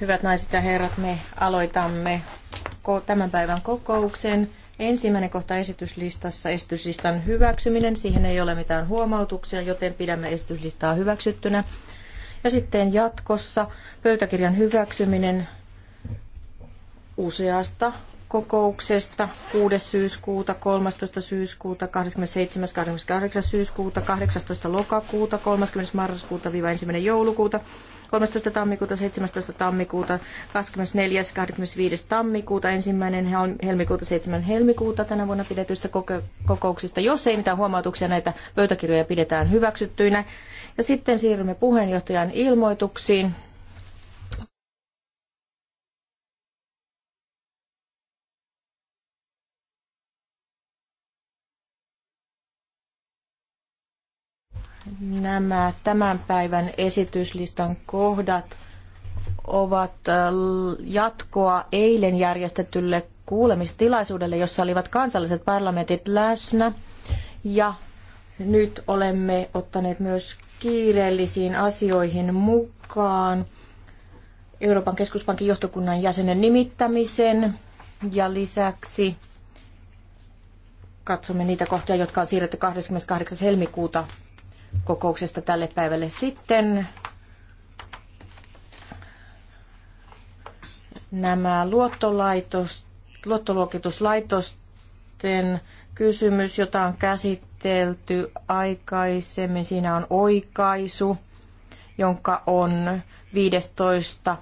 Hyvät naiset ja herrat, me aloitamme tämän päivän kokouksen. Ensimmäinen kohta esityslistassa esityslistan hyväksyminen. Siihen ei ole mitään huomautuksia, joten pidämme esityslistaa hyväksyttynä. Ja sitten jatkossa pöytäkirjan hyväksyminen useasta kokouksesta 6. syyskuuta, 13. syyskuuta, 27. 28. syyskuuta, 18. lokakuuta, 30. marraskuuta viiva 1. joulukuuta, 13. tammikuuta, 17. tammikuuta, 24. 25. tammikuuta, 1. helmikuuta, 7. helmikuuta tänä vuonna pidetyistä kokouksista. Jos ei mitään huomautuksia, näitä pöytäkirjoja pidetään hyväksyttyinä. Ja sitten siirrymme puheenjohtajan ilmoituksiin. Nämä tämän päivän esityslistan kohdat ovat äh, jatkoa eilen järjestetylle kuulemistilaisuudelle, jossa olivat kansalliset parlamentit läsnä. Ja nyt olemme ottaneet myös kiireellisiin asioihin mukaan Euroopan keskuspankin johtokunnan jäsenen nimittämisen ja lisäksi katsomme niitä kohtia, jotka on siirretty 28. helmikuuta kokouksesta tälle päivälle sitten. Nämä luottolaitos, luottoluokituslaitosten kysymys, jota on käsitelty aikaisemmin, siinä on oikaisu, jonka on 15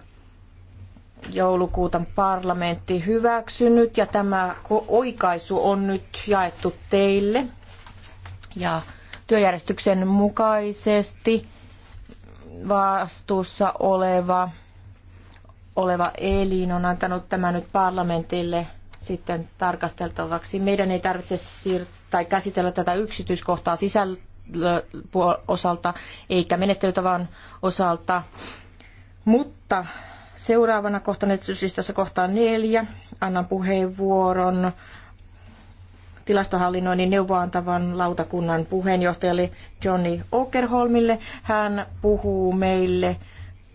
joulukuuta parlamentti hyväksynyt ja tämä oikaisu on nyt jaettu teille. Ja työjärjestyksen mukaisesti vastuussa oleva, oleva elin on antanut tämän nyt parlamentille sitten tarkasteltavaksi. Meidän ei tarvitse siir- tai käsitellä tätä yksityiskohtaa sisällöosalta eikä menettelytavan osalta, mutta seuraavana kohtana, tässä kohtaan neljä, annan puheenvuoron tilastohallinnoinnin neuvoantavan lautakunnan puheenjohtajalle Johnny Okerholmille. Hän puhuu meille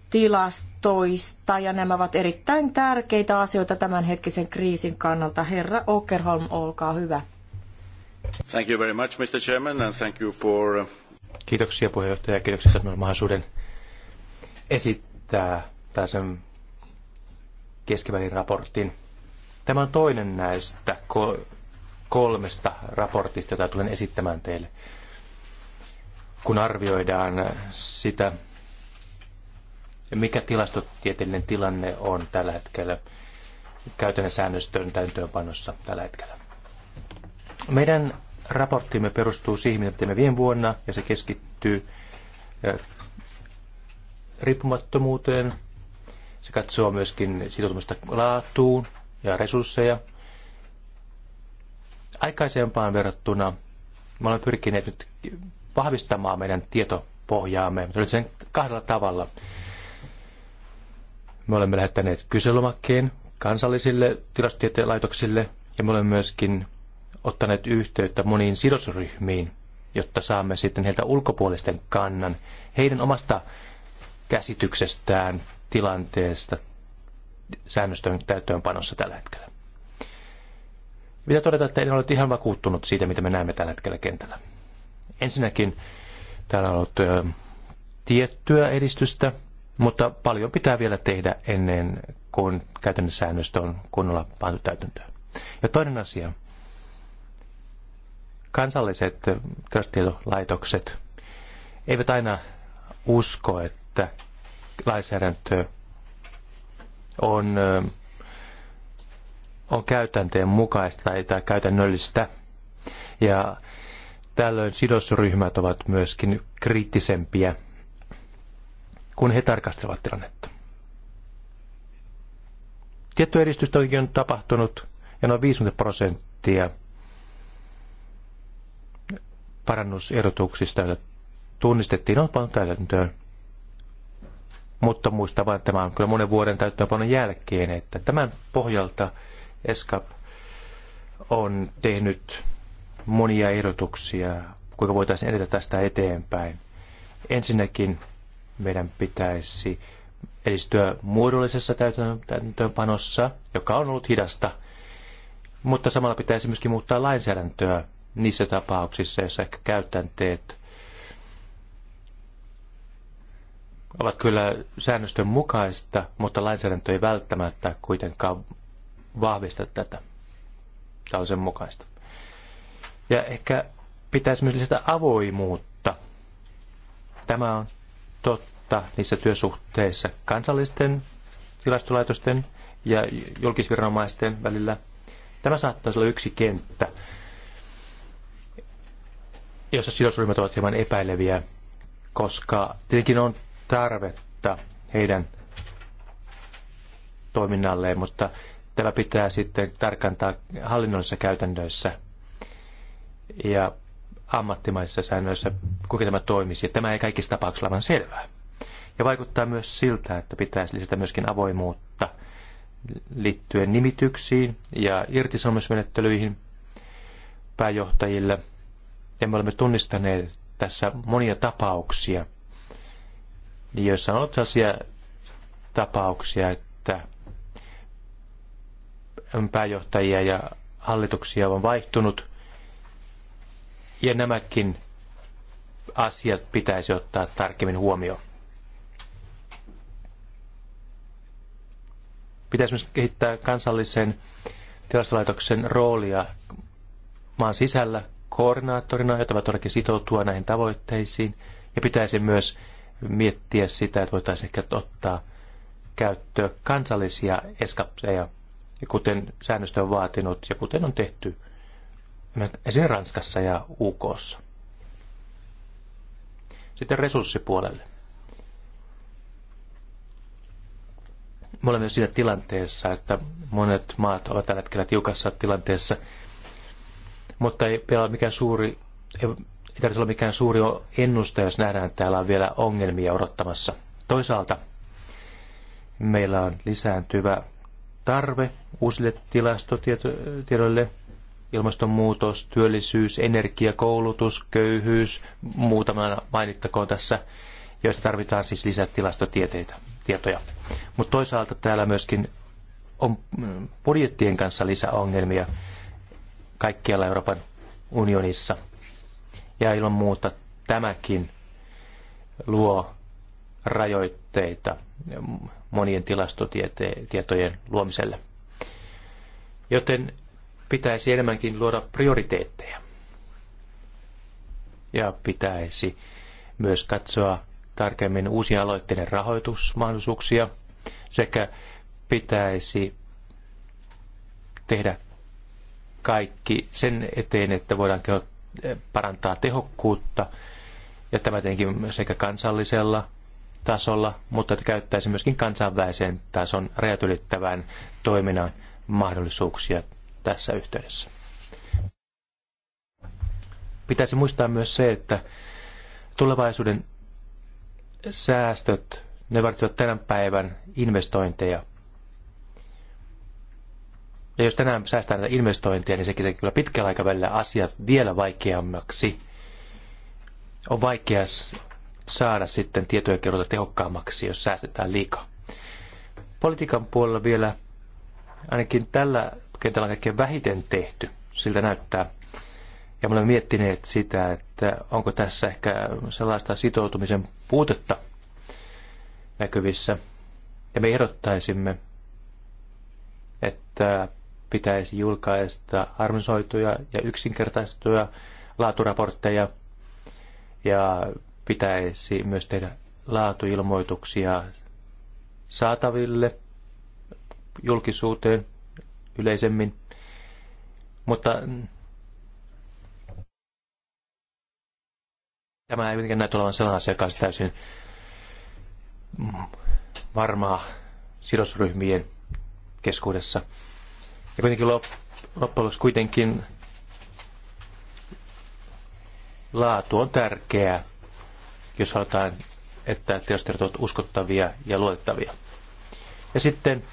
tilastoista ja nämä ovat erittäin tärkeitä asioita tämänhetkisen kriisin kannalta. Herra Okerholm, olkaa hyvä. Thank you very much, Mr. Chairman, and thank you for... Uh, kiitoksia puheenjohtaja, kiitoksia että mahdollisuuden esittää tai sen keskivälin raportin. Tämä on toinen näistä kolmesta raportista, jota tulen esittämään teille, kun arvioidaan sitä, mikä tilastotieteellinen tilanne on tällä hetkellä käytännön säännöstön täytäntöönpanossa tällä hetkellä. Meidän raporttimme perustuu siihen, mitä teemme viime vuonna, ja se keskittyy riippumattomuuteen. Se katsoo myöskin sitoutumista laatuun ja resursseja – aikaisempaan verrattuna me olemme pyrkineet nyt vahvistamaan meidän tietopohjaamme. Se oli sen kahdella tavalla. Me olemme lähettäneet kyselomakkeen kansallisille tilastotieteen laitoksille ja me olemme myöskin ottaneet yhteyttä moniin sidosryhmiin, jotta saamme sitten heiltä ulkopuolisten kannan heidän omasta käsityksestään, tilanteesta, säännöstön täyttöönpanossa tällä hetkellä. Mitä todeta, että en ole ihan vakuuttunut siitä, mitä me näemme tällä hetkellä kentällä. Ensinnäkin täällä on ollut ä, tiettyä edistystä, mutta paljon pitää vielä tehdä ennen kuin käytännön säännöstö on kunnolla pantu täytäntöön. Ja toinen asia. Kansalliset tilastietolaitokset eivät aina usko, että lainsäädäntö on on käytänteen mukaista tai, tai käytännöllistä. Ja tällöin sidosryhmät ovat myöskin kriittisempiä, kun he tarkastelevat tilannetta. Tietty edistystä on tapahtunut ja noin 50 prosenttia parannusehdotuksista, joita tunnistettiin, on pantu täytäntöön. Mutta muista vain, että tämä on kyllä monen vuoden täyttöönpanon jälkeen, että tämän pohjalta – ESCAP on tehnyt monia ehdotuksia, kuinka voitaisiin edetä tästä eteenpäin. Ensinnäkin meidän pitäisi edistyä muodollisessa täytäntöönpanossa, joka on ollut hidasta, mutta samalla pitäisi myöskin muuttaa lainsäädäntöä niissä tapauksissa, joissa ehkä käytänteet ovat kyllä säännöstön mukaista, mutta lainsäädäntö ei välttämättä kuitenkaan vahvista tätä. Tämä on sen mukaista. Ja ehkä pitäisi myös lisätä avoimuutta. Tämä on totta niissä työsuhteissa kansallisten tilastolaitosten ja julkisviranomaisten välillä. Tämä saattaisi olla yksi kenttä, jossa sidosryhmät ovat hieman epäileviä, koska tietenkin on tarvetta heidän toiminnalleen, mutta tämä pitää sitten tarkantaa hallinnollisissa käytännöissä ja ammattimaisissa säännöissä, kuinka tämä toimisi. Ja tämä ei kaikissa tapauksissa ole selvää. Ja vaikuttaa myös siltä, että pitäisi lisätä myöskin avoimuutta liittyen nimityksiin ja irtisanomismenettelyihin pääjohtajille. Ja me olemme tunnistaneet tässä monia tapauksia, joissa on ollut tapauksia, että pääjohtajia ja hallituksia on vaihtunut. Ja nämäkin asiat pitäisi ottaa tarkemmin huomioon. Pitäisi myös kehittää kansallisen tilastolaitoksen roolia maan sisällä koordinaattorina, jota voi todellakin sitoutua näihin tavoitteisiin. Ja pitäisi myös miettiä sitä, että voitaisiin ehkä ottaa käyttöön kansallisia eskapseja ja kuten säännöstö on vaatinut ja kuten on tehty esimerkiksi Ranskassa ja UKssa. Sitten resurssipuolelle. Me olemme siinä tilanteessa, että monet maat ovat tällä hetkellä tiukassa tilanteessa, mutta ei ole mikään suuri, ei, ei tarvitse olla mikään suuri ennuste, jos nähdään, että täällä on vielä ongelmia odottamassa. Toisaalta meillä on lisääntyvä tarve uusille tilastotiedoille, ilmastonmuutos, työllisyys, energia, koulutus, köyhyys, muutamana mainittakoon tässä, joista tarvitaan siis lisää tietoja. Mutta toisaalta täällä myöskin on mm, budjettien kanssa lisäongelmia kaikkialla Euroopan unionissa. Ja ilman muuta tämäkin luo rajoitteita mm, monien tilastotietojen luomiselle. Joten pitäisi enemmänkin luoda prioriteetteja. Ja pitäisi myös katsoa tarkemmin uusien aloitteiden rahoitusmahdollisuuksia sekä pitäisi tehdä kaikki sen eteen, että voidaan parantaa tehokkuutta ja tämä tietenkin sekä kansallisella tasolla, mutta että käyttäisi myöskin kansainväliseen tason rajat ylittävän toiminnan mahdollisuuksia tässä yhteydessä. Pitäisi muistaa myös se, että tulevaisuuden säästöt, ne vaativat tämän päivän investointeja. Ja jos tänään säästää näitä investointeja, niin sekin tekee kyllä pitkällä aikavälillä asiat vielä vaikeammaksi. On vaikea saada sitten tietoja keruuta tehokkaammaksi, jos säästetään liikaa. Politiikan puolella vielä ainakin tällä kentällä on kaikkein vähiten tehty, siltä näyttää. Ja me olemme miettineet sitä, että onko tässä ehkä sellaista sitoutumisen puutetta näkyvissä. Ja me ehdottaisimme, että pitäisi julkaista harmonisoituja ja yksinkertaistettuja laaturaportteja ja pitäisi myös tehdä laatuilmoituksia saataville, julkisuuteen yleisemmin. Mutta tämä ei mitenkään näytä olevan sellainen asia, joka on täysin varmaa sidosryhmien keskuudessa. Ja kuitenkin loppujen lopuksi kuitenkin laatu on tärkeää jos halutaan, että teostiedot ovat uskottavia ja luotettavia. Ja sitten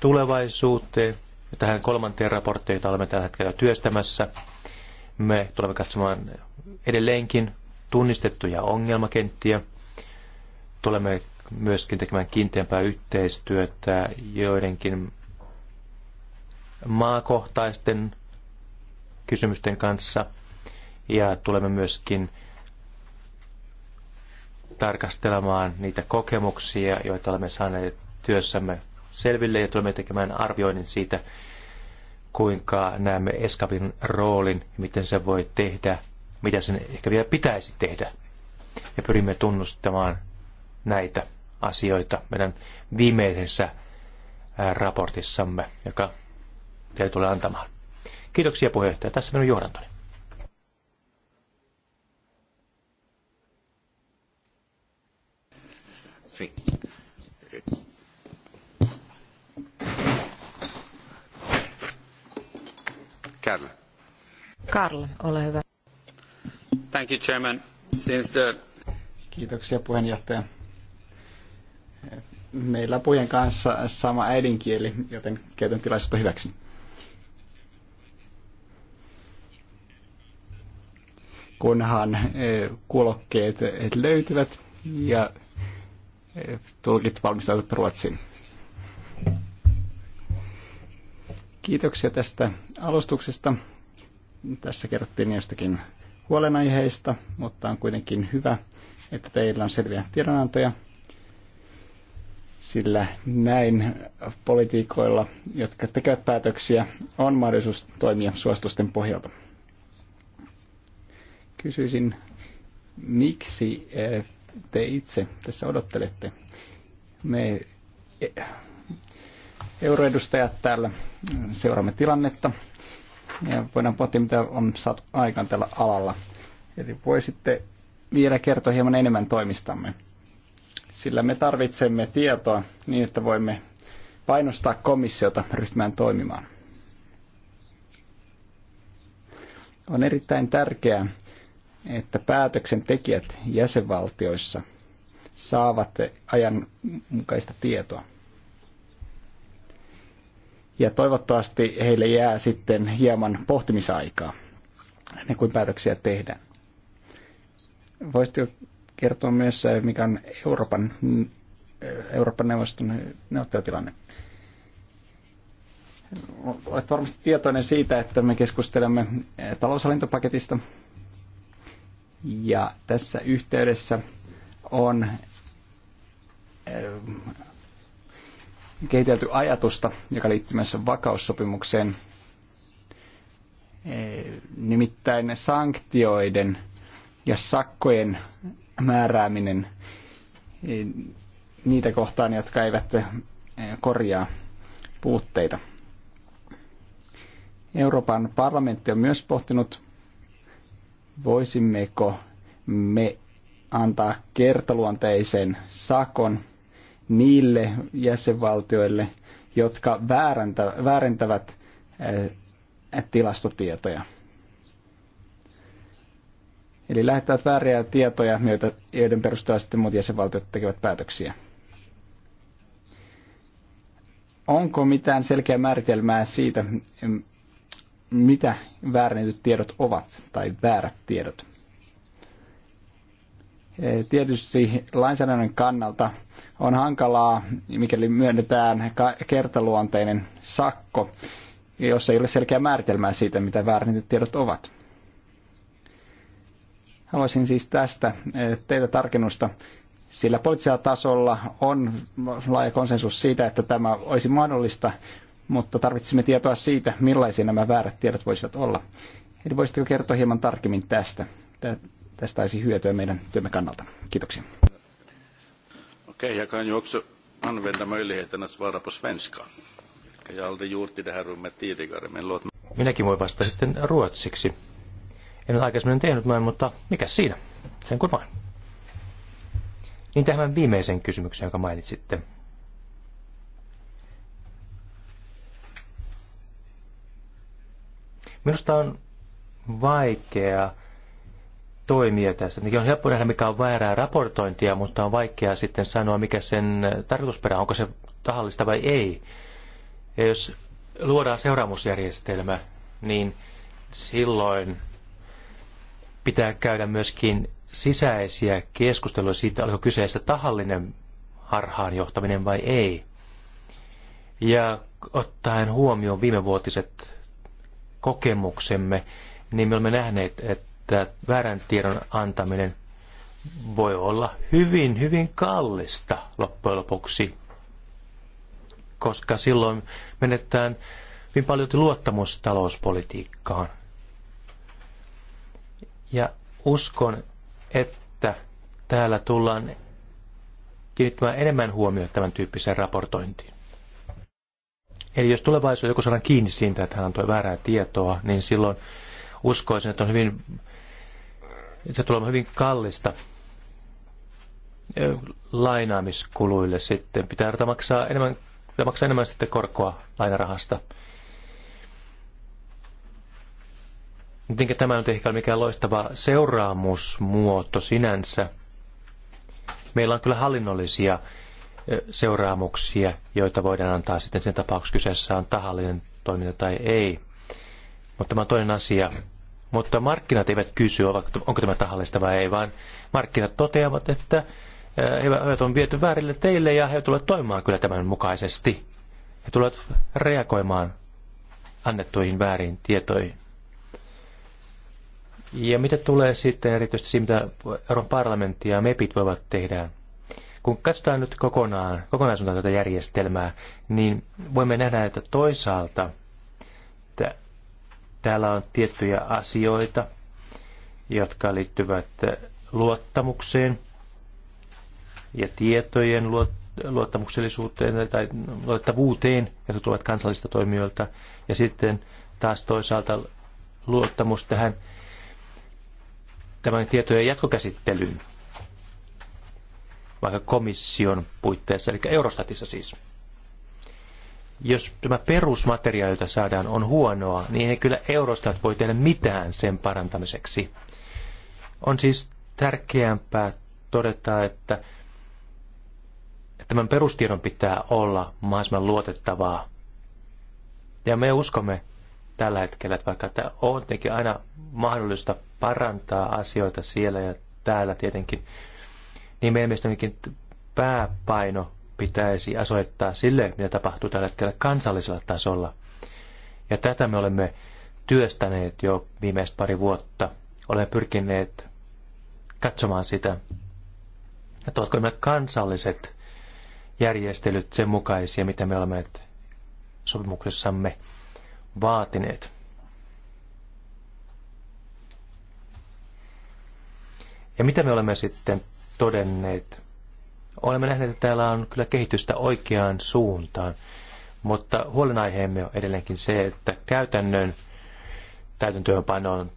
tulevaisuuteen, tähän kolmanteen raporttiin, jota olemme tällä hetkellä työstämässä, me tulemme katsomaan edelleenkin tunnistettuja ongelmakenttiä. Tulemme myöskin tekemään kiinteämpää yhteistyötä joidenkin maakohtaisten kysymysten kanssa ja tulemme myöskin tarkastelemaan niitä kokemuksia, joita olemme saaneet työssämme selville ja tulemme tekemään arvioinnin siitä, kuinka näemme Eskapin roolin, miten se voi tehdä, mitä sen ehkä vielä pitäisi tehdä. Ja pyrimme tunnustamaan näitä asioita meidän viimeisessä raportissamme, joka teille tulee antamaan. Kiitoksia puheenjohtaja. Tässä minun johdantoni. Sí. Carl Karl, ole hyvä. Thank you, Chairman. Since the... Kiitoksia puheenjohtaja. Meillä pujen kanssa sama äidinkieli, joten käytän tilaisuutta hyväksi. Kunhan eh, kuulokkeet eh, löytyvät ja tulkit valmistautuvat Ruotsiin. Kiitoksia tästä alustuksesta. Tässä kerrottiin jostakin huolenaiheista, mutta on kuitenkin hyvä, että teillä on selviä tiedonantoja, sillä näin politiikoilla, jotka tekevät päätöksiä, on mahdollisuus toimia suositusten pohjalta. Kysyisin, miksi eh, te itse tässä odottelette. Me e, euroedustajat täällä seuraamme tilannetta ja voidaan pohtia, mitä on saatu aikaan tällä alalla. Eli voisitte vielä kertoa hieman enemmän toimistamme, sillä me tarvitsemme tietoa niin, että voimme painostaa komissiota ryhtymään toimimaan. On erittäin tärkeää, että päätöksentekijät jäsenvaltioissa saavat ajanmukaista tietoa. Ja toivottavasti heille jää sitten hieman pohtimisaikaa ennen kuin päätöksiä tehdään. Voisitko kertoa myös, mikä on Euroopan, Euroopan neuvoston neuvottelutilanne? Olet varmasti tietoinen siitä, että me keskustelemme taloushallintopaketista – ja tässä yhteydessä on eh, kehitelty ajatusta, joka liittyy myös vakaussopimukseen, eh, nimittäin sanktioiden ja sakkojen määrääminen eh, niitä kohtaan, jotka eivät korjaa puutteita. Euroopan parlamentti on myös pohtinut voisimmeko me antaa kertaluonteisen sakon niille jäsenvaltioille, jotka väärentävät eh, tilastotietoja. Eli lähettävät vääriä tietoja, joiden perusteella sitten muut jäsenvaltiot tekevät päätöksiä. Onko mitään selkeää määritelmää siitä, mitä väärennetyt tiedot ovat tai väärät tiedot. E, tietysti lainsäädännön kannalta on hankalaa, mikäli myönnetään kertaluonteinen sakko, jos ei ole selkeää määritelmää siitä, mitä väärennetyt tiedot ovat. Haluaisin siis tästä e, teitä tarkennusta, sillä poliittisella tasolla on laaja konsensus siitä, että tämä olisi mahdollista, mutta tarvitsemme tietoa siitä, millaisia nämä väärät tiedot voisivat olla. Eli voisitteko kertoa hieman tarkemmin tästä? Tästä olisi hyötyä meidän työmme kannalta. Kiitoksia. Okei, jag kan ju också använda möjligheten att svara på svenska. Jag har aldrig gjort i det här rummet tidigare, men låt Minäkin voi vastata sitten ruotsiksi. En ole aikaisemmin tehnyt noin, mutta mikä siinä? Sen kuin vain. Niin tähän viimeisen kysymykseen, jonka mainitsitte. Minusta on vaikea toimia tässä. On helppo nähdä, mikä on väärää raportointia, mutta on vaikea sitten sanoa, mikä sen tarkoitusperä on, onko se tahallista vai ei. Ja jos luodaan seuraamusjärjestelmä, niin silloin pitää käydä myöskin sisäisiä keskusteluja siitä, oliko kyseessä tahallinen harhaanjohtaminen vai ei. Ja ottaen huomioon viimevuotiset kokemuksemme, niin me olemme nähneet, että väärän tiedon antaminen voi olla hyvin, hyvin kallista loppujen lopuksi, koska silloin menetään hyvin paljon luottamus talouspolitiikkaan. Ja uskon, että täällä tullaan kiinnittämään enemmän huomiota tämän tyyppiseen raportointiin. Eli jos tulevaisuudessa joku saadaan kiinni siitä, että hän antoi väärää tietoa, niin silloin uskoisin, että on hyvin, se tulee hyvin kallista lainaamiskuluille sitten. Pitää maksaa enemmän, pitää maksaa enemmän sitten korkoa lainarahasta. Tietenkin tämä on ehkä mikään loistava seuraamusmuoto sinänsä. Meillä on kyllä hallinnollisia seuraamuksia, joita voidaan antaa sitten sen tapauksessa kyseessä on tahallinen toiminta tai ei. Mutta tämä on toinen asia. Mutta markkinat eivät kysy, onko tämä tahallista vai ei, vaan markkinat toteavat, että he on viety väärille teille ja he tulevat toimimaan kyllä tämän mukaisesti. He tulevat reagoimaan annettuihin väärin tietoihin. Ja mitä tulee sitten erityisesti siihen, mitä Euroopan parlamentti ja MEPit voivat tehdä, kun katsotaan nyt kokonaan, kokonaisuutta tätä järjestelmää, niin voimme nähdä, että toisaalta että täällä on tiettyjä asioita, jotka liittyvät luottamukseen ja tietojen luot, luottamuksellisuuteen tai luottavuuteen, jotka tulevat kansallista toimijoilta. Ja sitten taas toisaalta luottamus tähän tämän tietojen jatkokäsittelyyn, vaikka komission puitteissa, eli Eurostatissa siis. Jos tämä perusmateriaali, jota saadaan, on huonoa, niin ei kyllä Eurostat voi tehdä mitään sen parantamiseksi. On siis tärkeämpää todeta, että tämän perustiedon pitää olla mahdollisimman luotettavaa. Ja me uskomme tällä hetkellä, että vaikka tämä on tietenkin aina mahdollista parantaa asioita siellä ja täällä tietenkin, niin meidän mielestäni pääpaino pitäisi asoittaa sille, mitä tapahtuu tällä hetkellä kansallisella tasolla. Ja tätä me olemme työstäneet jo viimeiset pari vuotta. Olemme pyrkineet katsomaan sitä, että ovatko nämä kansalliset järjestelyt sen mukaisia, mitä me olemme sopimuksessamme vaatineet. Ja mitä me olemme sitten todenneet. Olemme nähneet, että täällä on kyllä kehitystä oikeaan suuntaan, mutta huolenaiheemme on edelleenkin se, että käytännön täytäntöönpano on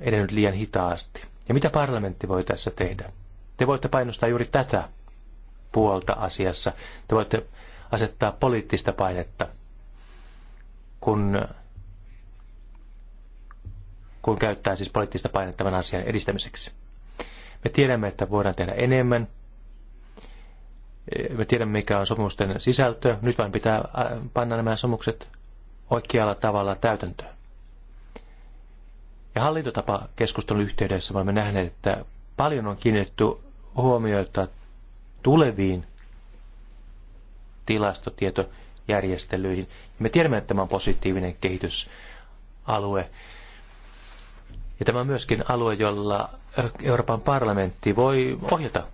edennyt liian hitaasti. Ja mitä parlamentti voi tässä tehdä? Te voitte painostaa juuri tätä puolta asiassa. Te voitte asettaa poliittista painetta, kun, kun käyttää siis poliittista painetta tämän asian edistämiseksi. Me tiedämme, että voidaan tehdä enemmän. Me tiedämme, mikä on sopimusten sisältö. Nyt vain pitää panna nämä sopimukset oikealla tavalla täytäntöön. Ja hallintotapa keskustelun yhteydessä voimme nähneet, että paljon on kiinnitetty huomioita tuleviin tilastotietojärjestelyihin. Me tiedämme, että tämä on positiivinen kehitysalue. Ja tämä on myöskin alue, jolla Euroopan parlamentti voi ohjata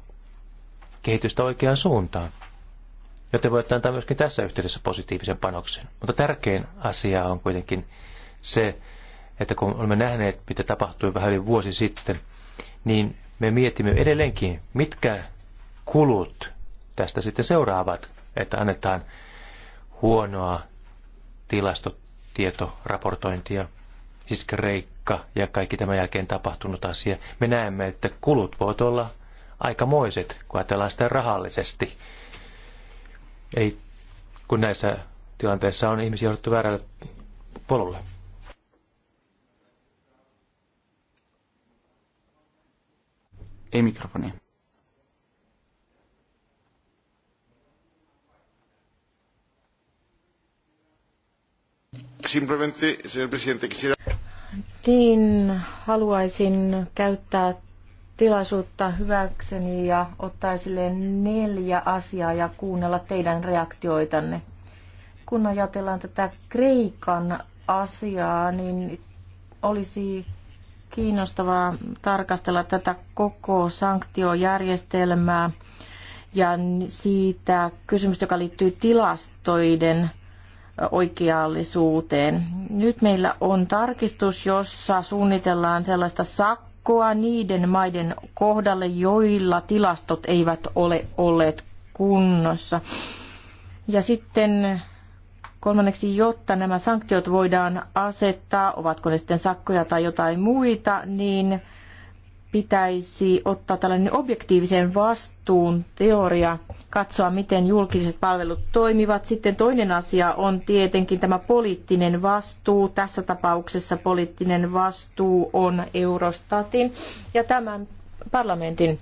kehitystä oikeaan suuntaan. Joten voi antaa myöskin tässä yhteydessä positiivisen panoksen. Mutta tärkein asia on kuitenkin se, että kun olemme nähneet, mitä tapahtui vähän yli vuosi sitten, niin me mietimme edelleenkin, mitkä kulut tästä sitten seuraavat, että annetaan huonoa tilastotietoraportointia, siis Kreik saakka ja kaikki tämän jälkeen tapahtunut asia. Me näemme, että kulut voivat olla aikamoiset, kun ajatellaan sitä rahallisesti. Ei, kun näissä tilanteissa on ihmisiä jouduttu väärälle polulle. Ei mikrofonia. Simplemente, señor presidente, quisiera... Niin, haluaisin käyttää tilaisuutta hyväkseni ja ottaa esille neljä asiaa ja kuunnella teidän reaktioitanne. Kun ajatellaan tätä Kreikan asiaa, niin olisi kiinnostavaa tarkastella tätä koko sanktiojärjestelmää ja siitä kysymystä, joka liittyy tilastoiden oikeallisuuteen. Nyt meillä on tarkistus, jossa suunnitellaan sellaista sakkoa niiden maiden kohdalle, joilla tilastot eivät ole olleet kunnossa. Ja sitten Kolmanneksi, jotta nämä sanktiot voidaan asettaa, ovatko ne sitten sakkoja tai jotain muita, niin pitäisi ottaa tällainen objektiivisen vastuun teoria, katsoa miten julkiset palvelut toimivat. Sitten toinen asia on tietenkin tämä poliittinen vastuu. Tässä tapauksessa poliittinen vastuu on Eurostatin ja tämän parlamentin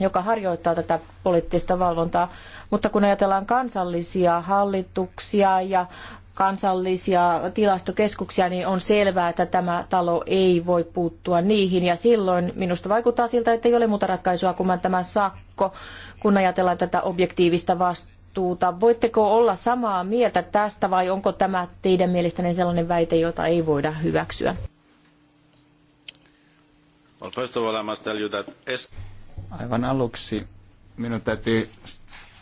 joka harjoittaa tätä poliittista valvontaa. Mutta kun ajatellaan kansallisia hallituksia ja kansallisia tilastokeskuksia, niin on selvää, että tämä talo ei voi puuttua niihin. Ja silloin minusta vaikuttaa siltä, että ei ole muuta ratkaisua kuin tämä sakko, kun ajatellaan tätä objektiivista vastuuta. Voitteko olla samaa mieltä tästä vai onko tämä teidän mielestänne sellainen väite, jota ei voida hyväksyä? Aivan aluksi minun täytyy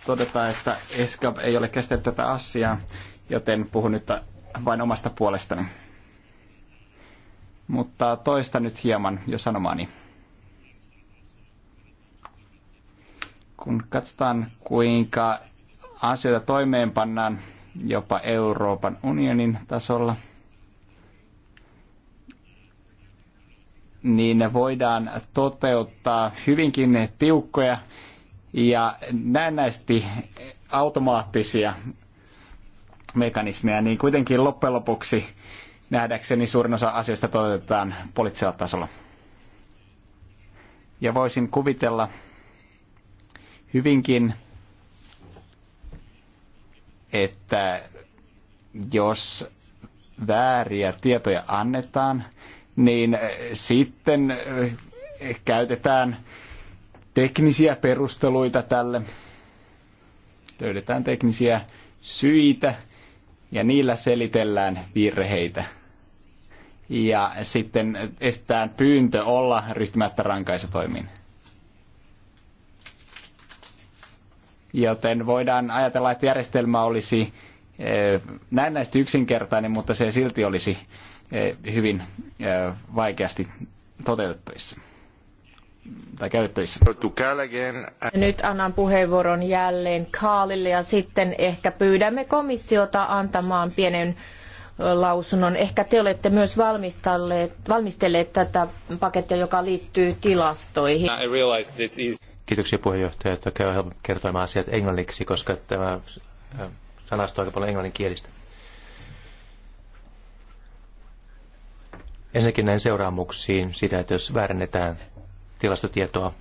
todeta, että ESCAP ei ole käsitellyt tätä asiaa joten puhun nyt vain omasta puolestani. Mutta toista nyt hieman jo sanomaani. Kun katsotaan, kuinka asioita toimeenpannaan jopa Euroopan unionin tasolla, niin ne voidaan toteuttaa hyvinkin tiukkoja ja näennäisesti automaattisia mekanismia, niin kuitenkin loppujen lopuksi nähdäkseni suurin osa asioista toteutetaan poliittisella tasolla. Ja voisin kuvitella hyvinkin, että jos vääriä tietoja annetaan, niin sitten eh, käytetään teknisiä perusteluita tälle. Löydetään teknisiä syitä ja niillä selitellään virheitä. Ja sitten estetään pyyntö olla ryhtymättä rankaisutoimiin. Joten voidaan ajatella, että järjestelmä olisi eh, näennäisesti yksinkertainen, mutta se silti olisi eh, hyvin eh, vaikeasti toteutettavissa tai käytettävissä. Nyt annan puheenvuoron jälleen Kaalille ja sitten ehkä pyydämme komissiota antamaan pienen lausunnon. Ehkä te olette myös valmistelleet tätä pakettia, joka liittyy tilastoihin. Kiitoksia puheenjohtaja, että käy helppo asiat englanniksi, koska tämä sanasto on aika paljon englanninkielistä. Ensinnäkin näin seuraamuksiin sitä, että jos väärennetään tilastotietoa.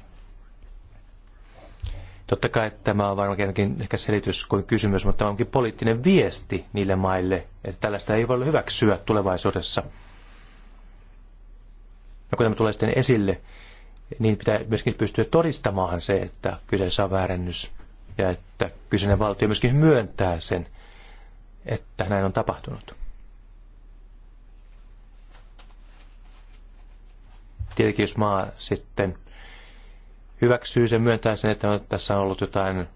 Totta kai tämä on varmaankin ehkä selitys kuin kysymys, mutta tämä onkin poliittinen viesti niille maille, että tällaista ei voi hyväksyä tulevaisuudessa. Ja no, kun tämä tulee sitten esille, niin pitää myöskin pystyä todistamaan se, että kyseessä on väärännys ja että kyseinen valtio myöskin myöntää sen, että näin on tapahtunut. tietenkin jos maa sitten hyväksyy sen, myöntää sen, että tässä on ollut jotain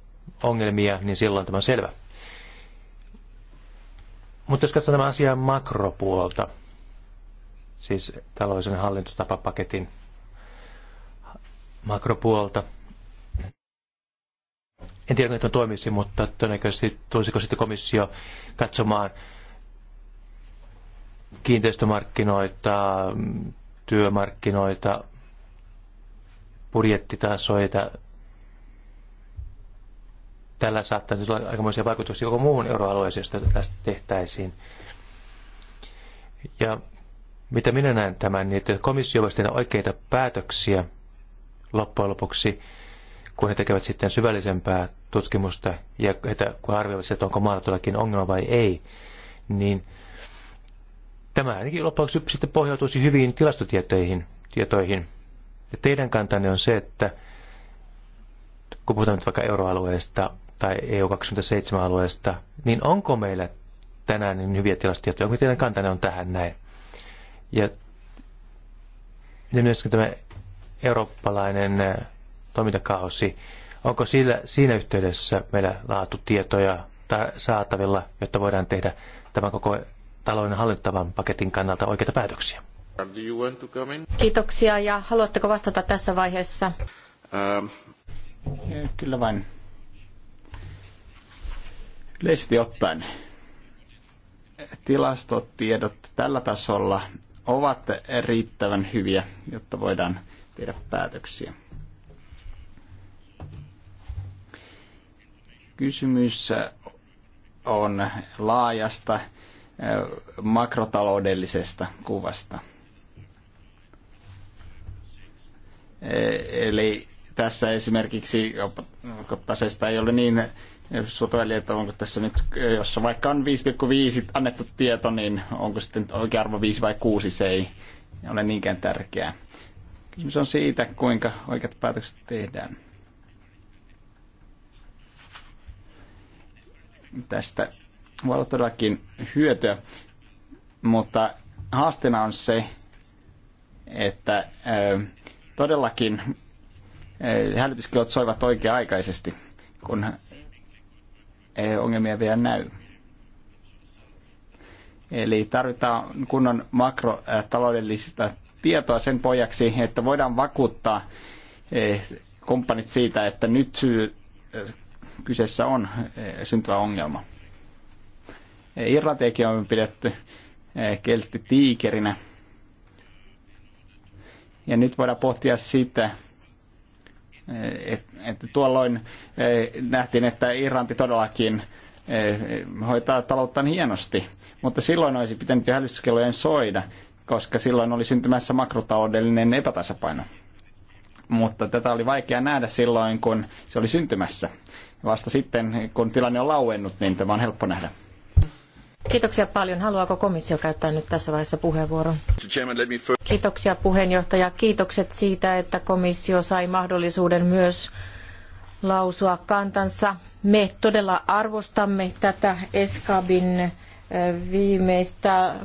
ongelmia, niin silloin tämä on selvä. Mutta jos katsotaan tämän asian makropuolta, siis taloisen hallintotapapaketin makropuolta, en tiedä, miten toimisi, mutta todennäköisesti tulisiko sitten komissio katsomaan kiinteistömarkkinoita, työmarkkinoita, budjettitasoita. Tällä saattaisi olla aikamoisia vaikutuksia koko muun euroalueeseen, jos tästä tehtäisiin. Ja mitä minä näen tämän, niin että komissio voisi tehdä oikeita päätöksiä loppujen lopuksi, kun he tekevät sitten syvällisempää tutkimusta ja että kun arvioivat, että onko maalla todellakin ongelma vai ei, niin – Tämä ainakin lopuksi sitten pohjautuisi hyviin tilastotietoihin. Tietoihin. Ja teidän kantanne on se, että kun puhutaan nyt vaikka euroalueesta tai EU27-alueesta, niin onko meillä tänään niin hyviä tilastotietoja? Onko teidän kantanne on tähän näin? Ja, ja myöskin tämä eurooppalainen toimintakausi, onko siinä, siinä yhteydessä meillä laatutietoja saatavilla, jotta voidaan tehdä tämän koko talouden hallittavan paketin kannalta oikeita päätöksiä. Kiitoksia ja haluatteko vastata tässä vaiheessa? Ähm. Kyllä vain. Yleisesti ottaen tilastotiedot tällä tasolla ovat riittävän hyviä, jotta voidaan tehdä päätöksiä. Kysymys on laajasta makrotaloudellisesta kuvasta. E- eli tässä esimerkiksi taseesta ei ole niin sotaveli, että onko tässä nyt, jos vaikka on 5,5 annettu tieto, niin onko sitten oikea arvo 5 vai 6, se ei ole niinkään tärkeää. Kysymys on siitä, kuinka oikeat päätökset tehdään. Tästä voi olla todellakin hyötyä, mutta haasteena on se, että todellakin hälytyskellot soivat oikea-aikaisesti, kun ongelmia vielä näy. Eli tarvitaan kunnon makrotaloudellista tietoa sen pojaksi, että voidaan vakuuttaa kumppanit siitä, että nyt kyseessä on syntyvä ongelma. Irlantiakin on pidetty eh, tiikerinä. Ja nyt voidaan pohtia sitä, eh, että et tuolloin eh, nähtiin, että Irlanti todellakin hoitaa talouttaan hienosti, mutta silloin olisi pitänyt jo hälytyskellojen soida, koska silloin oli syntymässä makrotaloudellinen epätasapaino. Mutta tätä oli vaikea nähdä silloin, kun se oli syntymässä. Vasta sitten, kun tilanne on lauennut, niin tämä on helppo nähdä. Kiitoksia paljon. Haluaako komissio käyttää nyt tässä vaiheessa puheenvuoron? Kiitoksia puheenjohtaja. Kiitokset siitä, että komissio sai mahdollisuuden myös lausua kantansa. Me todella arvostamme tätä Eskabin viimeistä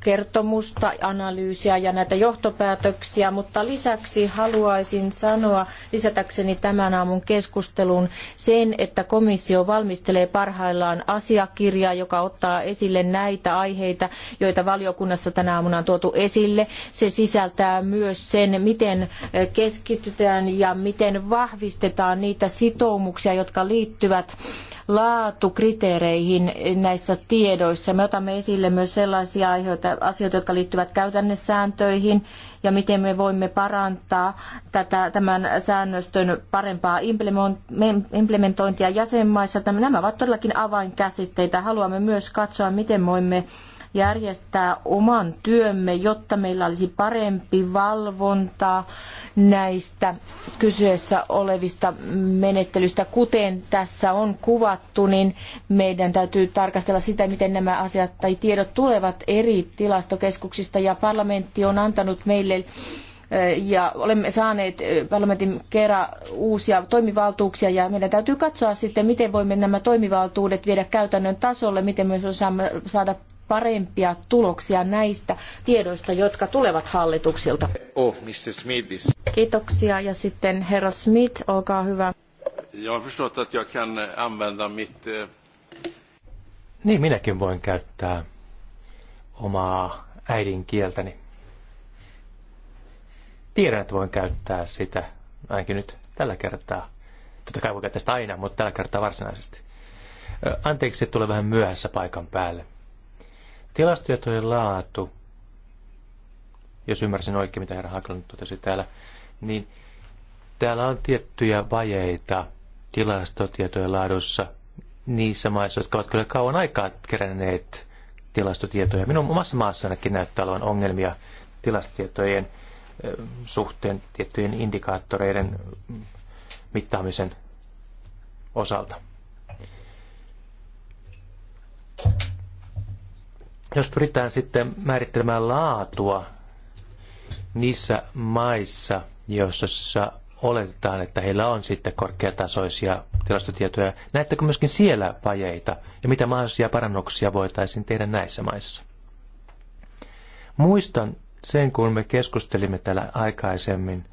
kertomusta, analyysiä ja näitä johtopäätöksiä, mutta lisäksi haluaisin sanoa lisätäkseni tämän aamun keskusteluun sen, että komissio valmistelee parhaillaan asiakirjaa, joka ottaa esille näitä aiheita, joita valiokunnassa tänä aamuna on tuotu esille. Se sisältää myös sen, miten keskitytään ja miten vahvistetaan niitä sitoumuksia, jotka liittyvät laatukriteereihin näissä tiedoissa. Me otamme esille myös sellaisia asioita, jotka liittyvät käytännesääntöihin ja miten me voimme parantaa tätä, tämän säännöstön parempaa implementointia jäsenmaissa. Nämä ovat todellakin avainkäsitteitä. Haluamme myös katsoa, miten voimme järjestää oman työmme, jotta meillä olisi parempi valvonta näistä kyseessä olevista menettelyistä. Kuten tässä on kuvattu, niin meidän täytyy tarkastella sitä, miten nämä asiat tai tiedot tulevat eri tilastokeskuksista ja parlamentti on antanut meille eh, ja olemme saaneet eh, parlamentin kerran uusia toimivaltuuksia ja meidän täytyy katsoa sitten, miten voimme nämä toimivaltuudet viedä käytännön tasolle, miten me saamme saada parempia tuloksia näistä tiedoista, jotka tulevat hallituksilta. Oh, Mr. Smithis. Kiitoksia ja sitten herra Smith, olkaa hyvä. Jag har förstått att jag kan eh, använda mitt... Eh, niin, minäkin voin käyttää omaa äidinkieltäni. Tiedän, että voin käyttää sitä, ainakin nyt tällä kertaa. Totta kai voi käyttää sitä aina, mutta tällä kertaa varsinaisesti. Anteeksi, että tulee vähän myöhässä paikan päälle. Tilastietojen laatu, jos ymmärsin oikein, mitä herra Haglund totesi täällä, niin täällä on tiettyjä vajeita tilastotietojen laadussa niissä maissa, jotka ovat kyllä kauan aikaa keränneet tilastotietoja. Minun omassa maassanakin näyttää olevan ongelmia tilastotietojen suhteen tiettyjen indikaattoreiden mittaamisen osalta. Jos pyritään sitten määrittelemään laatua niissä maissa, joissa oletetaan, että heillä on sitten korkeatasoisia tilastotietoja. Näettekö myöskin siellä vajeita ja mitä mahdollisia parannuksia voitaisiin tehdä näissä maissa? Muistan sen, kun me keskustelimme täällä aikaisemmin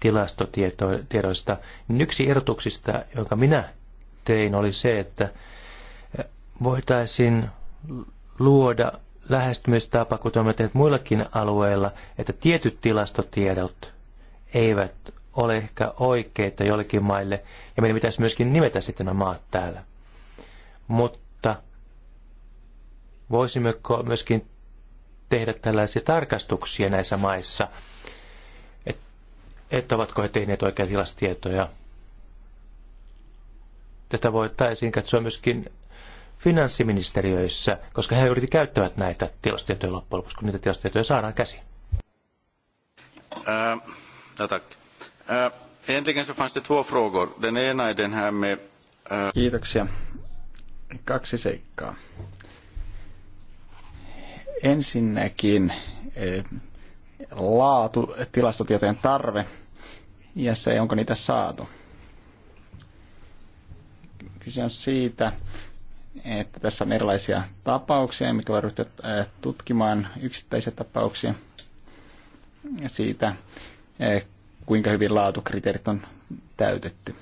tilastotiedoista, niin yksi erotuksista, jonka minä tein, oli se, että voitaisiin luoda lähestymistapa, kuten olemme tehneet muillakin alueilla, että tietyt tilastotiedot eivät ole ehkä oikeita jollekin maille, ja meidän pitäisi myöskin nimetä sitten nämä maat täällä. Mutta voisimmeko myöskin tehdä tällaisia tarkastuksia näissä maissa, että et ovatko he tehneet oikeita tilastotietoja. Tätä voitaisiin katsoa myöskin finanssiministeriöissä, koska he yritti käyttävät näitä tilastotietoja loppujen lopuksi, kun niitä tilastotietoja saadaan käsiin? egentligen så fanns det två frågor. Den ena är den här med... Kiitoksia. Kaksi seikkaa. Ensinnäkin laatu, tilastotietojen tarve ja se, onko niitä saatu. Kyse on siitä, että tässä on erilaisia tapauksia, mikä voi ryhtyä tutkimaan yksittäisiä tapauksia siitä, kuinka hyvin laatukriteerit on täytetty.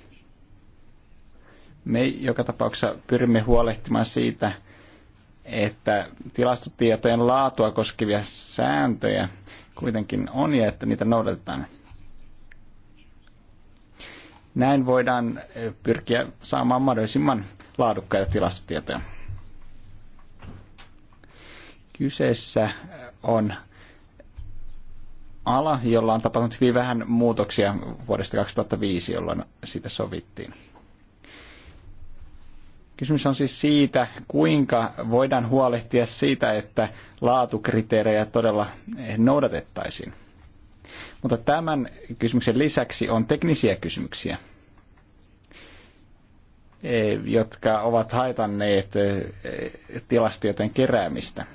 Me joka tapauksessa pyrimme huolehtimaan siitä, että tilastotietojen laatua koskevia sääntöjä kuitenkin on ja että niitä noudatetaan. Näin voidaan pyrkiä saamaan mahdollisimman laadukkaita tilastotietoja. Kyseessä on ala, jolla on tapahtunut hyvin vähän muutoksia vuodesta 2005, jolloin siitä sovittiin. Kysymys on siis siitä, kuinka voidaan huolehtia siitä, että laatukriteerejä todella noudatettaisiin. Mutta tämän kysymyksen lisäksi on teknisiä kysymyksiä – E, jotka ovat haitanneet e, tilastietojen keräämistä.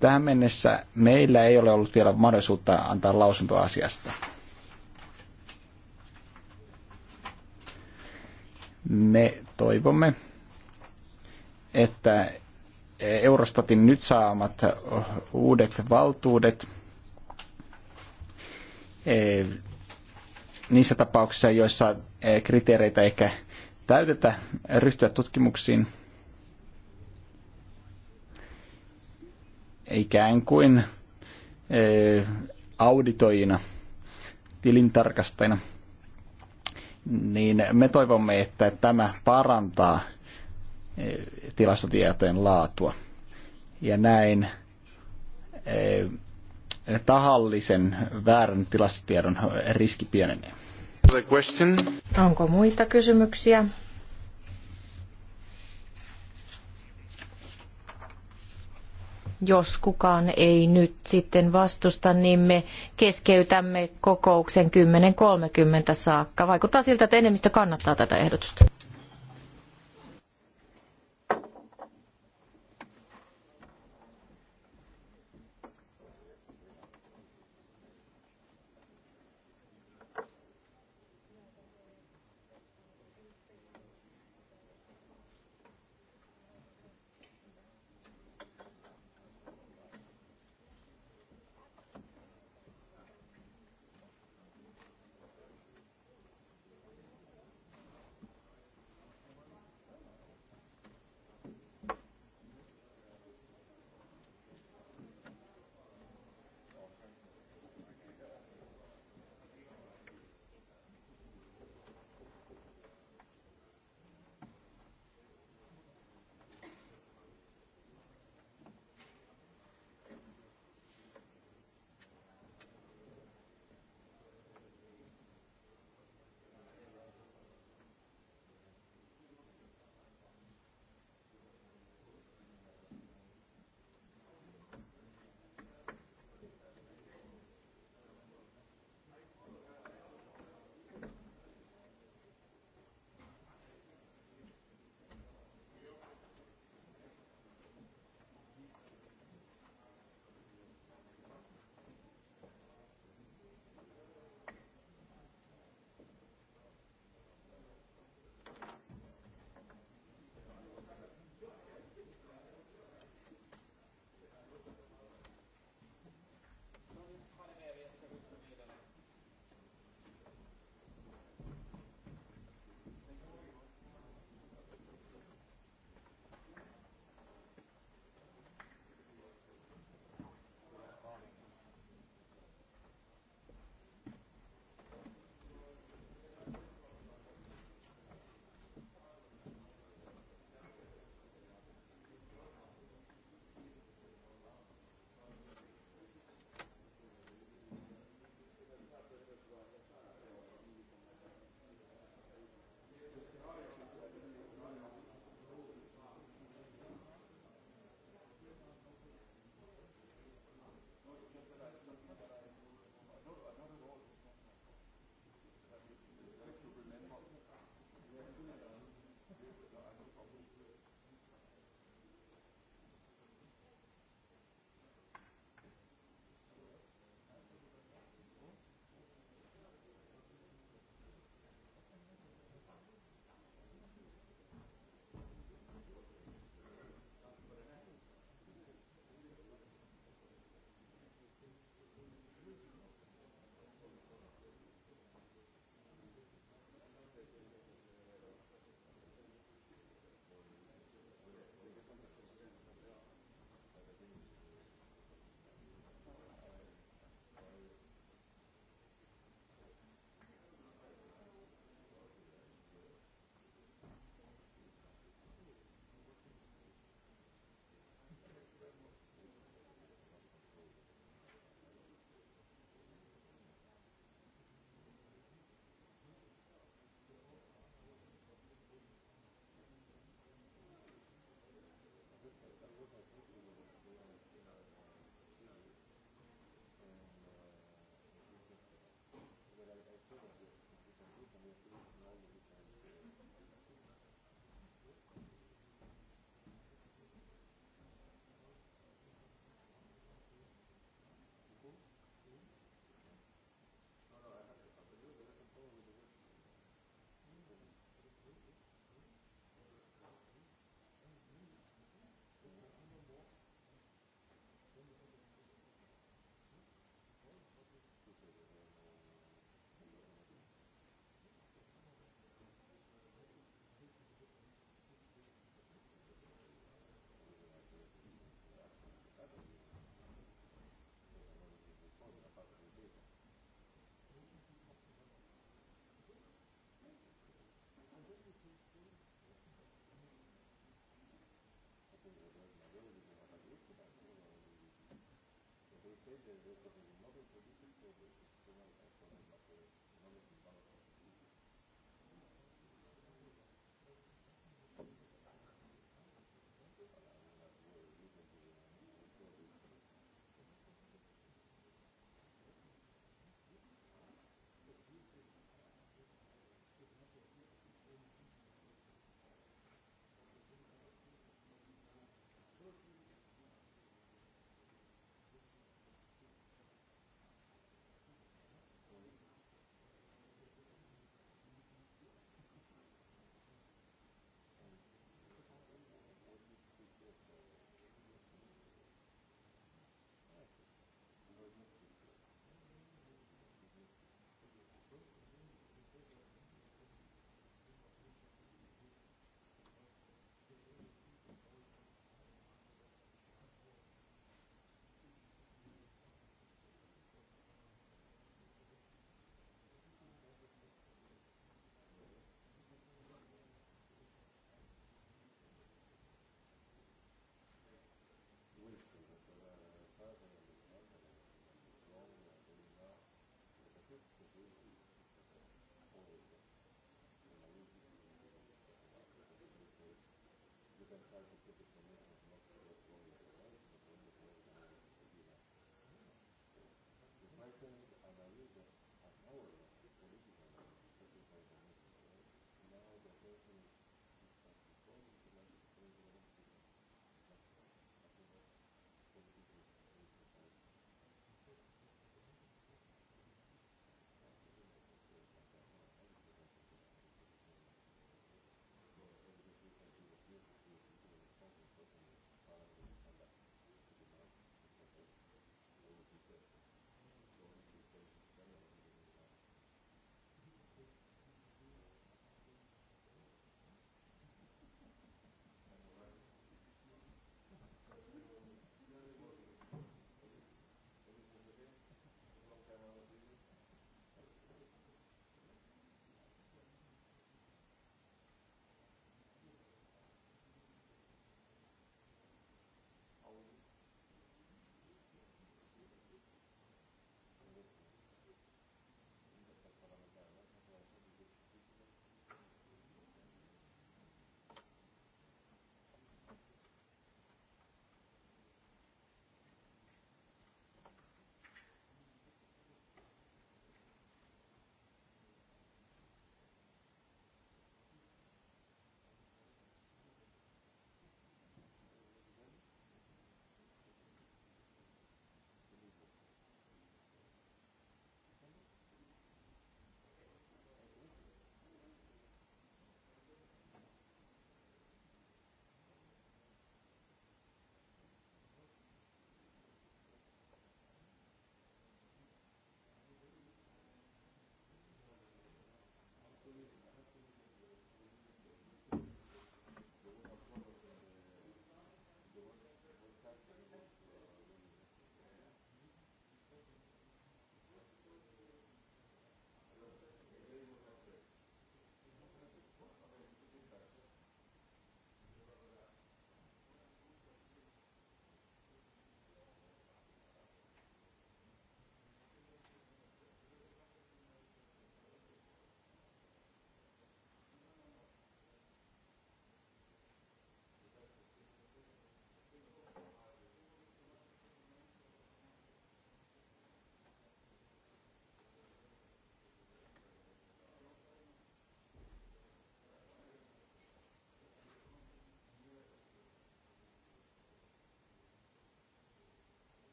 Tähän mennessä meillä ei ole ollut vielä mahdollisuutta antaa lausuntoa asiasta. Me toivomme, että Eurostatin nyt saamat uudet valtuudet e, niissä tapauksissa, joissa eh, kriteereitä eikä täytetä, ryhtyä tutkimuksiin ikään kuin eh, auditoijina, tilintarkastajina, niin me toivomme, että tämä parantaa eh, tilastotietojen laatua. Ja näin tahallisen väärän tilastotiedon riski pienenee. Onko muita kysymyksiä? Jos kukaan ei nyt sitten vastusta, niin me keskeytämme kokouksen 10.30 saakka. Vaikuttaa siltä, että enemmistö kannattaa tätä ehdotusta. создает одновременно две области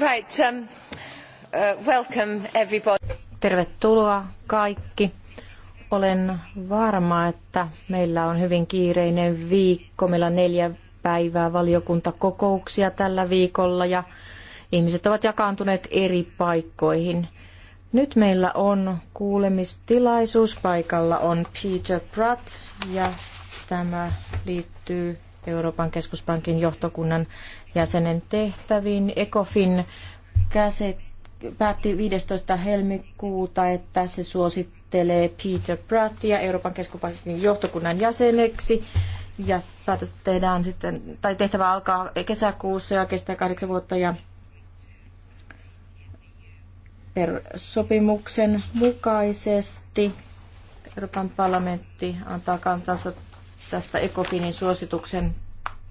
Um, uh, Tervetuloa kaikki. Olen varma, että meillä on hyvin kiireinen viikko. Meillä on neljä päivää valiokuntakokouksia tällä viikolla ja ihmiset ovat jakaantuneet eri paikkoihin. Nyt meillä on kuulemistilaisuus. Paikalla on Peter Pratt ja tämä liittyy Euroopan keskuspankin johtokunnan jäsenen tehtäviin. ECOFIN käse päätti 15. helmikuuta, että se suosittelee Peter Prattia Euroopan keskuspankin johtokunnan jäseneksi. Ja päätös tehdään sitten, tai tehtävä alkaa kesäkuussa ja kestää kahdeksan vuotta ja per sopimuksen mukaisesti Euroopan parlamentti antaa kantansa tästä Ecofinin suosituksen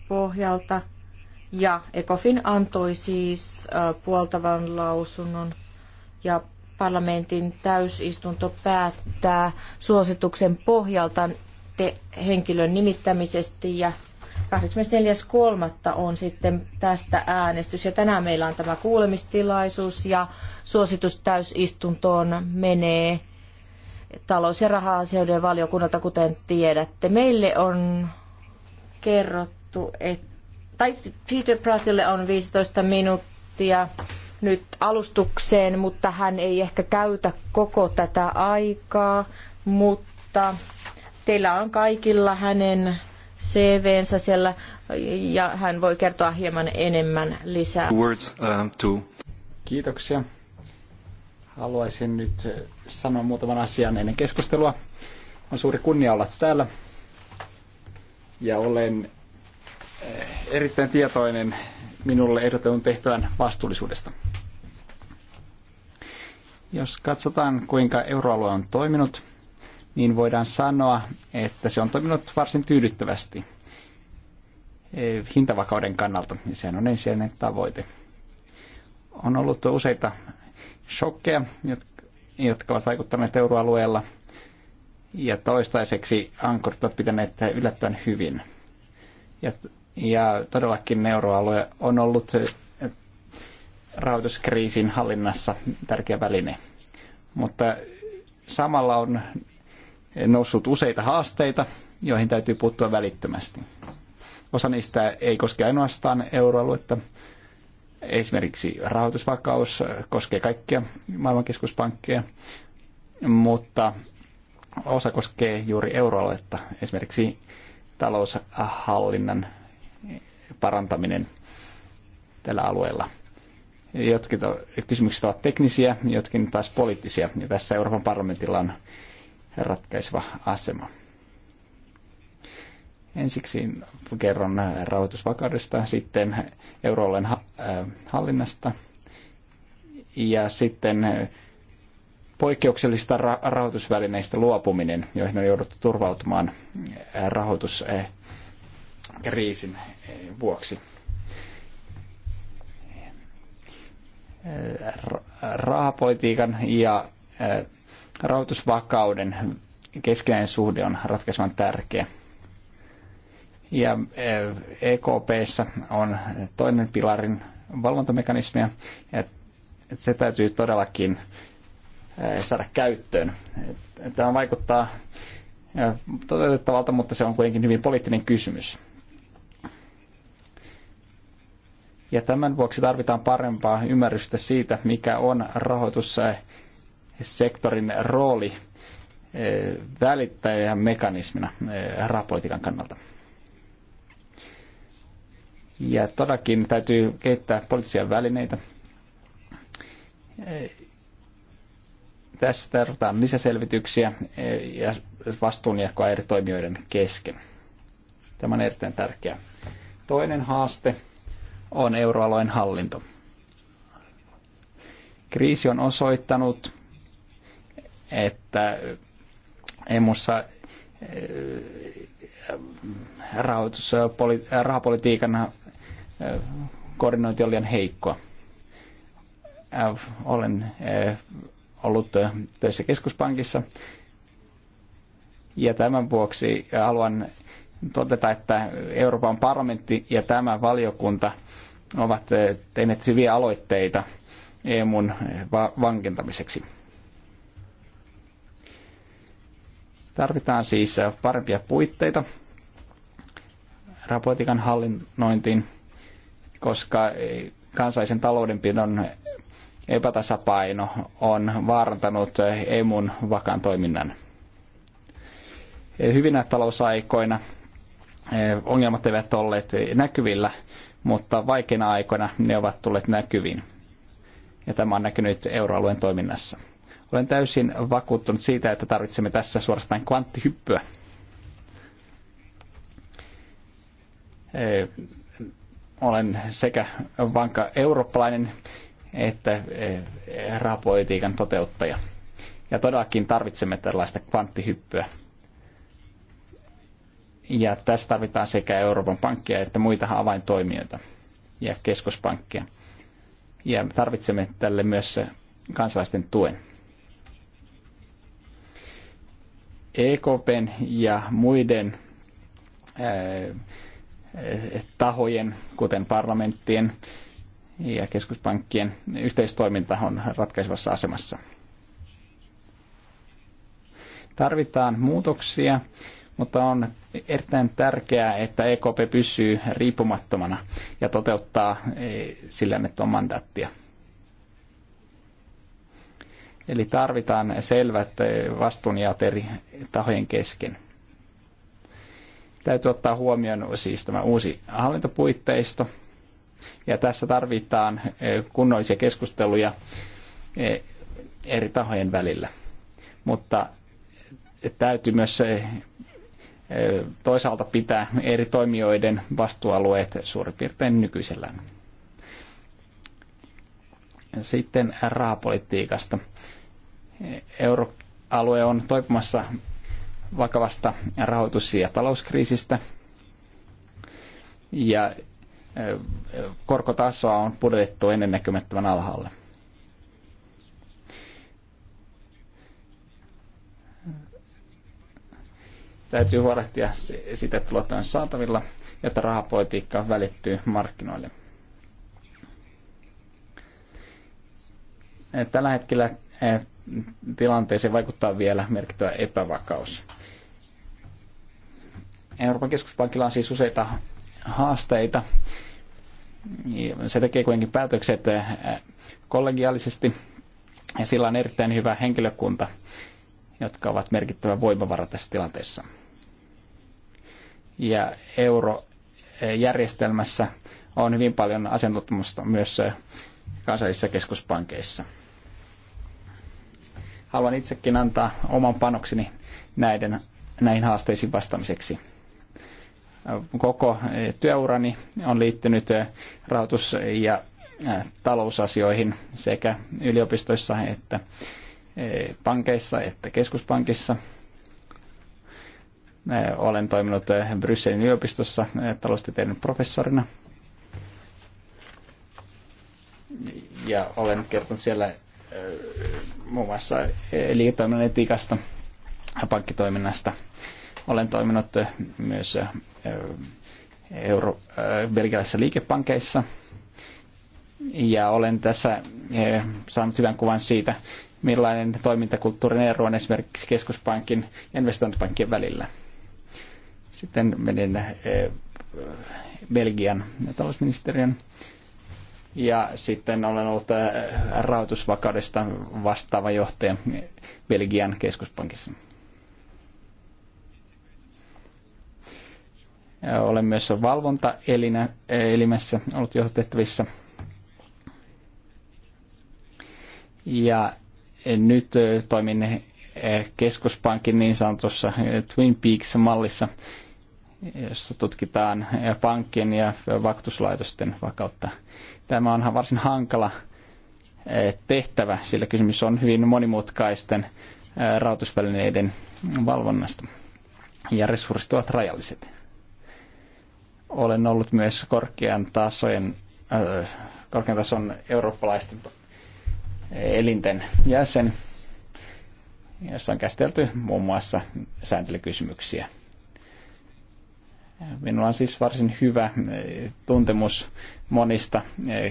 pohjalta. Ja Ecofin antoi siis puoltavan lausunnon ja parlamentin täysistunto päättää suosituksen pohjalta te- henkilön nimittämisestä ja 84.3. on sitten tästä äänestys ja tänään meillä on tämä kuulemistilaisuus ja suositus täysistuntoon menee talous- ja raha-asioiden valiokunnalta, kuten tiedätte. Meille on kerrottu, että tai Peter Prattille on 15 minuuttia nyt alustukseen, mutta hän ei ehkä käytä koko tätä aikaa, mutta teillä on kaikilla hänen CVnsä siellä ja hän voi kertoa hieman enemmän lisää. Words, uh, to Kiitoksia. Haluaisin nyt sanoa muutaman asian ennen keskustelua. On suuri kunnia olla täällä ja olen eh, erittäin tietoinen minulle ehdotetun tehtävän vastuullisuudesta. Jos katsotaan, kuinka euroalue on toiminut, niin voidaan sanoa, että se on toiminut varsin tyydyttävästi eh, hintavakauden kannalta, ja sehän on ensisijainen tavoite. On ollut useita shokkeja, jotka ovat vaikuttaneet euroalueella. Ja toistaiseksi ankorit ovat pitäneet yllättävän hyvin. Ja, ja todellakin euroalue on ollut rahoituskriisin hallinnassa tärkeä väline. Mutta samalla on noussut useita haasteita, joihin täytyy puuttua välittömästi. Osa niistä ei koske ainoastaan euroaluetta, Esimerkiksi rahoitusvakaus koskee kaikkia maailman keskuspankkeja, mutta osa koskee juuri euroaluetta, esimerkiksi taloushallinnan parantaminen tällä alueella. Jotkin kysymykset ovat teknisiä, jotkin taas poliittisia, ja tässä Euroopan parlamentilla on ratkaiseva asema. Ensiksi kerron rahoitusvakaudesta, sitten euroalueen äh, hallinnasta ja sitten poikkeuksellista rahoitusvälineistä luopuminen, joihin on jouduttu turvautumaan äh, rahoituskriisin äh, vuoksi. Rahapolitiikan ja rahoitusvakauden keskeinen suhde on ratkaisevan tärkeä. Ja EKPssä eh, e on toinen pilarin valvontamekanismia, että se täytyy todellakin eh, saada käyttöön. Tämä vaikuttaa eh, toteutettavalta, mutta se on kuitenkin hyvin poliittinen kysymys. Ja tämän vuoksi tarvitaan parempaa ymmärrystä siitä, mikä on rahoitussektorin rooli välittäjän mekanismina rahapolitiikan kannalta. Ja todellakin täytyy kehittää poliittisia välineitä. Tässä tarvitaan lisäselvityksiä ja vastuunjakoa eri toimijoiden kesken. Tämä on erittäin tärkeä. Toinen haaste on euroalueen hallinto. Kriisi on osoittanut, että emussa rahapolitiikan koordinointi on liian heikkoa. Äh, olen äh, ollut äh, töissä keskuspankissa ja tämän vuoksi haluan todeta, että Euroopan parlamentti ja tämä valiokunta ovat tehneet hyviä aloitteita EMUn vankentamiseksi. Tarvitaan siis parempia puitteita raportikan hallinnointiin – koska kansallisen taloudenpidon epätasapaino on vaarantanut emun vakaan toiminnan. Hyvinä talousaikoina eh, ongelmat eivät olleet näkyvillä, mutta vaikeina aikoina ne ovat tulleet näkyviin. Ja tämä on näkynyt euroalueen toiminnassa. Olen täysin vakuuttunut siitä, että tarvitsemme tässä suorastaan kvanttihyppyä eh, olen sekä vankka eurooppalainen että e, rahapolitiikan toteuttaja. Ja todellakin tarvitsemme tällaista kvanttihyppyä. Ja tässä tarvitaan sekä Euroopan pankkia että muita avaintoimijoita ja keskuspankkia. Ja tarvitsemme tälle myös kansalaisten tuen. EKPn ja muiden ää, e, Eh, tahojen, kuten parlamenttien ja keskuspankkien yhteistoiminta on ratkaisevassa asemassa. Tarvitaan muutoksia, mutta on erittäin tärkeää, että EKP pysyy riippumattomana ja toteuttaa eh, sillä on mandaattia. Eli tarvitaan selvät eh, vastuunjaot eri tahojen kesken. Täytyy ottaa huomioon siis tämä uusi hallintopuitteisto. Ja tässä tarvitaan eh, kunnollisia keskusteluja eh, eri tahojen välillä. Mutta eh, täytyy myös se toisaalta pitää eri toimijoiden vastuualueet suurin piirtein nykyisellään. Sitten rahapolitiikasta. Euroalue on toipumassa vakavasta rahoitus- ja talouskriisistä. Ja korkotasoa on pudotettu ennennäkymättömän alhaalle. Täytyy huolehtia sitä, että tulot on saatavilla ja että rahapolitiikka välittyy markkinoille. Tällä hetkellä eh, tilanteeseen vaikuttaa vielä merkittävä epävakaus. Euroopan keskuspankilla on siis useita haasteita. Se tekee kuitenkin päätökset eh, kollegiaalisesti ja sillä on erittäin hyvä henkilökunta, jotka ovat merkittävä voimavara tässä tilanteessa. Ja eurojärjestelmässä on hyvin paljon asiantuntemusta myös eh, kansallisissa keskuspankeissa. Haluan itsekin antaa oman panokseni näiden, näihin haasteisiin vastaamiseksi koko eh, työurani on liittynyt eh, rahoitus- ja eh, talousasioihin sekä yliopistoissa että pankeissa että keskuspankissa. Olen toiminut Brysselin yliopistossa taloustieteiden professorina. Ja olen kertonut siellä muun muassa liiketoiminnan etiikasta ja pankkitoiminnasta – olen toiminut myös euro, belgialaisissa liikepankeissa ja olen tässä saanut hyvän kuvan siitä, millainen toimintakulttuurin ero on esimerkiksi keskuspankin ja investointipankkien välillä. Sitten menin Belgian talousministeriön ja sitten olen ollut rahoitusvakaudesta vastaava johtaja Belgian keskuspankissa. Olen myös valvontaelimessä eh, ollut johtotehtävissä. Ja eh, nyt eh, toimin keskuspankin niin sanotussa Twin Peaks-mallissa, jossa tutkitaan pankkien ja vakuutuslaitosten vakautta. Tämä on varsin hankala tehtävä, sillä kysymys on hyvin monimutkaisten rahoitusvälineiden valvonnasta ja resurssit ovat rajalliset. Olen ollut myös korkean, tasojen, äh, korkean tason eurooppalaisten elinten jäsen, jossa on käsitelty muun muassa sääntelykysymyksiä. Minulla on siis varsin hyvä äh, tuntemus monista äh,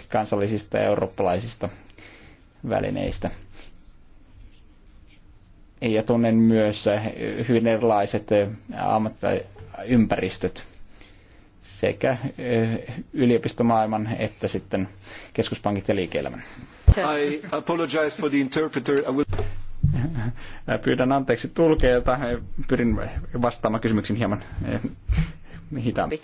kansallisista ja eurooppalaisista välineistä. Ja tunnen myös äh, hyvin erilaiset ammattiympäristöt sekä eh, yliopistomaailman että sitten keskuspankit ja liike-elämän. I apologize for the interpreter. I will... Pyydän anteeksi tulkeilta. Pyrin vastaamaan kysymyksiin hieman eh, hitaammin.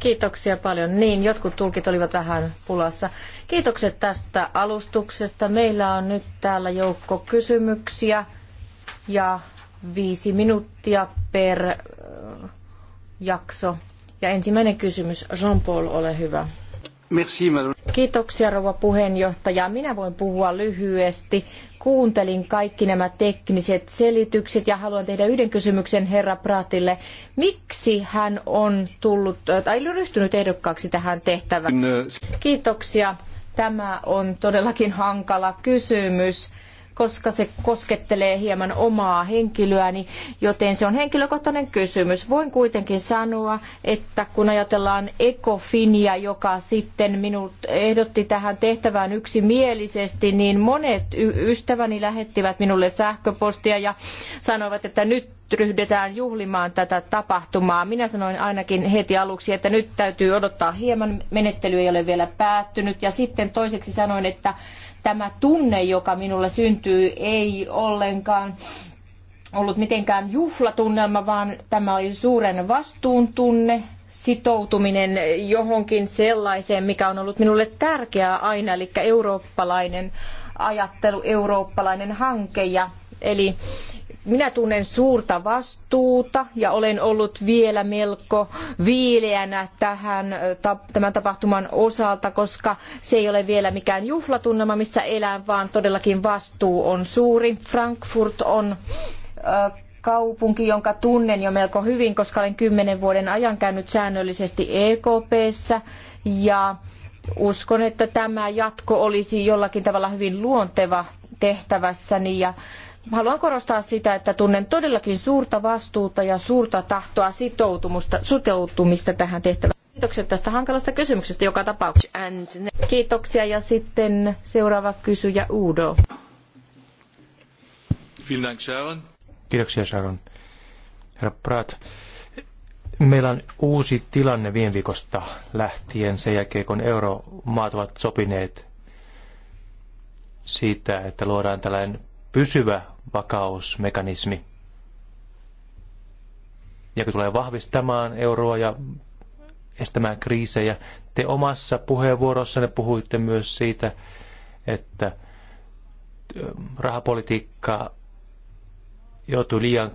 Kiitoksia paljon. Niin, jotkut tulkit olivat vähän pulassa. Kiitokset tästä alustuksesta. Meillä on nyt täällä joukko kysymyksiä ja viisi minuuttia per eh, jakso. Ja ensimmäinen kysymys, Jean-Paul, ole hyvä. Merci, madame. Kiitoksia, rouva puheenjohtaja. Minä voin puhua lyhyesti. Kuuntelin kaikki nämä tekniset selitykset ja haluan tehdä yhden kysymyksen herra Pratille. Miksi hän on tullut tai ryhtynyt ehdokkaaksi tähän tehtävään? Äh, Kiitoksia. Tämä on todellakin hankala kysymys koska se koskettelee hieman omaa henkilöäni, joten se on henkilökohtainen kysymys. Voin kuitenkin sanoa, että kun ajatellaan Ecofinia, joka sitten minut ehdotti tähän tehtävään yksimielisesti, niin monet ystäväni lähettivät minulle sähköpostia ja sanoivat, että nyt ryhdytään juhlimaan tätä tapahtumaa. Minä sanoin ainakin heti aluksi, että nyt täytyy odottaa hieman, menettely ei ole vielä päättynyt. Ja sitten toiseksi sanoin, että tämä tunne, joka minulle syntyy, ei ollenkaan ollut mitenkään juhlatunnelma, vaan tämä oli suuren vastuun tunne, sitoutuminen johonkin sellaiseen, mikä on ollut minulle tärkeää aina, eli eurooppalainen ajattelu, eurooppalainen hanke. Ja, eli minä tunnen suurta vastuuta ja olen ollut vielä melko viileänä tähän, tämän tapahtuman osalta, koska se ei ole vielä mikään juhlatunnelma, missä elän, vaan todellakin vastuu on suuri. Frankfurt on kaupunki, jonka tunnen jo melko hyvin, koska olen kymmenen vuoden ajan käynyt säännöllisesti EKPssä ja uskon, että tämä jatko olisi jollakin tavalla hyvin luonteva tehtävässäni ja haluan korostaa sitä, että tunnen todellakin suurta vastuuta ja suurta tahtoa sitoutumusta, tähän tehtävään. Kiitokset tästä hankalasta kysymyksestä joka tapauksessa. Kiitoksia ja sitten seuraava kysyjä Udo. Kiitoksia Sharon. Herra Prat, meillä on uusi tilanne viime viikosta lähtien sen jälkeen, kun euromaat ovat sopineet siitä, että luodaan tällainen pysyvä vakausmekanismi, joka tulee vahvistamaan euroa ja estämään kriisejä. Te omassa puheenvuorossanne puhuitte myös siitä, että rahapolitiikka joutui liian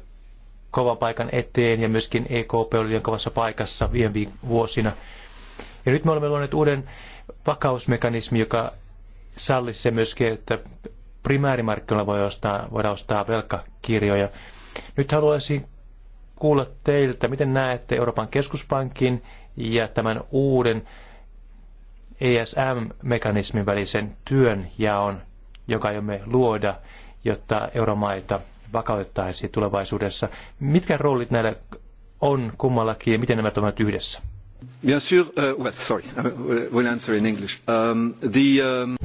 kovan paikan eteen ja myöskin EKP oli liian kovassa paikassa viime vuosina. Ja nyt me olemme luoneet uuden vakausmekanismin, joka sallisi se myöskin, että primäärimarkkinoilla voi ostaa, voidaan ostaa velkakirjoja. Nyt haluaisin kuulla teiltä, miten näette Euroopan keskuspankin ja tämän uuden ESM-mekanismin välisen työn jaon, joka me luoda, jotta euromaita vakautettaisiin tulevaisuudessa. Mitkä roolit näillä on kummallakin ja miten nämä toimivat yhdessä? Bien sûr, uh, well, sorry, uh, we'll answer in English. Um, the, um...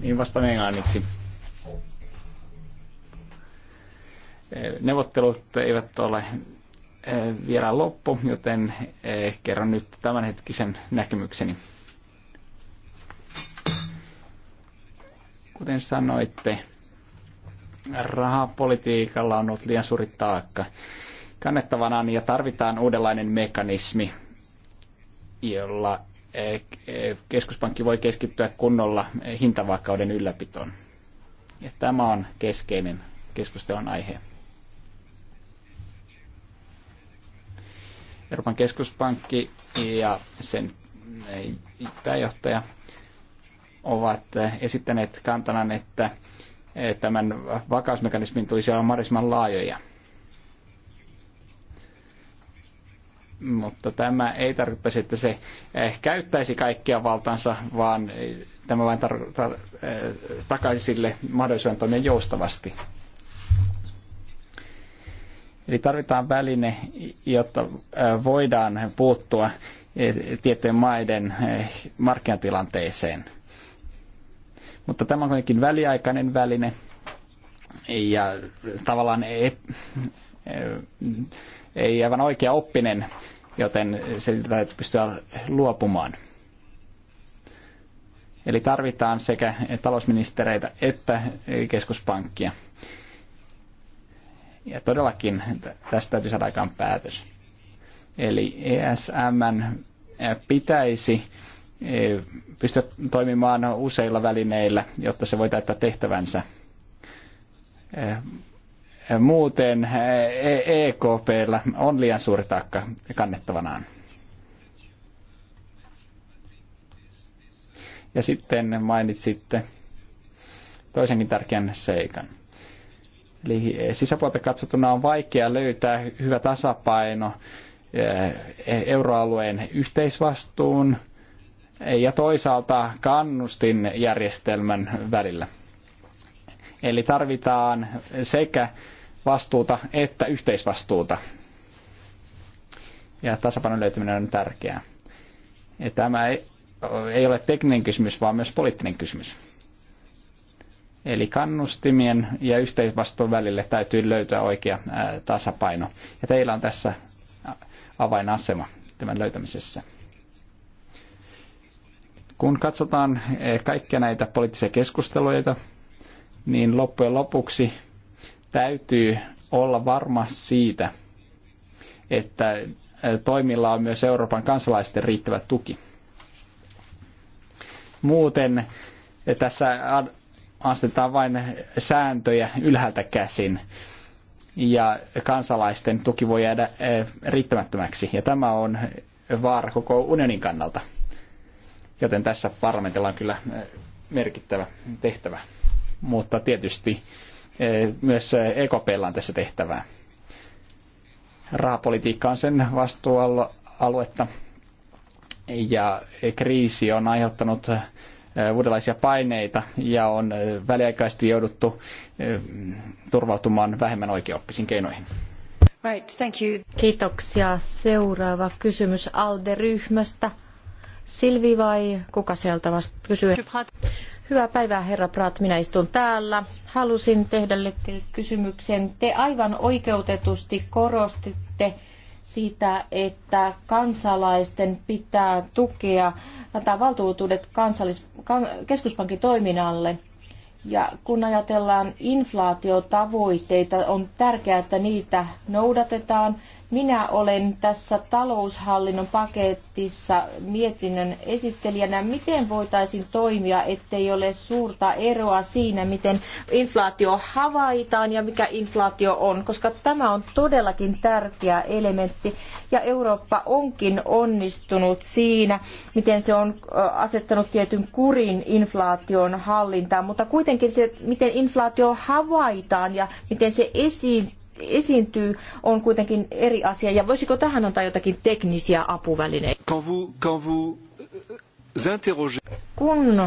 Niin vastaan englanniksi Neuvottelut eivät ole eh, vielä loppu, joten eh, kerron nyt tämänhetkisen näkemykseni. Kuten sanoitte, rahapolitiikalla on ollut liian suuri taakka kannettavanaan ja tarvitaan uudenlainen mekanismi, jolla eh, keskuspankki voi keskittyä kunnolla hintavakauden ylläpitoon. Ja tämä on keskeinen keskustelun aihe. Euroopan keskuspankki ja sen pääjohtaja ovat esittäneet kantanan, että tämän vakausmekanismin tulisi olla mahdollisimman laajoja. Mutta tämä ei tarkoittaisi, että se eh, käyttäisi kaikkia valtansa, vaan eh, tämä vain tar- tar- eh, takaisi sille mahdollisuuden toimia joustavasti. Eli tarvitaan väline, jotta voidaan puuttua tiettyjen maiden markkinatilanteeseen. Mutta tämä on kuitenkin väliaikainen väline ja tavallaan ei, e, ei aivan oikea oppinen, joten se täytyy pystyä luopumaan. Eli tarvitaan sekä talousministereitä että keskuspankkia. Ja todellakin tästä täytyy saada aikaan päätös. Eli ESM pitäisi pystyä toimimaan useilla välineillä, jotta se voi täyttää tehtävänsä. Muuten EKPllä e on liian suuri taakka kannettavanaan. Ja sitten mainitsitte toisenkin tärkeän seikan – Eli sisäpuolta katsottuna on vaikea löytää hyvä tasapaino eh, euroalueen yhteisvastuun eh, ja toisaalta kannustinjärjestelmän välillä. Eli tarvitaan sekä vastuuta että yhteisvastuuta. Ja tasapainon löytäminen on tärkeää. Ja tämä ei ole tekninen kysymys, vaan myös poliittinen kysymys. Eli kannustimien ja yhteisvastuun välille täytyy löytää oikea tasapaino. Ja teillä on tässä avainasema tämän löytämisessä. Kun katsotaan kaikkia näitä poliittisia keskusteluita, niin loppujen lopuksi täytyy olla varma siitä, että toimilla on myös Euroopan kansalaisten riittävä tuki. Muuten tässä astetaan vain sääntöjä ylhäältä käsin ja kansalaisten tuki voi jäädä eh, riittämättömäksi. Ja tämä on vaara koko unionin kannalta. Joten tässä parlamentilla on kyllä eh, merkittävä tehtävä. Mutta tietysti eh, myös EKPlla on tässä tehtävää. Rahapolitiikka on sen vastuualuetta ja kriisi on aiheuttanut uudenlaisia paineita ja on väliaikaisesti jouduttu turvautumaan vähemmän oikeoppisiin keinoihin. Right, thank you. Kiitoksia. Seuraava kysymys ALDE-ryhmästä. Silvi vai kuka sieltä vasta kysyy? Hyvää päivää, herra Prat. Minä istun täällä. Halusin tehdä kysymyksen. Te aivan oikeutetusti korostitte, sitä, että kansalaisten pitää tukea, antaa valtuutuudet kansallis, kan, keskuspankin toiminnalle. Ja kun ajatellaan inflaatiotavoitteita, on tärkeää, että niitä noudatetaan minä olen tässä taloushallinnon paketissa mietinnön esittelijänä, miten voitaisiin toimia, ettei ole suurta eroa siinä, miten inflaatio havaitaan ja mikä inflaatio on, koska tämä on todellakin tärkeä elementti ja Eurooppa onkin onnistunut siinä, miten se on asettanut tietyn kurin inflaation hallintaan, mutta kuitenkin se, miten inflaatio havaitaan ja miten se esiintyy, esiintyy, on kuitenkin eri asia. Ja voisiko tähän antaa jotakin teknisiä apuvälineitä? Quand vous, quand vous kun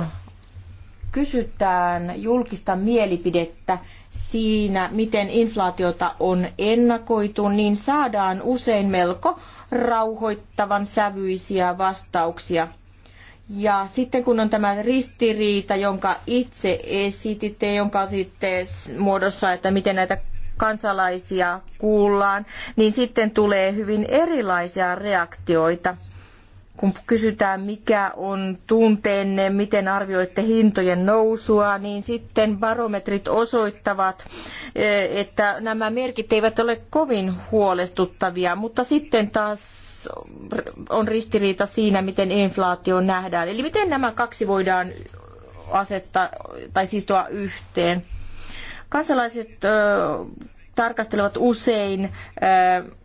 kysytään julkista mielipidettä siinä, miten inflaatiota on ennakoitu, niin saadaan usein melko rauhoittavan sävyisiä vastauksia. Ja sitten kun on tämä ristiriita, jonka itse esititte, jonka sitten muodossa, että miten näitä kansalaisia kuullaan, niin sitten tulee hyvin erilaisia reaktioita. Kun kysytään, mikä on tunteenne, miten arvioitte hintojen nousua, niin sitten barometrit osoittavat, eh, että nämä merkit eivät ole kovin huolestuttavia, mutta sitten taas on ristiriita siinä, miten inflaatio nähdään. Eli miten nämä kaksi voidaan asettaa tai sitoa yhteen. Kansalaiset tarkastelevat usein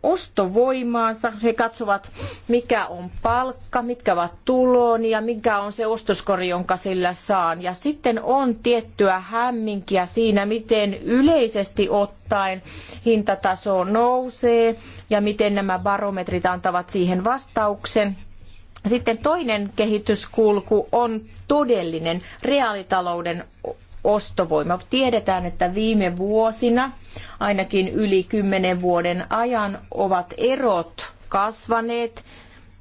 ostovoimaansa. He katsovat, mikä on palkka, mitkä ovat tuloni ja mikä on se ostoskori, jonka sillä saan. Ja sitten on tiettyä hämminkiä siinä, miten yleisesti ottaen hintataso nousee ja miten nämä barometrit antavat siihen vastauksen. Sitten toinen kehityskulku on todellinen reaalitalouden ostovoima. Tiedetään, että viime vuosina, ainakin yli kymmenen vuoden ajan, ovat erot kasvaneet,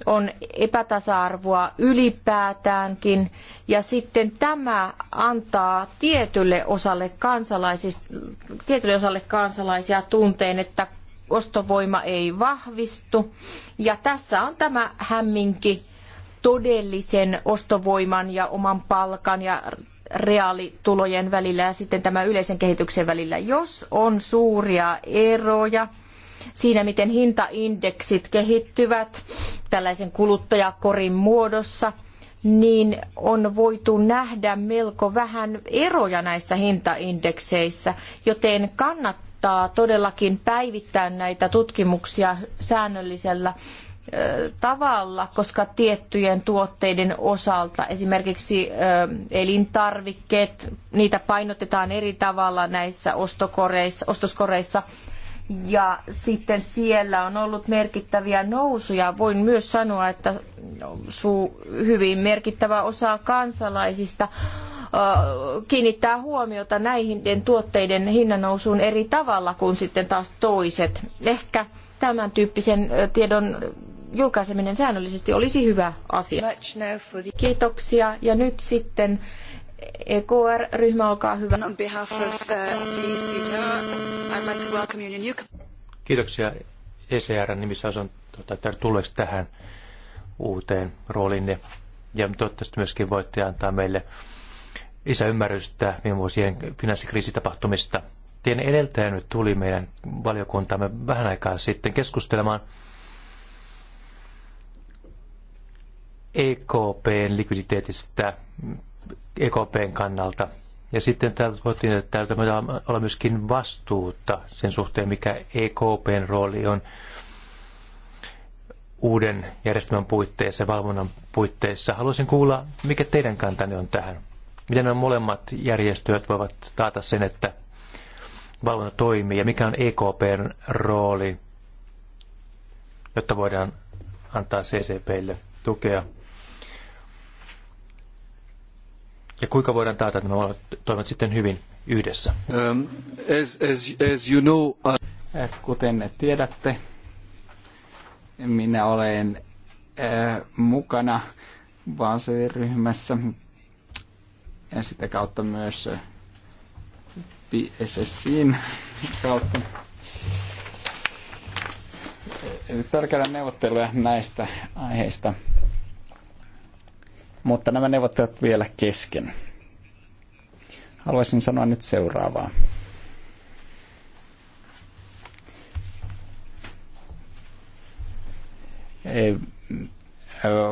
on epätasa-arvoa ylipäätäänkin, ja sitten tämä antaa tietylle osalle, tietylle osalle kansalaisia tunteen, että ostovoima ei vahvistu, ja tässä on tämä hämminki todellisen ostovoiman ja oman palkan ja reaalitulojen välillä ja sitten tämän yleisen kehityksen välillä. Jos on suuria eroja siinä, miten hintaindeksit kehittyvät tällaisen kuluttajakorin muodossa, niin on voitu nähdä melko vähän eroja näissä hintaindekseissä, joten kannattaa todellakin päivittää näitä tutkimuksia säännöllisellä tavalla, koska tiettyjen tuotteiden osalta, esimerkiksi elintarvikkeet, niitä painotetaan eri tavalla näissä ostokoreissa, ostoskoreissa. Ja sitten siellä on ollut merkittäviä nousuja. Voin myös sanoa, että hyvin merkittävä osa kansalaisista kiinnittää huomiota näihin tuotteiden hinnannousuun eri tavalla kuin sitten taas toiset. Ehkä tämän tyyppisen tiedon julkaiseminen säännöllisesti olisi hyvä asia. Kiitoksia ja nyt sitten EKR-ryhmä, olkaa hyvä. Uh, e Kiitoksia ECRn nimissä on tuota, tervetulleeksi tähän uuteen rooliinne. Ja toivottavasti myöskin voitte antaa meille lisäymmärrystä viime vuosien finanssikriisitapahtumista. Teidän edeltäjänne tuli meidän valiokuntaamme vähän aikaa sitten keskustelemaan – EKPn likviditeetistä EKPn kannalta. Ja sitten täältä voitiin, että täältä me olla myöskin vastuutta sen suhteen, mikä EKPn rooli on uuden järjestelmän puitteissa ja valvonnan puitteissa. Haluaisin kuulla, mikä teidän kantanne on tähän. Miten nämä molemmat järjestöt voivat taata sen, että valvonta toimii ja mikä on EKPn rooli, jotta voidaan antaa CCPlle tukea. ja kuinka voidaan taata, että nämä toimivat sitten hyvin yhdessä? Um, as, as, as you know, I... Eh, kuten tiedätte, minä olen äh, mukana Vaasiryhmässä ryhmässä ja sitä kautta myös eh, PSSin kautta. Tärkeää neuvotteluja näistä aiheista mutta nämä neuvottelut vielä kesken. Haluaisin sanoa nyt seuraavaa. E, e,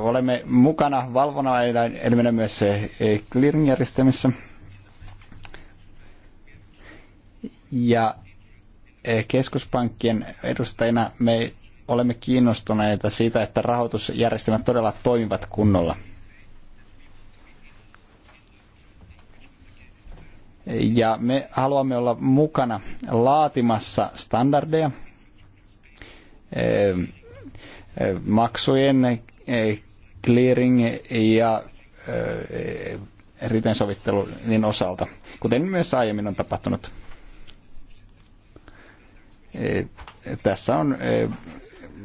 olemme mukana valvona elimenä myös e, clearing-järjestelmissä. Ja keskuspankkien edustajina me olemme kiinnostuneita siitä, että rahoitusjärjestelmät todella toimivat kunnolla – Ja me haluamme olla mukana laatimassa standardeja eh, eh, maksujen eh, clearing ja ritensovittelun osalta, kuten myös aiemmin on tapahtunut. Tässä on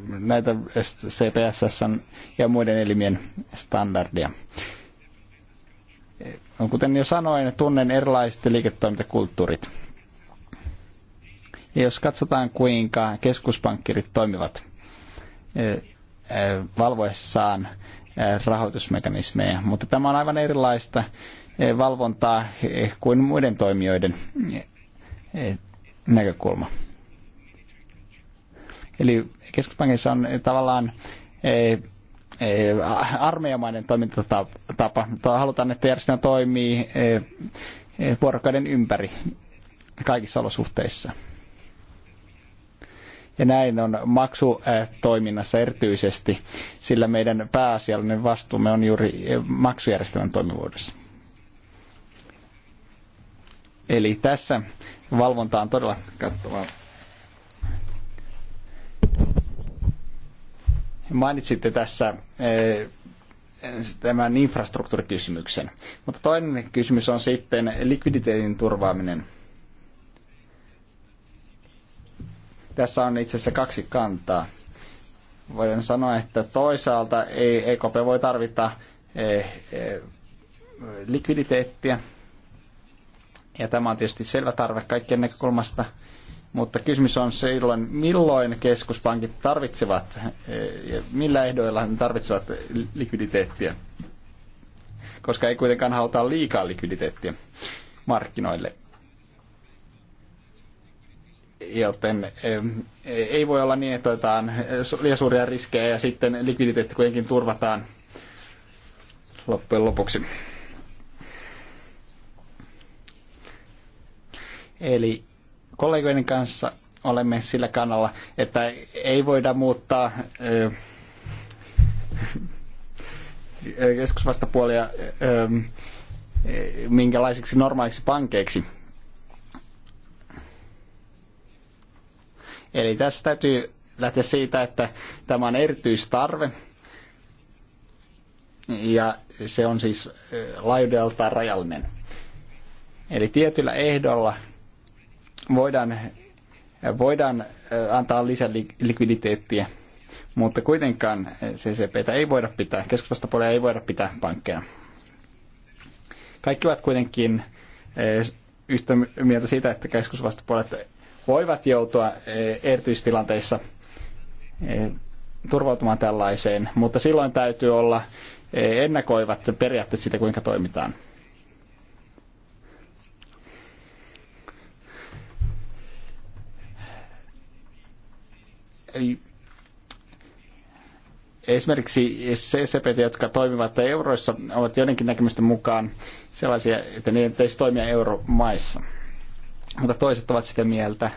näitä CPSS ja muiden elimien standardeja. No, kuten jo sanoin, tunnen erilaiset liiketoimintakulttuurit. Ja jos katsotaan, kuinka keskuspankkirit toimivat eh, eh, valvoessaan eh, rahoitusmekanismeja, mutta tämä on aivan erilaista valvontaa kuin muiden toimijoiden näkökulma. Eli keskuspankissa on tavallaan armeijamainen toimintatapa. Halutaan, että järjestelmä toimii e, e, vuorokauden ympäri kaikissa olosuhteissa. Ja näin on maksutoiminnassa erityisesti, sillä meidän pääasiallinen vastuumme on juuri e, maksujärjestelmän toimivuudessa. Eli tässä valvonta on todella kattavaa. Mainitsitte tässä eh, tämän infrastruktuurikysymyksen. Mutta toinen kysymys on sitten likviditeetin turvaaminen. Tässä on itse asiassa kaksi kantaa. Voidaan sanoa, että toisaalta ei EKP voi tarvita eh, eh, likviditeettiä. Ja tämä on tietysti selvä tarve kaikkien näkökulmasta – mutta kysymys on se, milloin keskuspankit tarvitsevat, eh, ja millä ehdoilla ne tarvitsevat likviditeettiä. Koska ei kuitenkaan haluta liikaa likviditeettiä markkinoille. Joten eh, ei voi olla niin, että otetaan liian suuria riskejä ja sitten likviditeetti kuitenkin turvataan loppujen lopuksi. Eli Kollegojen kanssa olemme sillä kannalla, että ei voida muuttaa keskusvastapuolia minkälaisiksi normaaliksi pankeiksi. Eli tässä täytyy lähteä siitä, että tämä on erityistarve. Ja se on siis laajuudeltaan rajallinen. Eli tietyillä ehdolla voidaan, voidaan eh, antaa lisää likviditeettiä, mutta kuitenkaan CCPtä ei voida pitää, keskustapuolella ei voida pitää pankkeja. Kaikki ovat kuitenkin eh, yhtä mieltä siitä, että keskusvastapuolet voivat joutua eh, erityistilanteissa turvautumaan tällaiseen, mutta silloin täytyy olla ennakoivat periaatteet siitä, kuinka toimitaan. esimerkiksi CCP, jotka toimivat euroissa, ovat joidenkin näkemysten mukaan sellaisia, että ne pitäisi toimia euromaissa. Mutta toiset ovat sitä mieltä,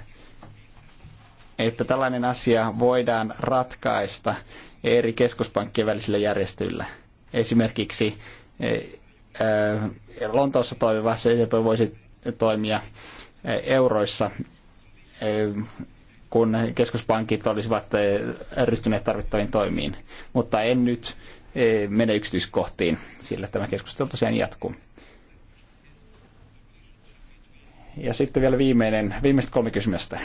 että tällainen asia voidaan ratkaista eri keskuspankkien välisillä järjestelyillä. Esimerkiksi eh, eh, Lontoossa toimiva CCP voisi toimia eh, euroissa kun keskuspankit olisivat eh, ryhtyneet tarvittaviin toimiin. Mutta en nyt eh, mene yksityiskohtiin, sillä tämä keskustelu tosiaan jatkuu. Ja sitten vielä viimeinen, viimeistä kolme kysymystä.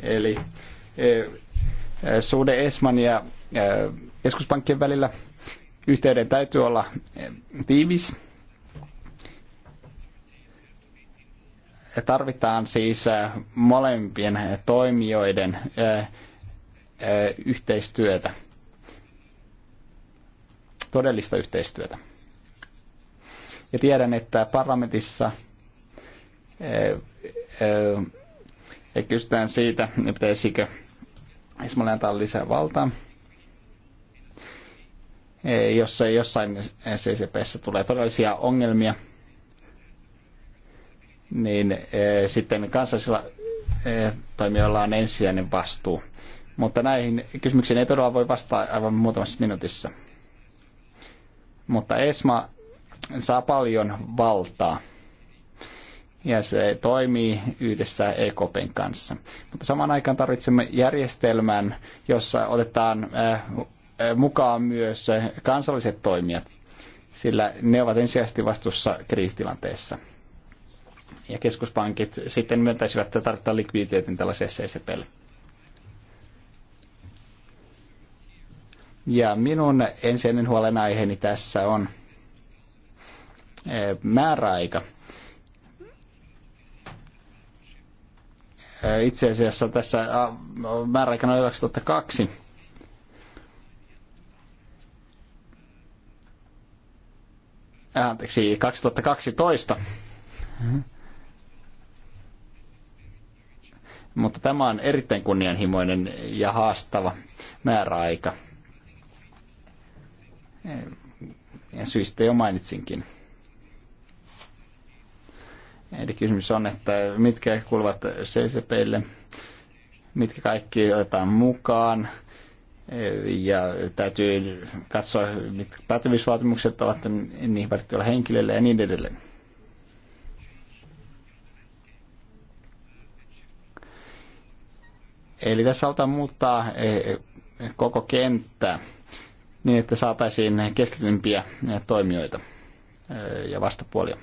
Eli eh, suhde Esman ja keskuspankkien välillä yhteyden täytyy olla tiivis tarvitaan siis äh, molempien toimijoiden äh, äh, yhteistyötä, todellista yhteistyötä. Ja tiedän, että parlamentissa kysytään siitä, niin pitäisikö Ismail antaa lisää valtaa. Jos jossain CCPssä tulee todellisia ongelmia – niin eh, sitten kansallisilla eh, toimijoilla on ensisijainen vastuu. Mutta näihin kysymyksiin ei todella voi vastata aivan muutamassa minuutissa. Mutta ESMA saa paljon valtaa ja se toimii yhdessä EKPn kanssa. Mutta samaan aikaan tarvitsemme järjestelmän, jossa otetaan eh, mukaan myös kansalliset toimijat, sillä ne ovat ensisijaisesti vastuussa kriisitilanteessa ja keskuspankit sitten myöntäisivät tarvitaan likviditeetin tällaiselle scp Ja minun ensimmäinen huolenaiheeni tässä on eh, määräaika. Eh, itse asiassa tässä määräaikana on 2002. Äh, anteeksi, 2012. mutta tämä on erittäin kunnianhimoinen ja haastava määräaika. Ja syistä jo mainitsinkin. Eli kysymys on, että mitkä kuuluvat CCPille, mitkä kaikki otetaan mukaan, ja täytyy katsoa, mitkä pätevyysvaatimukset ovat niihin päätetyillä henkilöille ja niin edelleen. Eli tässä halutaan muuttaa eh, koko kenttä, niin, että saataisiin keskitympiä eh, toimijoita eh, ja vastapuolia.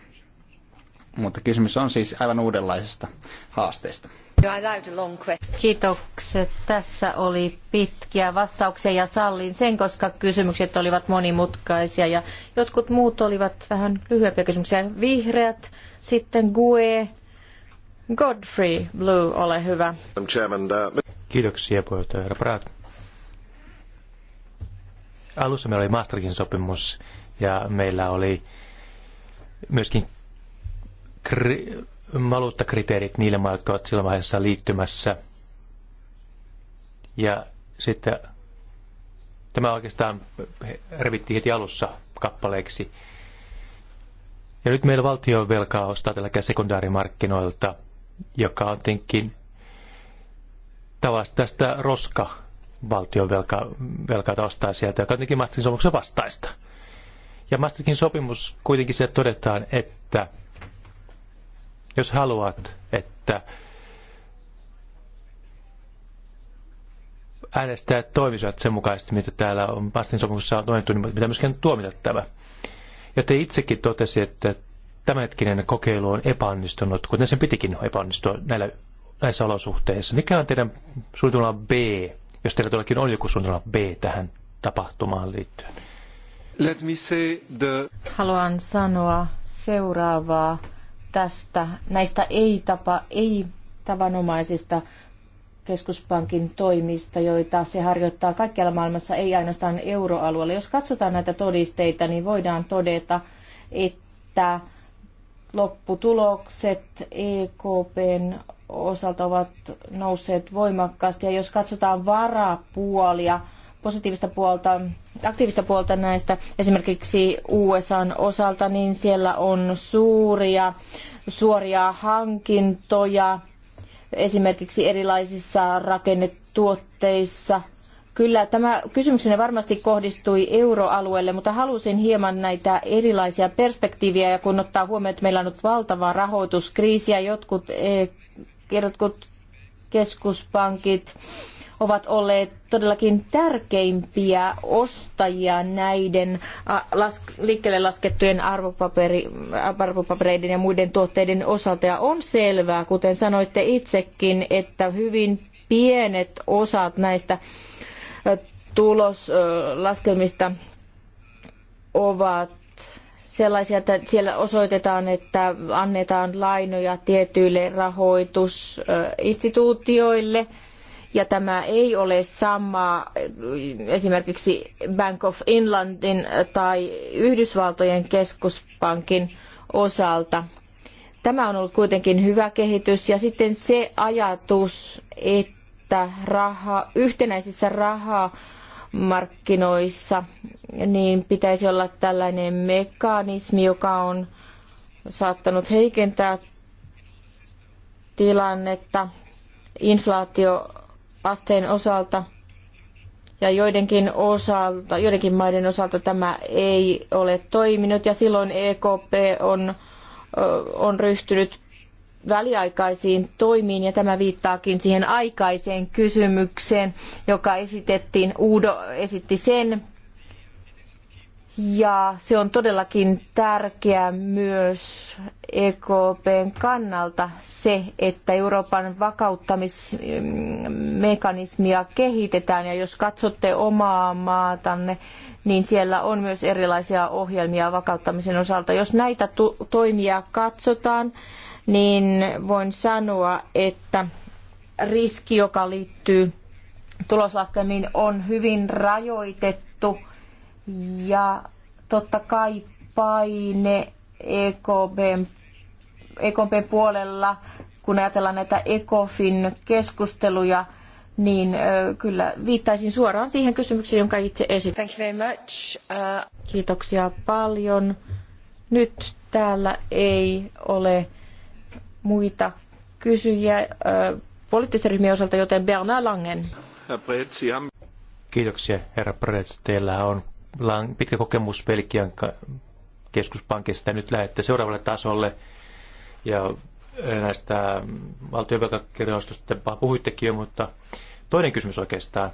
Mutta kysymys on siis aivan uudenlaisesta haasteesta. Kiitokset. Tässä oli pitkiä vastauksia ja sallin sen, koska kysymykset olivat monimutkaisia ja jotkut muut olivat vähän lyhyempiä kysymyksiä. Vihreät, sitten GUE, Godfrey Blue, ole hyvä. Uh, Kiitoksia puheenjohtaja herra Praat. Alussa meillä oli Maastrichtin sopimus ja meillä oli myöskin kri- valuuttakriteerit niille maille, jotka ovat sillä vaiheessa liittymässä. Ja sitten tämä oikeastaan revittiin heti alussa kappaleeksi. Ja nyt meillä valtion velkaa ostaa tällä sekundaarimarkkinoilta – joka on tietenkin tästä roska valtion velka, velkaa ostaa sieltä, joka on tietenkin Maastrichtin sopimuksen vastaista. Ja Maastrichtin sopimus kuitenkin se todetaan, että jos haluat, että äänestäjät toimisivat sen mukaisesti, mitä täällä on Maastrichtin sopimuksessa on toimittu, niin mitä myöskään tuomita tämä. Ja te itsekin totesitte, että tämänhetkinen kokeilu on epäonnistunut, kuten sen pitikin epäonnistua näillä, näissä olosuhteissa. Mikä on teidän suunnitelma B, jos teillä todellakin on joku suunnitelma B tähän tapahtumaan liittyen? Let me say the... Haluan sanoa seuraavaa tästä, näistä ei-tapa, ei-tavanomaisista keskuspankin toimista, joita se harjoittaa kaikkialla maailmassa, ei ainoastaan euroalueella. Jos katsotaan näitä todisteita, niin voidaan todeta, että lopputulokset EKPn osalta ovat nousseet voimakkaasti. Ja jos katsotaan varapuolia, positiivista puolta, aktiivista puolta näistä, esimerkiksi USAn osalta, niin siellä on suuria suoria hankintoja, esimerkiksi erilaisissa rakennetuotteissa – Kyllä tämä kysymyksenne varmasti kohdistui euroalueelle, mutta halusin hieman näitä erilaisia perspektiiviä ja kun ottaa huomioon, että meillä on nyt valtavaa rahoituskriisiä, jotkut, eh, jotkut keskuspankit ovat olleet todellakin tärkeimpiä ostajia näiden liikkeelle laskettujen arvopapereiden ja muiden tuotteiden osalta. Ja on selvää, kuten sanoitte itsekin, että hyvin pienet osat näistä tuloslaskelmista ovat sellaisia, että siellä osoitetaan, että annetaan lainoja tietyille rahoitusinstituutioille, ja tämä ei ole sama esimerkiksi Bank of Englandin tai Yhdysvaltojen keskuspankin osalta. Tämä on ollut kuitenkin hyvä kehitys ja sitten se ajatus, että että raha, yhtenäisissä rahamarkkinoissa niin pitäisi olla tällainen mekanismi, joka on saattanut heikentää tilannetta inflaatioasteen osalta ja joidenkin, osalta, joidenkin maiden osalta tämä ei ole toiminut ja silloin EKP on, on ryhtynyt väliaikaisiin toimiin ja tämä viittaakin siihen aikaiseen kysymykseen, joka esitettiin. Uudo esitti sen ja se on todellakin tärkeää myös EKPn kannalta se, että Euroopan vakauttamismekanismia kehitetään. Ja jos katsotte omaa maatanne, niin siellä on myös erilaisia ohjelmia vakauttamisen osalta. Jos näitä toimia katsotaan, niin voin sanoa, että riski, joka liittyy tuloslaskelmiin, on hyvin rajoitettu ja totta kai paine EKBn, EKBn puolella, kun ajatellaan näitä ECOFin keskusteluja, niin kyllä viittaisin suoraan siihen kysymykseen, jonka itse esitin. Thank you very much. Uh, Kiitoksia paljon. Nyt täällä ei ole muita kysyjiä poliittisten ryhmien osalta, joten Bernard Langen. Kiitoksia, herra Prets. Teillä on pitkä kokemus Belgian keskuspankista. Nyt lähette seuraavalle tasolle ja näistä valtion velkakirjoitusta puhuittekin jo, mutta toinen kysymys oikeastaan.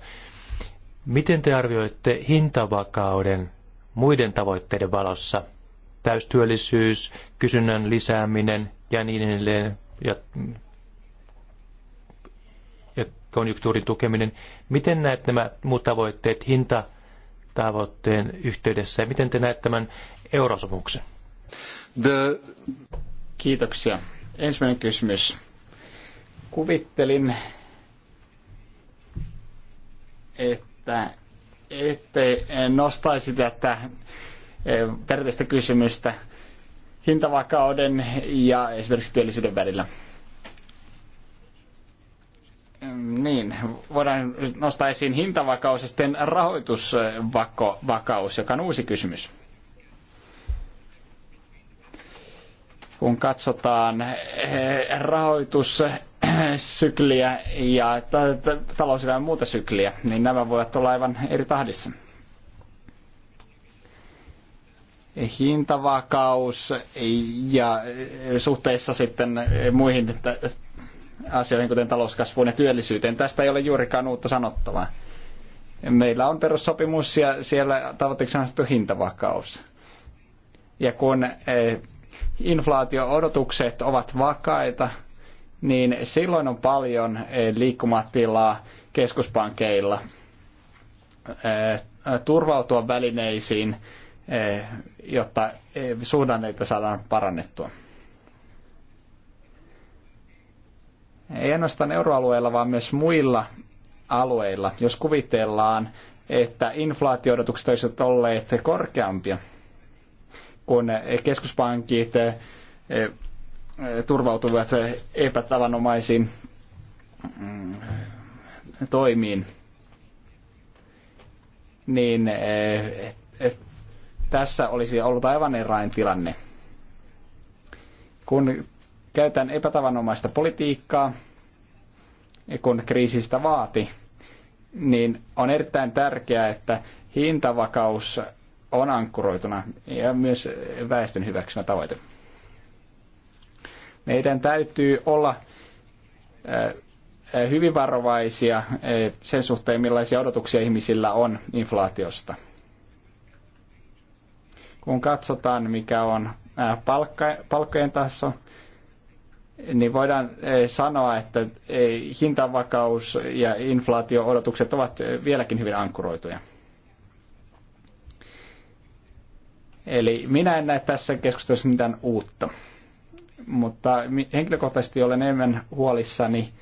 Miten te arvioitte hintavakauden muiden tavoitteiden valossa – täystyöllisyys, kysynnän lisääminen ja niin edelleen ja, ja konjunktuurin tukeminen. Miten näet nämä muut tavoitteet hinta tavoitteen yhteydessä ja miten te näet tämän eurosopimuksen? The... Kiitoksia. Ensimmäinen kysymys. Kuvittelin, että ette nostaisi tätä Eh, tärkeistä kysymystä hintavakauden ja esimerkiksi työllisyyden välillä. Mm, niin, voidaan nostaa esiin hintavakaus ja sitten rahoitusvakaus, joka on uusi kysymys. Kun katsotaan eh, rahoitussykliä ja ta- ta- muuta sykliä, niin nämä voivat olla aivan eri tahdissa. hintavakaus ja suhteessa sitten muihin asioihin, kuten talouskasvuun ja työllisyyteen. Tästä ei ole juurikaan uutta sanottavaa. Meillä on perussopimus ja siellä tavoitteeksi on asettu hintavakaus. Ja kun e, inflaatio-odotukset ovat vakaita, niin silloin on paljon e, liikkumatilaa keskuspankeilla e, turvautua välineisiin, Eh, jotta eh, suhdanneita saadaan parannettua. Ei ainoastaan euroalueella, vaan myös muilla alueilla. Jos kuvitellaan, että inflaatioodotukset olisivat olleet korkeampia, kun keskuspankit eh, turvautuvat epätavanomaisiin mm, toimiin, niin tässä olisi ollut aivan erilainen tilanne. Kun käytän epätavanomaista politiikkaa, kun kriisistä vaati, niin on erittäin tärkeää, että hintavakaus on ankkuroituna ja myös väestön hyväksymä tavoite. Meidän täytyy olla hyvin varovaisia sen suhteen, millaisia odotuksia ihmisillä on inflaatiosta – kun katsotaan mikä on palkka, palkkojen taso, niin voidaan sanoa, että hintavakaus ja inflaatio-odotukset ovat vieläkin hyvin ankkuroituja. Eli minä en näe tässä keskustelussa mitään uutta. Mutta henkilökohtaisesti olen enemmän huolissani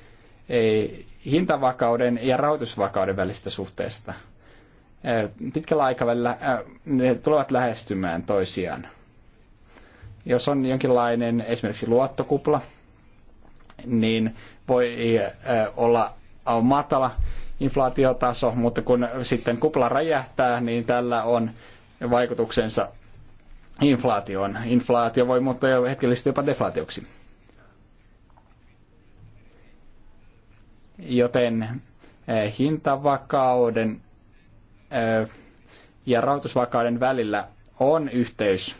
hintavakauden ja rahoitusvakauden välistä suhteesta – pitkällä aikavälillä ne tulevat lähestymään toisiaan. Jos on jonkinlainen esimerkiksi luottokupla, niin voi olla matala inflaatiotaso, mutta kun sitten kupla räjähtää, niin tällä on vaikutuksensa inflaatioon. Inflaatio voi muuttua jo hetkellisesti jopa deflaatioksi. Joten hintavakauden ja rahoitusvakauden välillä on yhteys,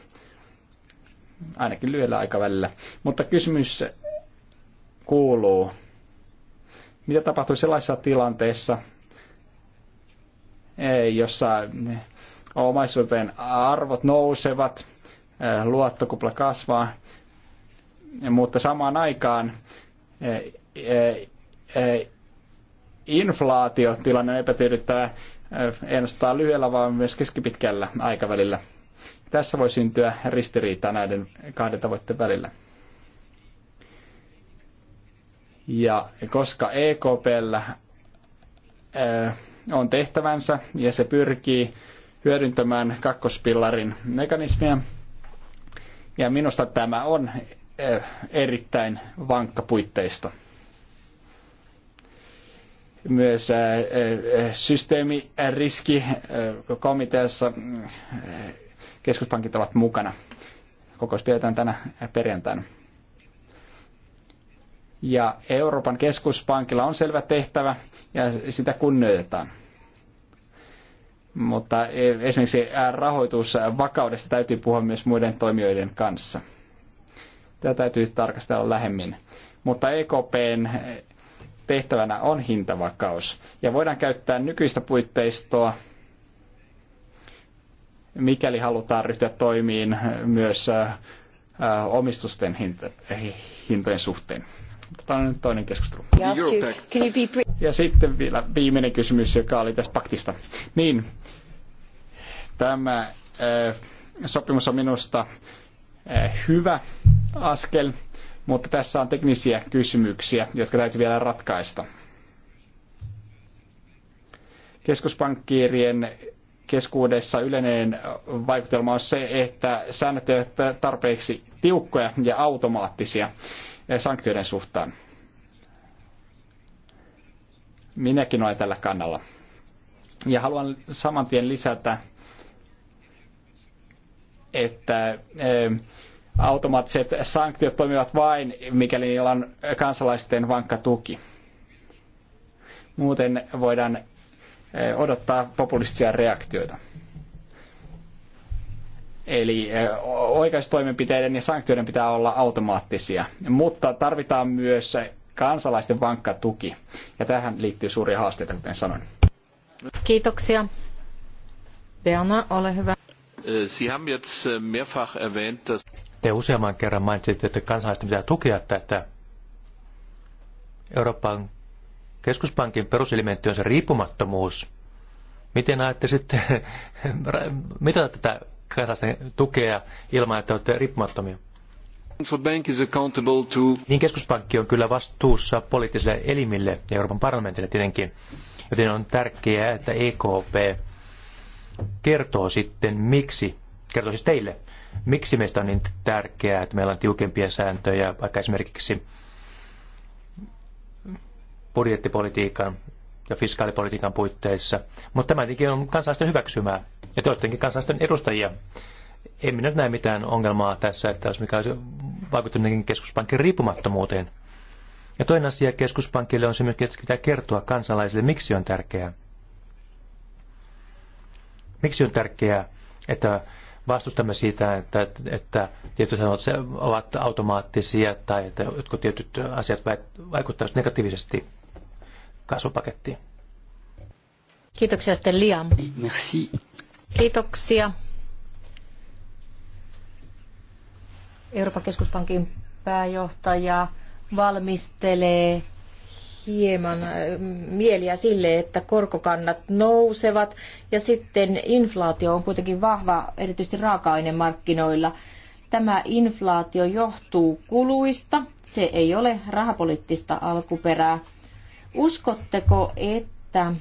ainakin lyhyellä aikavälillä. Mutta kysymys kuuluu, mitä tapahtuu sellaisessa tilanteessa, e, jossa omaisuuteen arvot nousevat, e, luottokupla kasvaa, mutta samaan aikaan e, inflaatiotilanne on epätyydyttävä Äh, ei ainoastaan lyhyellä, vaan myös keskipitkällä aikavälillä. Tässä voi syntyä ristiriitaa näiden kahden tavoitteen välillä. Ja koska EKPllä äh, on tehtävänsä ja se pyrkii hyödyntämään kakkospillarin mekanismia, ja minusta tämä on äh, erittäin vankka puitteisto myös systeemiriskikomiteassa keskuspankit ovat mukana. Kokous pidetään tänä perjantaina. Ja Euroopan keskuspankilla on selvä tehtävä ja sitä kunnioitetaan. Mutta e, esimerkiksi rahoitusvakaudesta täytyy puhua myös muiden toimijoiden kanssa. Tätä täytyy tarkastella lähemmin. Mutta EKPn tehtävänä on hintavakaus. Ja voidaan käyttää nykyistä puitteistoa, mikäli halutaan ryhtyä toimiin myös omistusten hinta, hintojen suhteen. Tämä on toinen keskustelu. Ja sitten vielä viimeinen kysymys, joka oli tästä paktista. Niin, tämä sopimus on minusta hyvä askel mutta tässä on teknisiä kysymyksiä, jotka täytyy vielä ratkaista. Keskuspankkiirien keskuudessa yleinen vaikutelma on se, että säännöt eivät tarpeeksi tiukkoja ja automaattisia sanktioiden suhtaan. Minäkin olen tällä kannalla. Ja haluan samantien lisätä, että eh, automaattiset sanktiot toimivat vain, mikäli niillä on kansalaisten vankka tuki. Muuten voidaan eh, odottaa populistisia reaktioita. Eli eh, oikeustoimenpiteiden ja sanktioiden pitää olla automaattisia, mutta tarvitaan myös kansalaisten vankka tuki. Ja tähän liittyy suuria haasteita, kuten sanoin. Kiitoksia. Beana, ole hyvä. Eh, Sie haben jetzt mehrfach erwähnt, dass te useamman kerran mainitsitte, että kansalaisten pitää tukea tätä. Euroopan keskuspankin peruselementti on se riippumattomuus. Miten ajatte sitten mitä tätä kansalaisten tukea ilman, että olette riippumattomia? Niin keskuspankki on kyllä vastuussa poliittisille elimille ja Euroopan parlamentille tietenkin, joten on tärkeää, että EKP kertoo sitten miksi, kertoo siis teille, miksi meistä on niin tärkeää, että meillä on tiukempia sääntöjä, vaikka esimerkiksi budjettipolitiikan ja fiskaalipolitiikan puitteissa. Mutta tämä tietenkin on kansalaisten hyväksymää, ja te olettekin kansalaisten edustajia. En minä nyt näe mitään ongelmaa tässä, että olisi mikä olisi vaikuttanut keskuspankin riippumattomuuteen. Ja toinen asia keskuspankille on se että pitää kertoa kansalaisille, miksi on tärkeää. Miksi on tärkeää, että vastustamme sitä, että, että tietyt sanot ovat automaattisia tai että jotkut tietyt asiat vaikuttavat negatiivisesti kasvupakettiin. Kiitoksia sitten Liam. Merci. Kiitoksia. Euroopan keskuspankin pääjohtaja valmistelee hieman äh, mieliä sille, että korkokannat nousevat ja sitten inflaatio on kuitenkin vahva, erityisesti raaka-ainemarkkinoilla. Tämä inflaatio johtuu kuluista, se ei ole rahapoliittista alkuperää. Uskotteko, että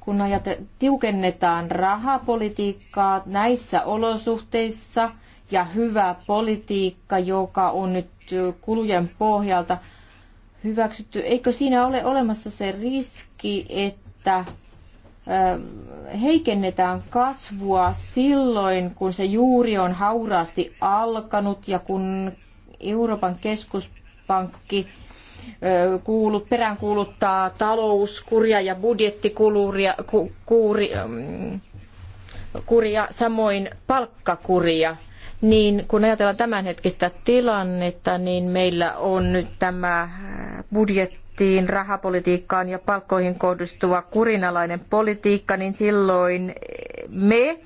kun ajate, tiukennetaan rahapolitiikkaa näissä olosuhteissa ja hyvä politiikka, joka on nyt kulujen pohjalta – hyväksytty. Eikö siinä ole olemassa se riski, että heikennetään kasvua silloin, kun se juuri on hauraasti alkanut ja kun Euroopan keskuspankki kuulut, peräänkuuluttaa talouskuria ja budjettikuluria ku, kuria, samoin palkkakuria niin kun ajatellaan tämänhetkistä tilannetta, niin meillä on nyt tämä äh, budjettiin, rahapolitiikkaan ja palkkoihin kohdistuva kurinalainen politiikka, niin silloin me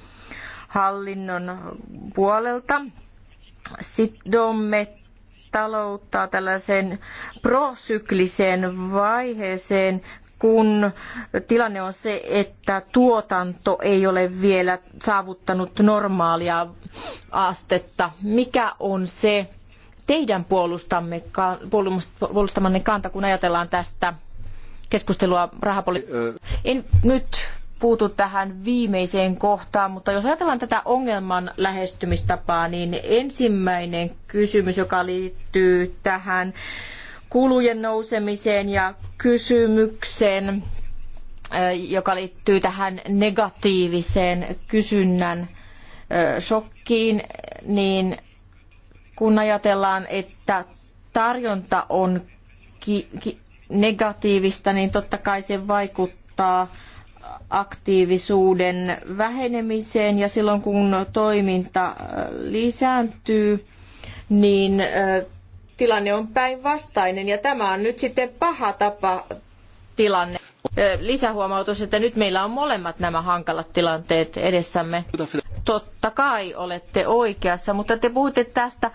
hallinnon puolelta sidomme taloutta tällaiseen prosykliseen vaiheeseen, kun tilanne on se, että tuotanto ei ole vielä saavuttanut normaalia astetta. Mikä on se teidän puolustamme, puolustamanne kanta, kun ajatellaan tästä keskustelua rahapolitiikasta? En nyt puutu tähän viimeiseen kohtaan, mutta jos ajatellaan tätä ongelman lähestymistapaa, niin ensimmäinen kysymys, joka liittyy tähän kulujen nousemiseen ja kysymykseen, joka liittyy tähän negatiiviseen kysynnän shokkiin, niin kun ajatellaan, että tarjonta on negatiivista, niin totta kai se vaikuttaa aktiivisuuden vähenemiseen ja silloin kun toiminta lisääntyy, niin tilanne on päinvastainen ja tämä on nyt sitten paha tapa tilanne. Lisähuomautus, että nyt meillä on molemmat nämä hankalat tilanteet edessämme. Totta kai olette oikeassa, mutta te puhutte tästä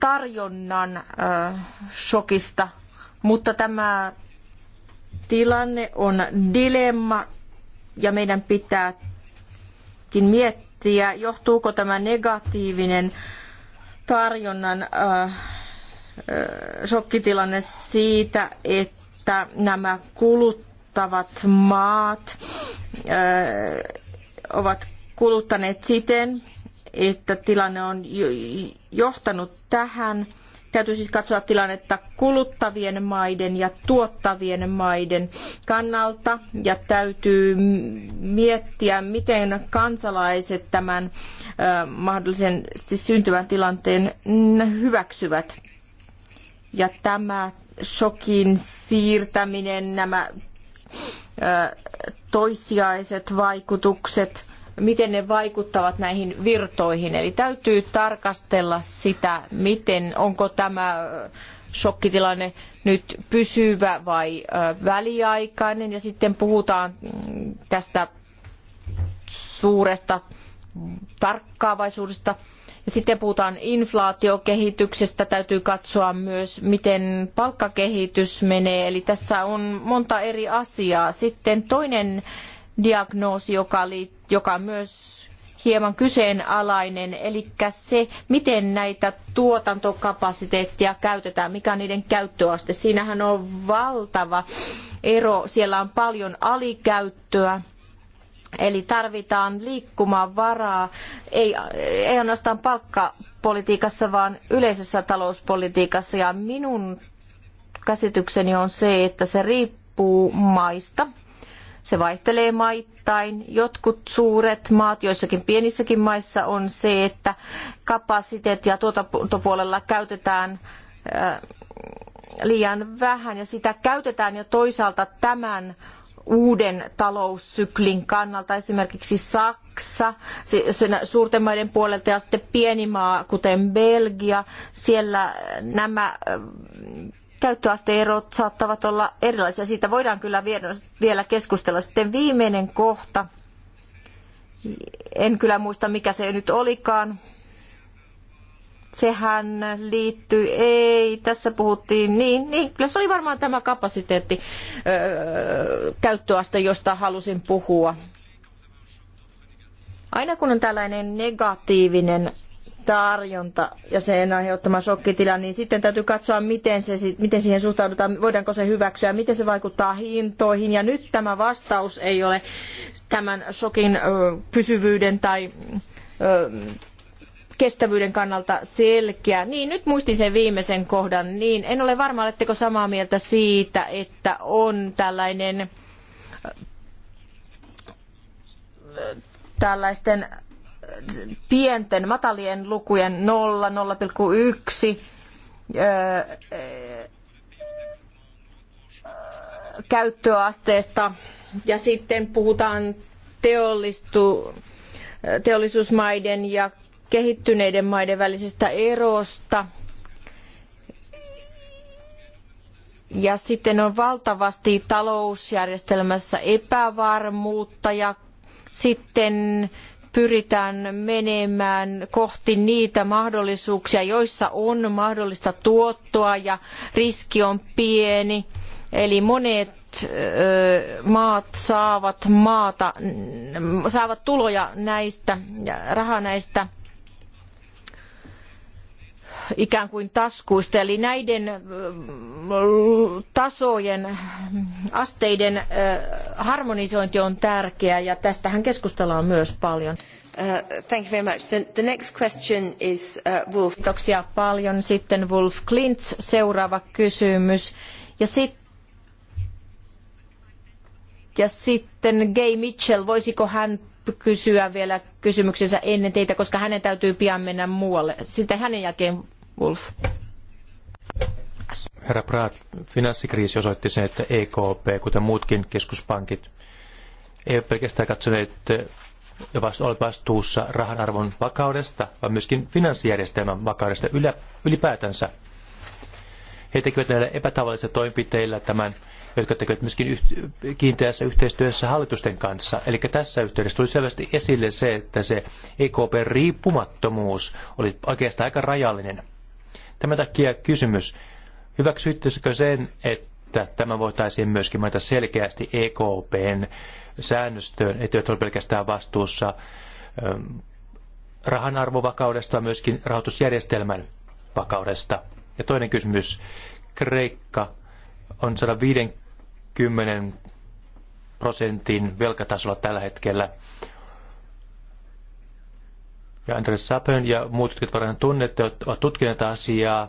tarjonnan äh, shokista, mutta tämä tilanne on dilemma ja meidän pitääkin miettiä, johtuuko tämä negatiivinen tarjonnan äh, shokkitilanne siitä, että nämä kuluttavat maat ovat kuluttaneet siten, että tilanne on johtanut tähän. Täytyy siis katsoa tilannetta kuluttavien maiden ja tuottavien maiden kannalta ja täytyy miettiä, miten kansalaiset tämän mahdollisesti syntyvän tilanteen hyväksyvät ja tämä shokin siirtäminen, nämä toissijaiset vaikutukset, miten ne vaikuttavat näihin virtoihin. Eli täytyy tarkastella sitä, miten onko tämä shokkitilanne nyt pysyvä vai väliaikainen ja sitten puhutaan mm, tästä suuresta tarkkaavaisuudesta sitten puhutaan inflaatiokehityksestä, täytyy katsoa myös, miten palkkakehitys menee. Eli tässä on monta eri asiaa. Sitten toinen diagnoosi, joka, li, joka myös hieman kyseenalainen, eli se, miten näitä tuotantokapasiteettia käytetään, mikä on niiden käyttöaste. Siinähän on valtava ero, siellä on paljon alikäyttöä Eli tarvitaan liikkumavaraa, ei, ei ainoastaan palkkapolitiikassa, vaan yleisessä talouspolitiikassa. Ja minun käsitykseni on se, että se riippuu maista. Se vaihtelee maittain. Jotkut suuret maat, joissakin pienissäkin maissa on se, että kapasiteetti ja tuotantopuolella käytetään äh, liian vähän ja sitä käytetään ja toisaalta tämän uuden taloussyklin kannalta, esimerkiksi Saksa suurten maiden puolelta ja sitten pieni maa, kuten Belgia, siellä nämä käyttöasteerot saattavat olla erilaisia. Siitä voidaan kyllä vielä keskustella. Sitten viimeinen kohta, en kyllä muista mikä se nyt olikaan, sehän liittyy, ei, tässä puhuttiin, niin, niin kyllä se oli varmaan tämä kapasiteetti öö, käyttöaste, josta halusin puhua. Aina kun on tällainen negatiivinen tarjonta ja sen aiheuttama shokkitila, niin sitten täytyy katsoa, miten, se, miten siihen suhtaudutaan, voidaanko se hyväksyä, miten se vaikuttaa hintoihin. Ja nyt tämä vastaus ei ole tämän shokin pysyvyyden tai kestävyyden kannalta selkeä. Niin, nyt muistin sen viimeisen kohdan. Niin, en ole varma, oletteko samaa mieltä siitä, että on tällainen tällaisten pienten, matalien lukujen 0, 0,1 käyttöasteesta ja sitten puhutaan teollistu, teollisuusmaiden ja kehittyneiden maiden välisestä erosta. Ja sitten on valtavasti talousjärjestelmässä epävarmuutta ja sitten pyritään menemään kohti niitä mahdollisuuksia, joissa on mahdollista tuottoa ja riski on pieni. Eli monet maat saavat, maata, saavat tuloja näistä, rahaa näistä ikään kuin taskuista. Eli näiden tasojen, asteiden harmonisointi on tärkeää ja tästähän keskustellaan myös paljon. Uh, thank you very much. The, the next question is uh, Wolf. Kiitoksia paljon. Sitten Wolf Klintz, seuraava kysymys. Ja sitten ja sitten Gay Mitchell, voisiko hän kysyä vielä kysymyksensä ennen teitä, koska hänen täytyy pian mennä muualle. Sitten hänen jälkeen Wolf. Herra Praat, finanssikriisi osoitti sen, että EKP, kuten muutkin keskuspankit, ei ole pelkästään katsoneet vastuussa rahan arvon vakaudesta, vaan myöskin finanssijärjestelmän vakaudesta ylipäätänsä. He tekivät näillä epätavallisilla toimenpiteillä tämän, jotka tekevät myöskin kiinteässä yhteistyössä hallitusten kanssa. Eli tässä yhteydessä tuli selvästi esille se, että se EKPn riippumattomuus oli oikeastaan aika rajallinen – Tämän takia kysymys, hyväksyttäisikö sen, että tämä voitaisiin myöskin mainita selkeästi EKPn säännöstöön, että ole pelkästään vastuussa ähm, rahan arvovakaudesta, myöskin rahoitusjärjestelmän vakaudesta. Ja toinen kysymys, Kreikka on 150 prosentin velkatasolla tällä hetkellä ja Andres Sapön ja muut, jotka varmaan tunnette, ovat tutkineet asiaa.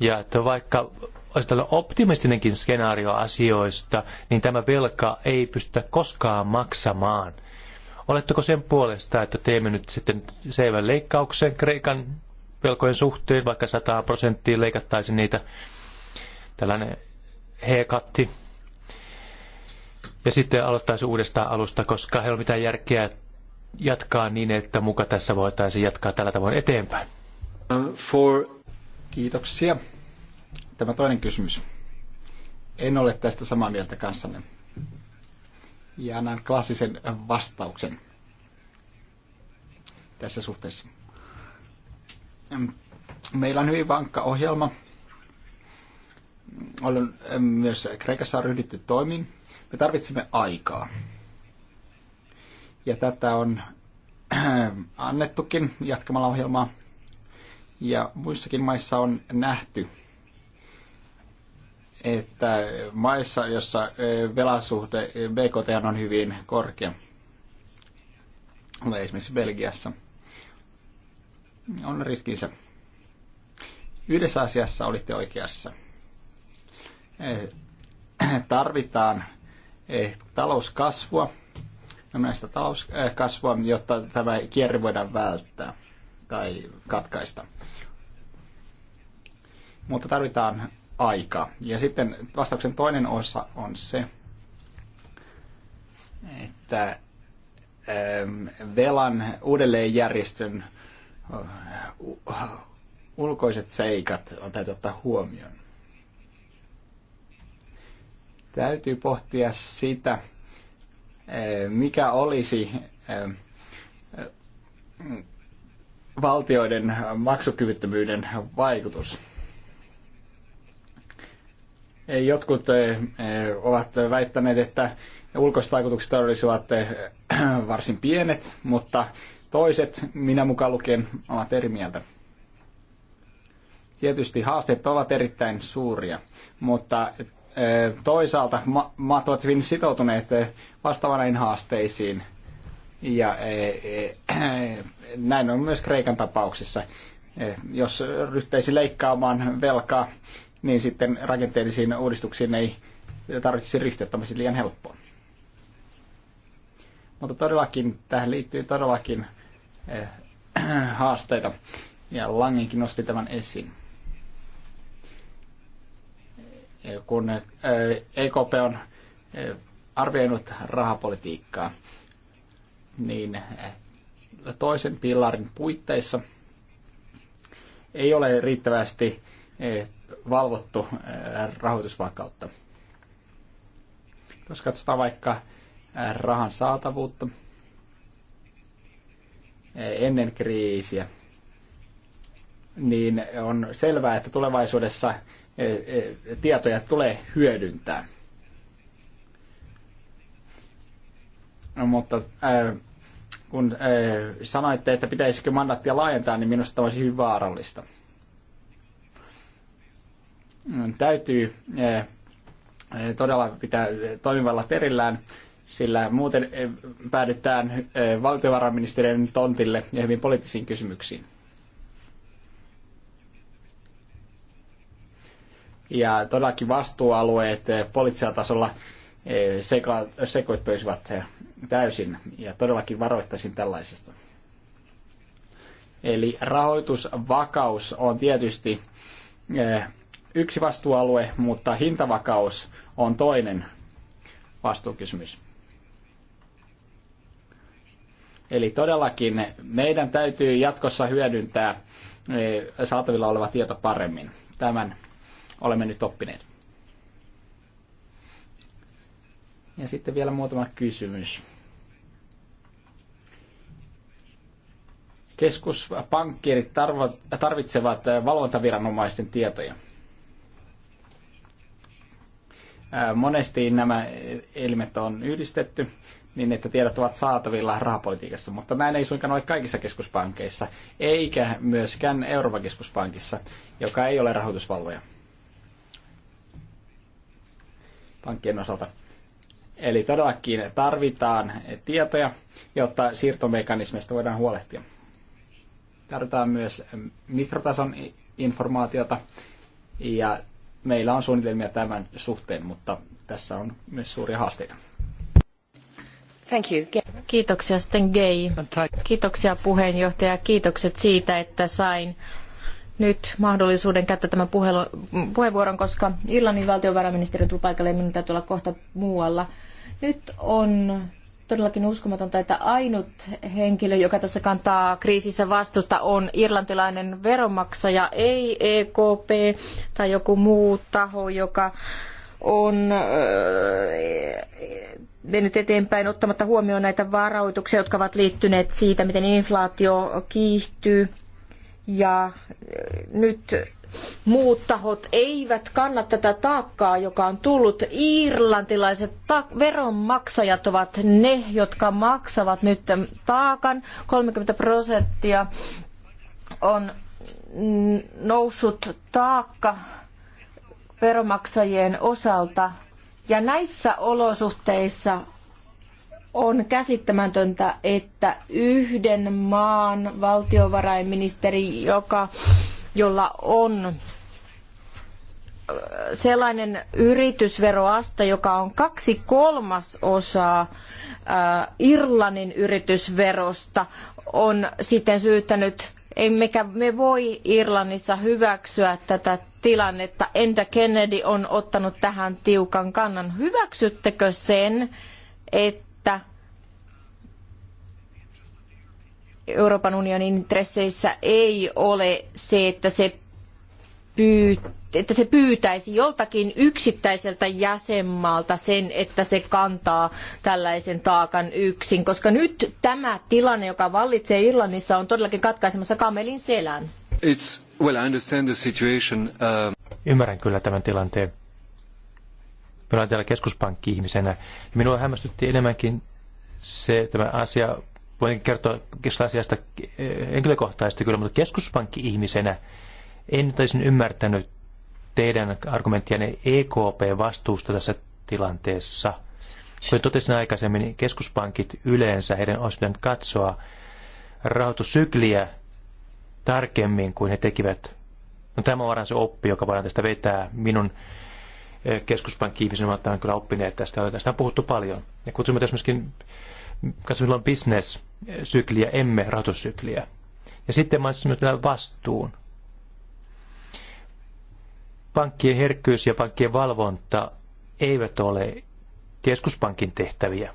Ja että vaikka olisi tällainen optimistinenkin skenaario asioista, niin tämä velka ei pystytä koskaan maksamaan. Oletteko sen puolesta, että teemme nyt sitten seivän leikkauksen Kreikan velkojen suhteen, vaikka 100 prosenttia leikattaisiin niitä, tällainen heekatti, ja sitten aloittaisi uudestaan alusta, koska ei ole mitään järkeä jatkaa niin, että muka tässä voitaisiin jatkaa tällä tavoin eteenpäin? For... Kiitoksia. Tämä toinen kysymys. En ole tästä samaa mieltä kanssanne. Ja annan klassisen vastauksen tässä suhteessa. Mm, meillä on hyvin vankka ohjelma. Olen mm, myös Kreikassa ryhdytty toimiin. Me tarvitsemme aikaa. Ja tätä on annettukin jatkamalla ohjelmaa. Ja muissakin maissa on nähty, että maissa, jossa velasuhde BKT on hyvin korkea, esimerkiksi Belgiassa, on riskinsä. Yhdessä asiassa olitte oikeassa. Tarvitaan talouskasvua, näistä talouskasvua, äh, jotta tämä kierre voidaan välttää tai katkaista. Mutta tarvitaan aika. Ja sitten vastauksen toinen osa on se, että ähm, velan uudelleenjärjestön äh, ulkoiset seikat on täytyy ottaa huomioon. Täytyy pohtia sitä, mikä olisi eh, valtioiden maksukyvyttömyyden vaikutus. Jotkut eh, ovat väittäneet, että ulkoiset vaikutukset olisivat eh, varsin pienet, mutta toiset, minä mukaan lukien, ovat eri mieltä. Tietysti haasteet ovat erittäin suuria, mutta toisaalta ma- maat ovat hyvin sitoutuneet vastaavanain haasteisiin. Ja näin on myös Kreikan tapauksessa. Jos ryhtyisi leikkaamaan velkaa, niin sitten rakenteellisiin uudistuksiin ei tarvitsisi ryhtyä tämmöisiin liian helppoa. Mutta todellakin tähän liittyy todellakin haasteita. Ja Langenkin nosti tämän esiin kun EKP on arvioinut rahapolitiikkaa, niin toisen pilarin puitteissa ei ole riittävästi valvottu rahoitusvakautta. Jos katsotaan vaikka rahan saatavuutta ennen kriisiä, niin on selvää, että tulevaisuudessa E, e, tietoja tulee hyödyntää. No, mutta äh, kun äh, sanoitte, että pitäisikö mandaattia laajentaa, niin minusta tämä olisi hyvin vaarallista. Täytyy äh, todella pitää toimivalla perillään, sillä muuten äh, päädytään äh, valtiovarainministeriön tontille ja hyvin poliittisiin kysymyksiin. ja todellakin vastuualueet eh, poliittisella tasolla eh, seko- sekoittuisivat eh, täysin ja todellakin varoittaisin tällaisista. Eli rahoitusvakaus on tietysti yksi vastuualue, mutta hintavakaus on toinen vastuukysymys. Eli todellakin meidän täytyy jatkossa hyödyntää saatavilla oleva tieto paremmin. Tämän olemme nyt oppineet. Ja sitten vielä muutama kysymys. Keskuspankkirit tarvitsevat valvontaviranomaisten tietoja. Monesti nämä elimet on yhdistetty niin, että tiedot ovat saatavilla rahapolitiikassa, mutta näin ei suinkaan ole kaikissa keskuspankeissa, eikä myöskään Euroopan keskuspankissa, joka ei ole rahoitusvalvoja. pankkien osalta. Eli todellakin tarvitaan tietoja, jotta siirtomekanismeista voidaan huolehtia. Tarvitaan myös mikrotason informaatiota ja meillä on suunnitelmia tämän suhteen, mutta tässä on myös suuria haasteita. Thank you. Kiitoksia sitten Gay. Kiitoksia puheenjohtaja. Kiitokset siitä, että sain nyt mahdollisuuden käyttää tämän puhelu, puheenvuoron, koska Irlannin valtiovarainministeri tuli paikalle ja minun täytyy olla kohta muualla. Nyt on todellakin uskomatonta, että ainut henkilö, joka tässä kantaa kriisissä vastuuta, on irlantilainen veronmaksaja, ei EKP tai joku muu taho, joka on äh, mennyt eteenpäin ottamatta huomioon näitä varoituksia, jotka ovat liittyneet siitä, miten inflaatio kiihtyy ja äh, nyt muut tahot eivät kanna tätä taakkaa, joka on tullut. Irlantilaiset veronmaksajat ovat ne, jotka maksavat nyt taakan. 30 prosenttia on noussut taakka veronmaksajien osalta. Ja näissä olosuhteissa on käsittämätöntä, että yhden maan valtiovarainministeri, joka, jolla on äh, sellainen yritysveroaste, joka on kaksi kolmasosaa äh, Irlannin yritysverosta, on sitten syyttänyt, emmekä me voi Irlannissa hyväksyä tätä tilannetta. Entä Kennedy on ottanut tähän tiukan kannan. Hyväksyttekö sen, että Euroopan unionin intresseissä ei ole se, että se että se pyytäisi joltakin yksittäiseltä jäsenmaalta sen, että se kantaa tällaisen taakan yksin, koska nyt tämä tilanne, joka vallitsee Irlannissa, on todellakin katkaisemassa kamelin selän. It's, well, I understand the situation. Um, Ymmärrän kyllä tämän tilanteen. Minä olen täällä keskuspankki-ihmisenä. Minua hämmästytti enemmänkin se tämä asia voin kertoa asiasta eh, henkilökohtaisesti kyllä, mutta keskuspankki-ihmisenä en taisin ymmärtänyt teidän argumenttianne EKP-vastuusta tässä tilanteessa. Kuten totesin aikaisemmin, niin keskuspankit yleensä, heidän olisi pitänyt katsoa rahoitussykliä tarkemmin kuin he tekivät. No tämä on varmaan se oppi, joka voidaan tästä vetää. Minun eh, keskuspankki-ihmisen ovat kyllä oppineet tästä, tästä on puhuttu paljon. Ja kutsumme tässä myöskin katsomme silloin bisnessykliä, emme rahoitussykliä. Ja sitten mä olisin tämän vastuun. Pankkien herkkyys ja pankkien valvonta eivät ole keskuspankin tehtäviä.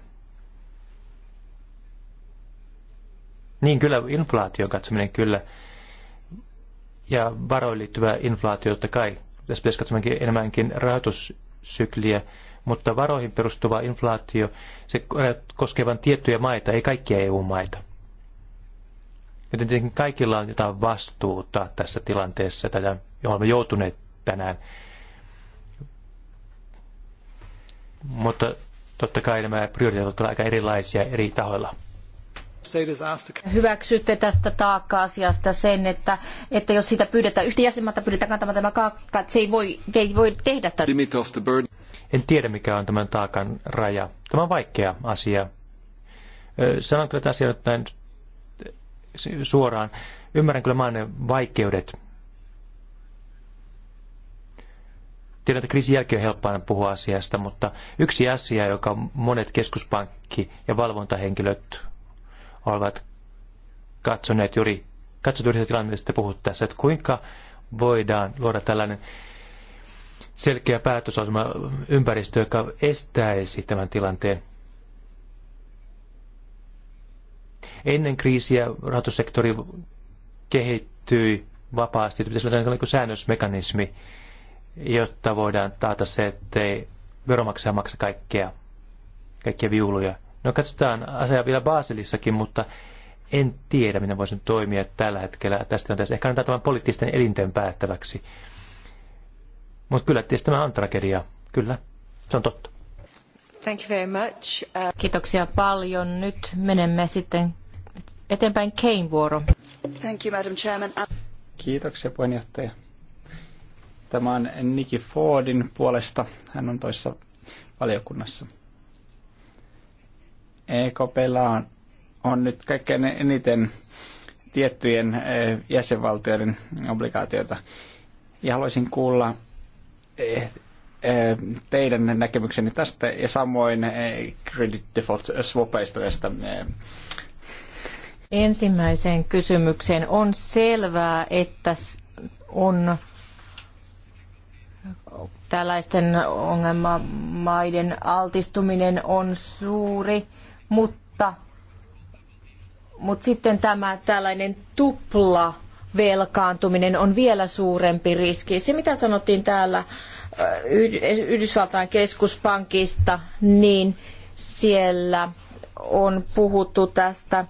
Niin kyllä, inflaatio katsominen kyllä. Ja varoin liittyvä inflaatio, totta kai. Tässä pitäisi katsomaankin enemmänkin rahoitussykliä mutta varoihin perustuva inflaatio, se koskee vain tiettyjä maita, ei kaikkia EU-maita. Joten tietenkin kaikilla on jotain vastuuta tässä tilanteessa, tätä, johon olemme joutuneet tänään. Mutta totta kai nämä prioriteetit ovat aika erilaisia eri tahoilla. Hyväksytte tästä taakka-asiasta sen, että, että jos sitä pyydetään, yhtä jäsenmaata pyydetään kantamaan tämä kaakka, että se ei voi, ei voi tehdä tätä. En tiedä, mikä on tämän taakan raja. Tämä on vaikea asia. Sanon kyllä tässä näin suoraan. Ymmärrän kyllä maan vaikeudet. Tiedän, että kriisin jälkeen on helppoa puhua asiasta, mutta yksi asia, joka monet keskuspankki- ja valvontahenkilöt ovat katsoneet juuri, katsot yhdessä tilanteesta puhut tässä, että kuinka voidaan luoda tällainen selkeä päätösasema ympäristö, joka estäisi tämän tilanteen. Ennen kriisiä rahoitussektori kehittyi vapaasti, pitäisi olla niin säännösmekanismi, jotta voidaan taata se, ettei veromaksaja maksa kaikkea, kaikkia viuluja. No katsotaan asiaa vielä Baselissakin, mutta en tiedä, miten voisin toimia tällä hetkellä tästä tilanteessa. Ehkä annetaan tämän poliittisten elinten päättäväksi. Mutta kyllä tietysti tämä on tragedia. Kyllä, se on totta. Thank you very much. Uh... Kiitoksia paljon. Nyt menemme sitten eteenpäin Kein vuoro. Thank you, Madam Chairman. Uh, Kiitoksia puheenjohtaja. Tämä on Nikki Fordin puolesta. Hän on toissa valiokunnassa. EKPllä on, on nyt kaikkein eniten tiettyjen eh, jäsenvaltioiden obligaatioita. Ja haluaisin kuulla Eh, eh, teidän näkemykseni tästä ja samoin eh, credit default swapeista tästä ensimmäiseen kysymykseen. On selvää, että on tällaisten ongelmamaiden altistuminen on suuri, mutta, mutta sitten tämä tällainen tupla velkaantuminen on vielä suurempi riski. Se, mitä sanottiin täällä Yhdysvaltain keskuspankista, niin siellä on puhuttu tästä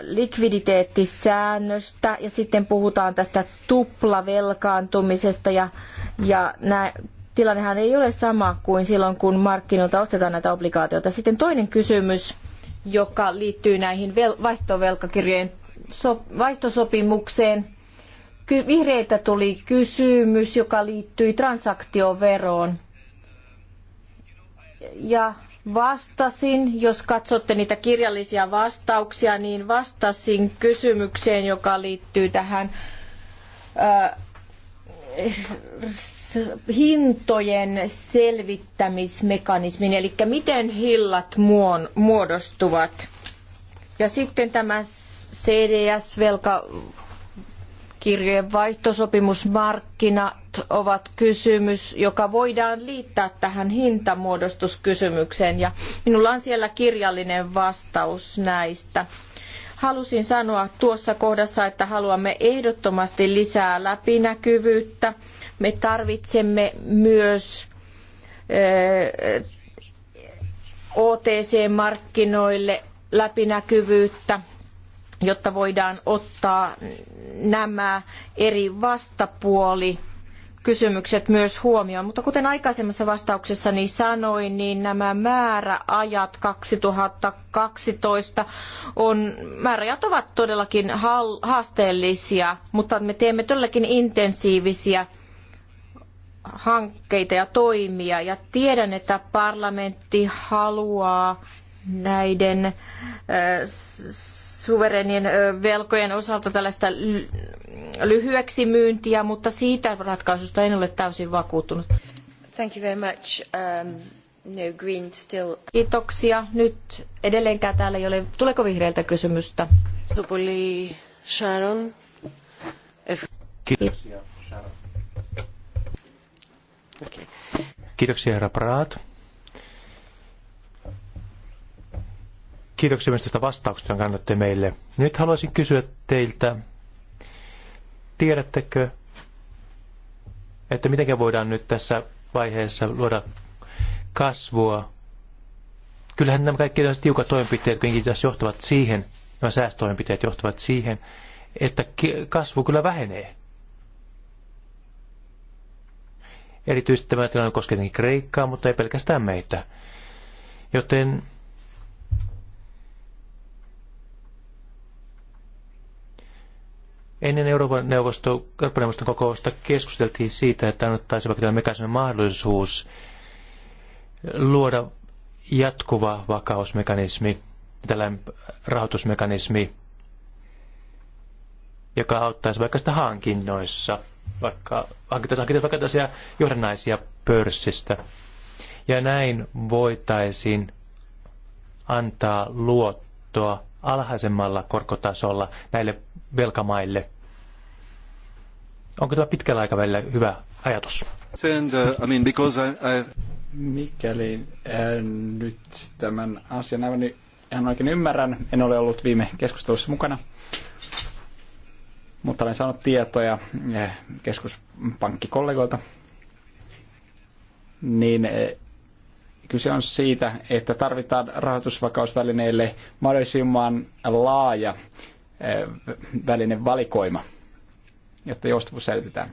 likviditeettisäännöstä ja sitten puhutaan tästä tuplavelkaantumisesta ja, ja nää, tilannehan ei ole sama kuin silloin, kun markkinoilta ostetaan näitä obligaatioita. Sitten toinen kysymys, joka liittyy näihin vel- vaihtovelkakirjojen vaihtosopimukseen. Vihreiltä tuli kysymys, joka liittyi transaktioveroon. Ja vastasin, jos katsotte niitä kirjallisia vastauksia, niin vastasin kysymykseen, joka liittyy tähän äh, hintojen selvittämismekanismiin, eli miten hillat muodostuvat. Ja sitten tämä CDS-velka kirjojen vaihtosopimusmarkkinat ovat kysymys, joka voidaan liittää tähän hintamuodostuskysymykseen. Ja minulla on siellä kirjallinen vastaus näistä. Halusin sanoa tuossa kohdassa, että haluamme ehdottomasti lisää läpinäkyvyyttä. Me tarvitsemme myös eh, OTC-markkinoille läpinäkyvyyttä, jotta voidaan ottaa nämä eri vastapuoli kysymykset myös huomioon. Mutta kuten aikaisemmassa vastauksessani sanoin, niin nämä määräajat 2012 on, määräajat ovat todellakin haasteellisia, mutta me teemme todellakin intensiivisiä hankkeita ja toimia ja tiedän, että parlamentti haluaa näiden äh, suverenien äh, velkojen osalta tällaista lyhyeksi myyntiä, mutta siitä ratkaisusta en ole täysin vakuuttunut. Thank you very much. Um, no green still. Kiitoksia. Nyt edelleenkään täällä ei ole. Tuleeko vihreiltä kysymystä? Sharon. Kiitoksia, Sharon. Okay. Kiitoksia, herra Praat. Kiitoksia myös tästä vastauksesta, jonka annatte meille. Nyt haluaisin kysyä teiltä, tiedättekö, että miten voidaan nyt tässä vaiheessa luoda kasvua? Kyllähän nämä kaikki tällaiset tiukat toimenpiteet kuitenkin tässä johtavat siihen, nämä säästötoimenpiteet johtavat siihen, että kasvu kyllä vähenee. Erityisesti tämä tilanne koskee Kreikkaa, mutta ei pelkästään meitä. Joten Ennen Euroopan neuvosto, neuvoston kokousta keskusteltiin siitä, että annettaisiin vaikka mekanismin mahdollisuus luoda jatkuva vakausmekanismi, tällainen rahoitusmekanismi, joka auttaisi vaikka sitä hankinnoissa, vaikka hankitaan vaikka tällaisia johdannaisia pörssistä. Ja näin voitaisiin antaa luottoa alhaisemmalla korkotasolla näille velkamaille. Onko tämä pitkällä aikavälillä hyvä ajatus? And, uh, I mean, because I, I... Mikäli äh, nyt tämän asian aivan ihan oikein ymmärrän, en ole ollut viime keskustelussa mukana, mutta olen saanut tietoja äh, keskuspankkikollegoilta, niin äh, kyse on siitä, että tarvitaan rahoitusvakausvälineille mahdollisimman laaja äh, välinevalikoima – jotta joustavuus säilytetään.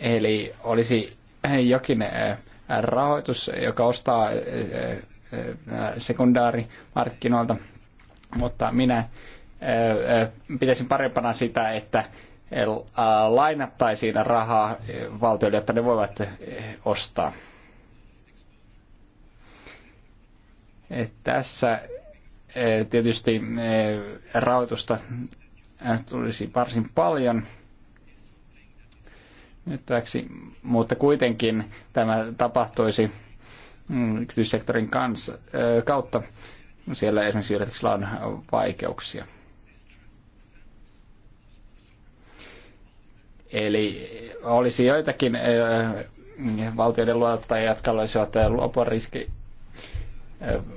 Eli olisi jokin äh, rahoitus, joka ostaa äh, äh, sekundaarimarkkinoilta, mutta minä pitäisin parempana sitä, että lainattaisiin rahaa valtioille, että ne voivat ostaa. Tässä Eh, tietysti eh, rahoitusta eh, tulisi varsin paljon nyttäväksi, mutta kuitenkin tämä tapahtuisi mm, yksityissektorin kanssa, kautta. Siellä esimerkiksi yrityksillä on vaikeuksia. Eli olisi joitakin valtioiden luottajia, jotka olisivat luopua riski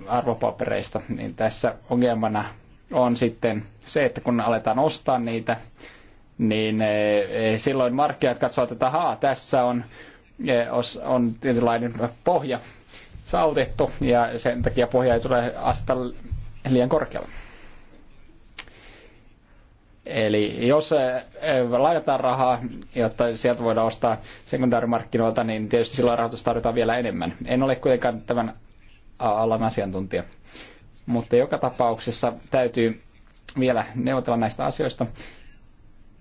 arvopapereista, niin tässä ongelmana on sitten se, että kun aletaan ostaa niitä, niin silloin markkinat katsovat, että haa, tässä on, on tietynlainen pohja saavutettu ja sen takia pohja ei tule asettaa liian korkealle. Eli jos laitetaan rahaa, jotta sieltä voidaan ostaa sekundaarimarkkinoilta, niin tietysti silloin rahoitusta tarvitaan vielä enemmän. En ole kuitenkaan tämän alan asiantuntija. Mutta joka tapauksessa täytyy vielä neuvotella näistä asioista.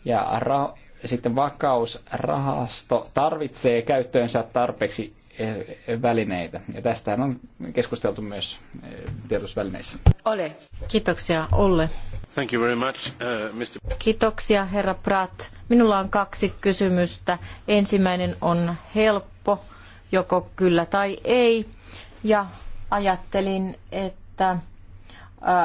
Ja ra- sitten vakausrahasto tarvitsee käyttöönsä tarpeeksi eh, välineitä. Ja tästä on keskusteltu myös eh, tiedotusvälineissä. Ole. Kiitoksia, Olle. Thank you very much, uh, Mr. Kiitoksia, herra Pratt. Minulla on kaksi kysymystä. Ensimmäinen on helppo, joko kyllä tai ei. Ja ajattelin, että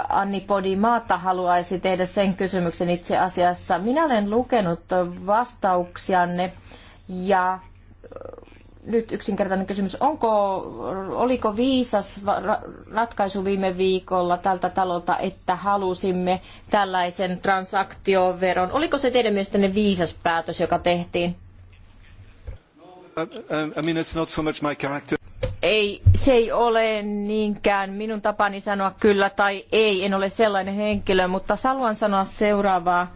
Anni Podimaata haluaisi tehdä sen kysymyksen itse asiassa. Minä olen lukenut vastauksianne ja nyt yksinkertainen kysymys. Onko, oliko viisas ratkaisu viime viikolla tältä talolta, että halusimme tällaisen transaktioveron? Oliko se teidän mielestänne viisas päätös, joka tehtiin? I mean, it's not so much my character ei, se ei ole niinkään minun tapani sanoa kyllä tai ei, en ole sellainen henkilö, mutta haluan sanoa seuraavaa.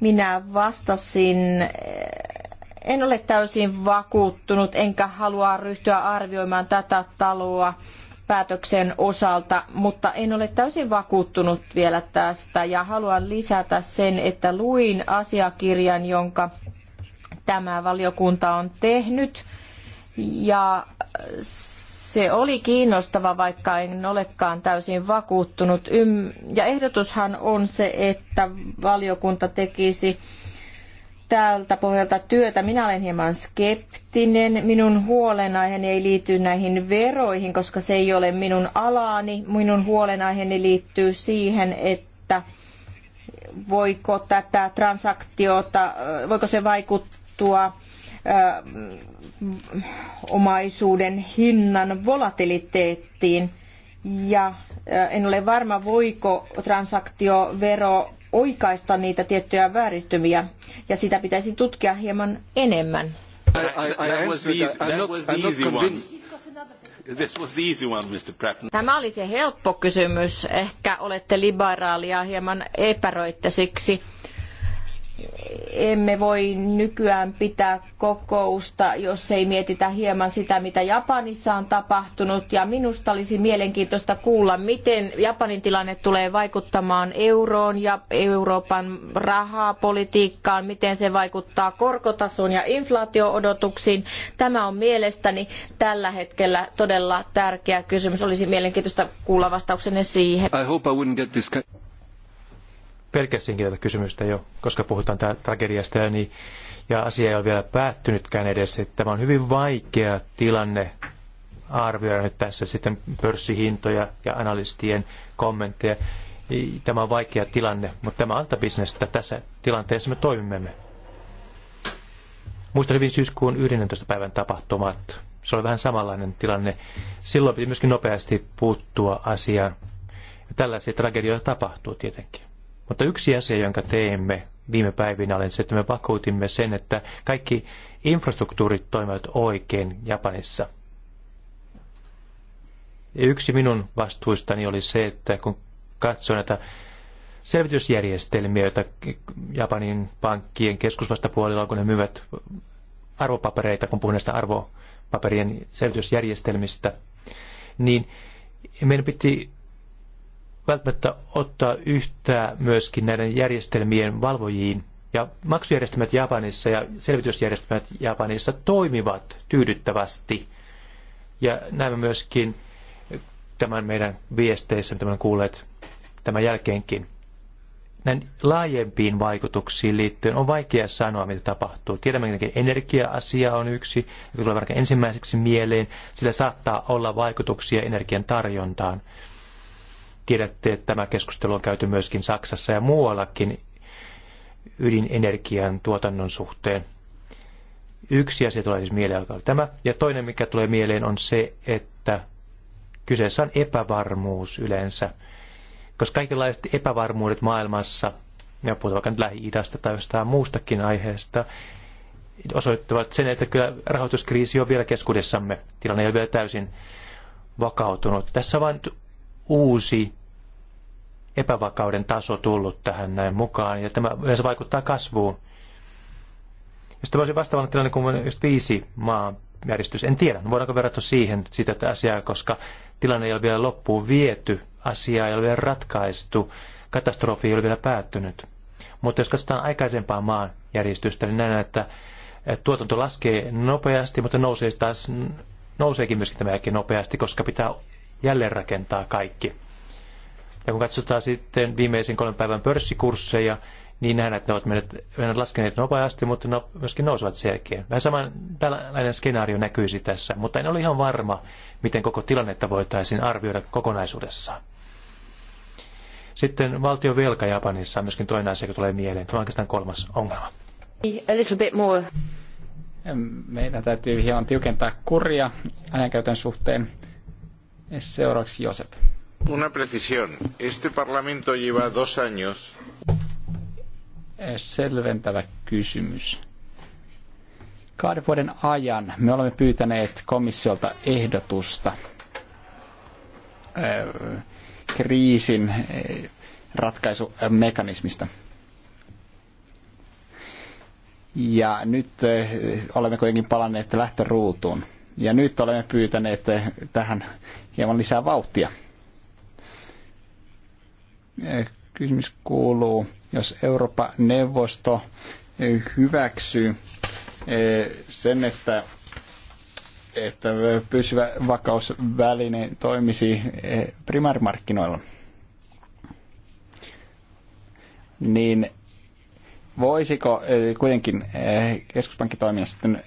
Minä vastasin, eh, en ole täysin vakuuttunut, enkä halua ryhtyä arvioimaan tätä taloa päätöksen osalta, mutta en ole täysin vakuuttunut vielä tästä ja haluan lisätä sen, että luin asiakirjan, jonka tämä valiokunta on tehnyt ja se oli kiinnostava, vaikka en olekaan täysin vakuuttunut. Ja ehdotushan on se, että valiokunta tekisi tältä pohjalta työtä. Minä olen hieman skeptinen. Minun huolenaiheeni ei liity näihin veroihin, koska se ei ole minun alaani. Minun huolenaiheeni liittyy siihen, että voiko tätä transaktiota, voiko se vaikuttaa omaisuuden hinnan volatiliteettiin. Ja en ole varma, voiko transaktiovero oikaista niitä tiettyjä vääristymiä, ja sitä pitäisi tutkia hieman enemmän. Tämä oli se helppo kysymys. Ehkä olette liberaalia hieman epäröitte siksi emme voi nykyään pitää kokousta, jos ei mietitä hieman sitä, mitä Japanissa on tapahtunut. Ja minusta olisi mielenkiintoista kuulla, miten Japanin tilanne tulee vaikuttamaan euroon ja Euroopan rahapolitiikkaan, miten se vaikuttaa korkotasoon ja inflaatioodotuksiin. Tämä on mielestäni tällä hetkellä todella tärkeä kysymys. Olisi mielenkiintoista kuulla vastauksenne siihen. I pelkäsinkin tätä kysymystä jo, koska puhutaan tragediasta ja, niin, ja asia ei ole vielä päättynytkään edes. Että tämä on hyvin vaikea tilanne arvioida nyt tässä sitten pörssihintoja ja analystien kommentteja. Tämä on vaikea tilanne, mutta tämä antaa bisnestä tässä tilanteessa me toimimme. Muistan hyvin syyskuun 11. päivän tapahtumat. Se oli vähän samanlainen tilanne. Silloin piti myöskin nopeasti puuttua asiaan. Tällaisia tragedioita tapahtuu tietenkin. Mutta yksi asia, jonka teimme viime päivinä, oli se, että me vakuutimme sen, että kaikki infrastruktuurit toimivat oikein Japanissa. Ja yksi minun vastuistani oli se, että kun katsoin näitä selvitysjärjestelmiä, joita Japanin pankkien on, kun ne myyvät arvopapereita, kun puhun näistä arvopaperien selvitysjärjestelmistä, niin meidän piti välttämättä ottaa yhtä myöskin näiden järjestelmien valvojiin. Ja maksujärjestelmät Japanissa ja selvitysjärjestelmät Japanissa toimivat tyydyttävästi. Ja näemme myöskin tämän meidän viesteissä, mitä olemme kuulleet tämän jälkeenkin. Näin laajempiin vaikutuksiin liittyen on vaikea sanoa, mitä tapahtuu. Tiedämme, että energia-asia on yksi, joka tulee varmaan ensimmäiseksi mieleen. Sillä saattaa olla vaikutuksia energian tarjontaan tiedätte, että tämä keskustelu on käyty myöskin Saksassa ja muuallakin ydinenergian tuotannon suhteen. Yksi asia tulee siis mieleen, alkaa tämä. Ja toinen, mikä tulee mieleen, on se, että kyseessä on epävarmuus yleensä. Koska kaikenlaiset epävarmuudet maailmassa, ja puhutaan vaikka nyt Lähi-idästä tai jostain muustakin aiheesta, osoittavat sen, että kyllä rahoituskriisi on vielä keskuudessamme. Tilanne ei ole vielä täysin vakautunut. Tässä on vain uusi epävakauden taso tullut tähän näin mukaan, ja tämä se vaikuttaa kasvuun. Jos tämä olisi vastaavana tilanne kuin just viisi maanjärjestys, en tiedä, voidaanko verrata siihen sitä että asiaa, koska tilanne ei ole vielä loppuun viety, asia ei ole vielä ratkaistu, katastrofi ei ole vielä päättynyt. Mutta jos katsotaan aikaisempaa maanjärjestystä, niin näen, että tuotanto laskee nopeasti, mutta nousee taas, nouseekin myöskin tämä jälkeen nopeasti, koska pitää jälleen rakentaa kaikki. Ja kun katsotaan sitten viimeisen kolmen päivän pörssikursseja, niin nähdään, että ne ovat menneet, laskeneet nopeasti, mutta ne myöskin nousevat selkeän. Vähän samanlainen tällainen skenaario näkyisi tässä, mutta en ole ihan varma, miten koko tilannetta voitaisiin arvioida kokonaisuudessaan. Sitten valtion velka Japanissa on myöskin toinen asia, joka tulee mieleen. Tämä on oikeastaan kolmas ongelma. A little bit more. Meidän täytyy hieman tiukentaa kuria ajankäytön suhteen. Seuraavaksi Josep. Una precisión. Este parlamento lleva dos años. Eh, selventävä kysymys. Kahden vuoden ajan me olemme pyytäneet komissiolta ehdotusta eh, kriisin eh, ratkaisumekanismista. Ja nyt olemme kuitenkin palanneet lähtöruutuun. Ja nyt olemme pyytäneet tähän hieman lisää vauhtia. Eh, kysymys kuuluu, jos Euroopan neuvosto eh, hyväksyy eh, sen, että että pysyvä vakausväline toimisi primärimarkkinoilla, niin voisiko kuitenkin keskuspankki toimia sitten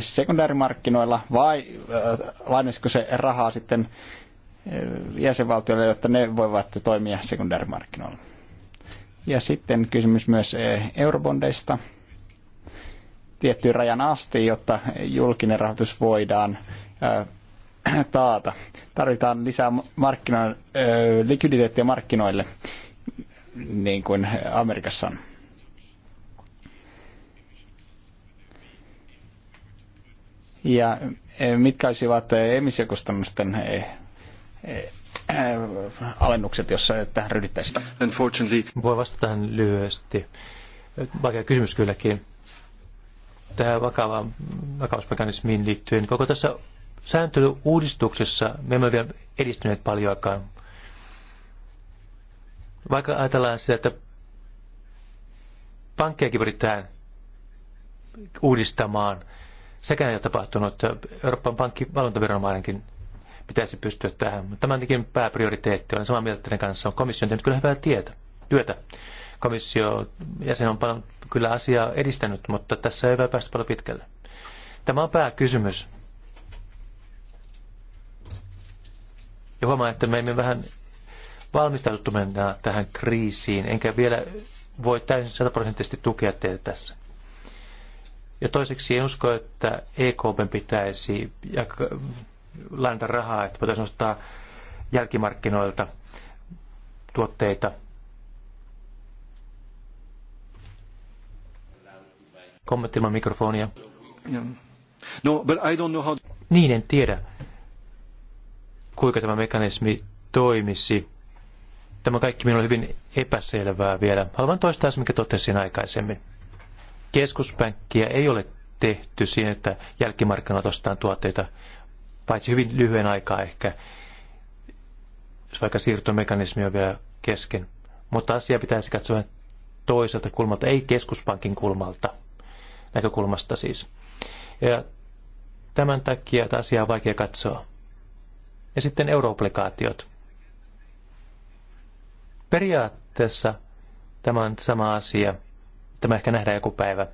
sekundäärimarkkinoilla vai lainaisiko se rahaa sitten jäsenvaltioille, jotta ne voivat toimia sekundäärimarkkinoilla. Ja sitten kysymys myös eh, eurobondeista tiettyyn rajan asti, jotta julkinen rahoitus voidaan eh, taata. Tarvitaan lisää markkino- eh, likviditeettiä markkinoille, niin kuin Amerikassa on. Ja mitkä olisivat emissiokustannusten Eh, eh, alennukset, jos eh, tähän ryhdyttäisiin? voin Voi vastata tähän lyhyesti. Vaikea kysymys kylläkin. Tähän vakavaan, vakausmekanismiin liittyen. Koko tässä sääntelyuudistuksessa me emme vielä edistyneet paljonkaan. Vaikka ajatellaan sitä, että pankkejakin pyritään uudistamaan, sekään ei ole tapahtunut. Euroopan pankki valvontaviranomainenkin pitäisi pystyä tähän. Tämä on pääprioriteetti. Olen samaa mieltä teidän kanssa. On tehnyt kyllä hyvää tietä, työtä. Komissio jäsen on paljon kyllä asiaa edistänyt, mutta tässä ei vielä päästä paljon pitkälle. Tämä on pääkysymys. Ja huomaan, että me emme vähän valmistauduttu mennä tähän kriisiin, enkä vielä voi täysin sataprosenttisesti tukea teitä tässä. Ja toiseksi en usko, että EKP pitäisi lainata rahaa, että voitaisiin ostaa jälkimarkkinoilta tuotteita. Kommentti ilman mikrofonia. No, but I don't know how... Niin, en tiedä, kuinka tämä mekanismi toimisi. Tämä kaikki minulle on hyvin epäselvää vielä. Haluan toistaa mikä totesin aikaisemmin. Keskuspankkia ei ole tehty siihen, että jälkimarkkinoilta ostetaan tuotteita, paitsi hyvin lyhyen aikaa ehkä, jos vaikka siirtomekanismi on vielä kesken. Mutta asia pitäisi katsoa toiselta kulmalta, ei keskuspankin kulmalta, näkökulmasta siis. Ja tämän takia tämä asia on vaikea katsoa. Ja sitten euroobligaatiot. Periaatteessa tämä on sama asia. Tämä ehkä nähdään joku päivä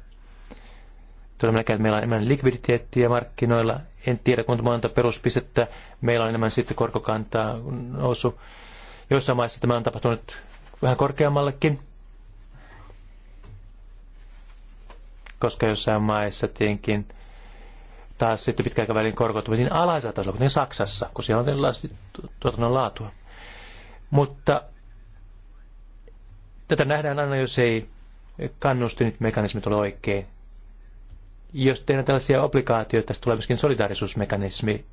tulemme näkemään, että meillä on enemmän likviditeettiä markkinoilla. En tiedä, kuinka monta peruspistettä meillä on enemmän sitten korkokantaa noussut. Joissain maissa tämä on tapahtunut vähän korkeammallekin, koska jossain maissa tietenkin taas sitten pitkäaikavälin korkot ovat niin tasolla, kuten Saksassa, kun siellä on erilaista tuotannon laatua. Mutta tätä nähdään aina, jos ei kannustinit mekanismit ole oikein jos tehdään tällaisia obligaatioita, tässä tulee myöskin solidaarisuusmekanismi.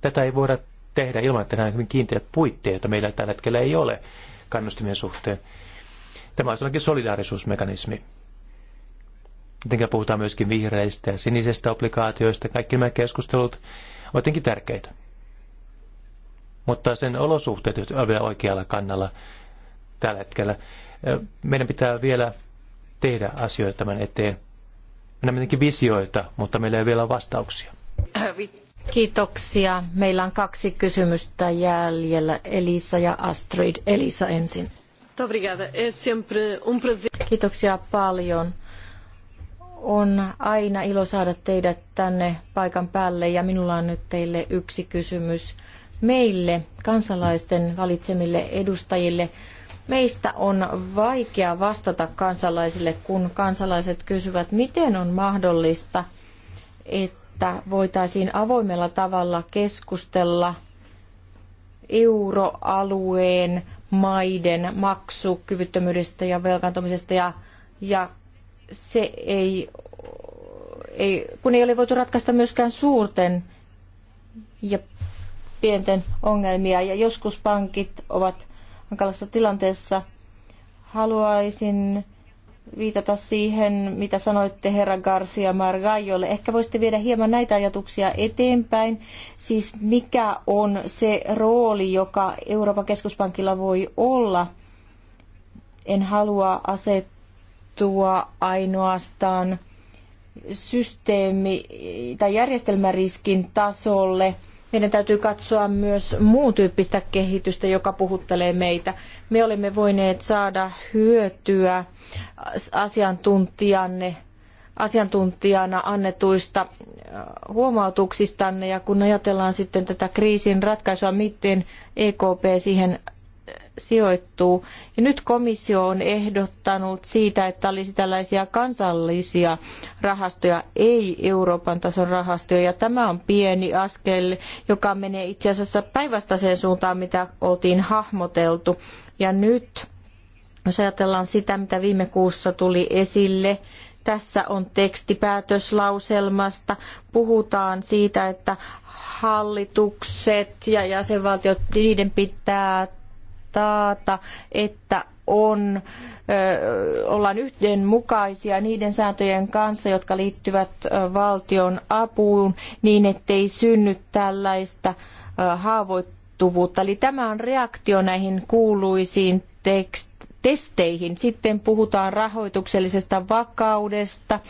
Tätä ei voida tehdä ilman, että nämä on hyvin kiinteät puitteet, joita meillä tällä hetkellä ei ole kannustimien suhteen. Tämä on sellainen solidaarisuusmekanismi. Jotenkin puhutaan myöskin vihreistä ja sinisestä obligaatioista. Kaikki nämä keskustelut ovat jotenkin tärkeitä. Mutta sen olosuhteet ovat vielä oikealla kannalla tällä hetkellä. Meidän pitää vielä tehdä asioita tämän eteen. Meillä on visioita, mutta meillä ei vielä vastauksia. Kiitoksia. Meillä on kaksi kysymystä jäljellä. Elisa ja Astrid. Elisa ensin. Um Kiitoksia paljon. On aina ilo saada teidät tänne paikan päälle ja minulla on nyt teille yksi kysymys meille, kansalaisten valitsemille edustajille. Meistä on vaikea vastata kansalaisille, kun kansalaiset kysyvät, miten on mahdollista, että voitaisiin avoimella tavalla keskustella euroalueen maiden maksukyvyttömyydestä ja velkaantumisesta ja, ja se ei, ei, kun ei ole voitu ratkaista myöskään suurten ja pienten ongelmia ja joskus pankit ovat hankalassa tilanteessa. Haluaisin viitata siihen, mitä sanoitte herra Garcia Margaiolle. Ehkä voisitte viedä hieman näitä ajatuksia eteenpäin. Siis mikä on se rooli, joka Euroopan keskuspankilla voi olla? En halua asettua ainoastaan systeemi- tai järjestelmäriskin tasolle – meidän täytyy katsoa myös muun tyyppistä kehitystä, joka puhuttelee meitä. Me olemme voineet saada hyötyä asiantuntijanne asiantuntijana annetuista äh, huomautuksistanne ja kun ajatellaan sitten tätä kriisin ratkaisua, miten EKP siihen sijoittuu. Ja nyt komissio on ehdottanut siitä, että olisi tällaisia kansallisia rahastoja, ei Euroopan tason rahastoja. Ja tämä on pieni askel, joka menee itse asiassa päinvastaiseen suuntaan, mitä oltiin hahmoteltu. Ja nyt, jos ajatellaan sitä, mitä viime kuussa tuli esille, tässä on teksti päätöslauselmasta. Puhutaan siitä, että hallitukset ja jäsenvaltiot, niiden pitää taata, että on, ö, ollaan yhdenmukaisia niiden sääntöjen kanssa, jotka liittyvät valtion apuun, niin ettei synny tällaista ö, haavoittuvuutta. Eli tämä on reaktio näihin kuuluisiin tekst- testeihin. Sitten puhutaan rahoituksellisesta vakaudesta.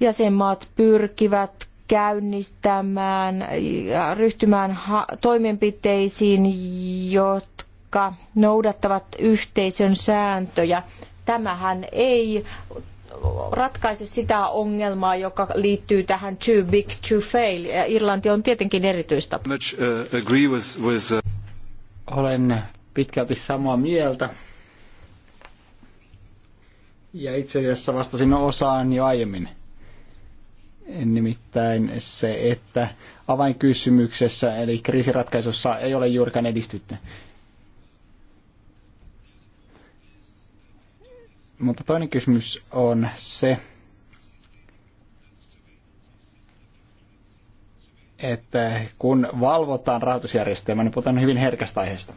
Jäsenmaat pyrkivät käynnistämään ja ryhtymään toimenpiteisiin, jotka jotka noudattavat yhteisön sääntöjä. Tämähän ei ratkaise sitä ongelmaa, joka liittyy tähän too big to fail. Ja Irlanti on tietenkin erityistapaus. Uh, uh, Olen pitkälti samaa mieltä. Ja itse asiassa vastasin osaan jo aiemmin. Nimittäin se, että avainkysymyksessä eli kriisiratkaisussa ei ole juurikaan edistytty. Mutta toinen kysymys on se, että kun valvotaan rahoitusjärjestelmää, niin puhutaan hyvin herkästä aiheesta.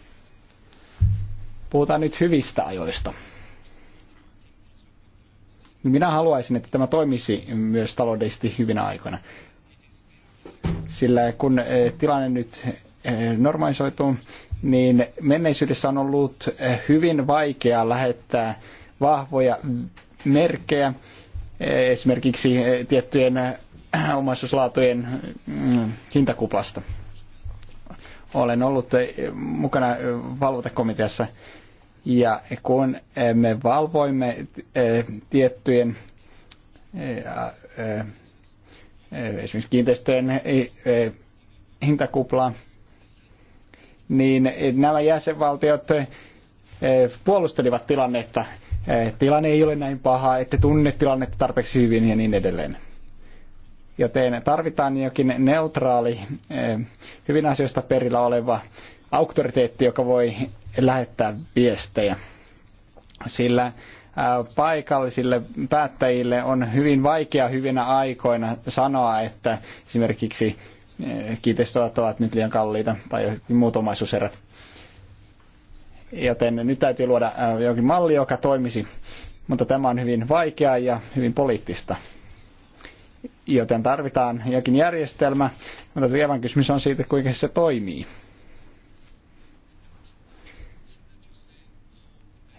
Puhutaan nyt hyvistä ajoista. Minä haluaisin, että tämä toimisi myös taloudellisesti hyvinä aikoina. Sillä kun eh, tilanne nyt eh, normalisoituu, niin menneisyydessä on ollut eh, hyvin vaikeaa lähettää vahvoja merkkejä, esimerkiksi tiettyjen omaisuuslaatujen hintakupasta. Olen ollut mukana valvontakomiteassa ja kun me valvoimme tiettyjen esimerkiksi kiinteistöjen hintakuplaa, niin nämä jäsenvaltiot puolustelivat tilannetta tilanne ei ole näin paha, ette tunne tilannetta tarpeeksi hyvin ja niin edelleen. Joten tarvitaan jokin neutraali, eh, hyvin asioista perillä oleva auktoriteetti, joka voi lähettää viestejä. Sillä eh, paikallisille päättäjille on hyvin vaikea hyvinä aikoina sanoa, että esimerkiksi eh, kiinteistöt ovat nyt liian kalliita tai muut omaisuuserät joten nyt täytyy luoda äh, jokin malli, joka toimisi. Mutta tämä on hyvin vaikeaa ja hyvin poliittista. Joten tarvitaan jokin järjestelmä, mutta tietävän kysymys on siitä, kuinka se toimii.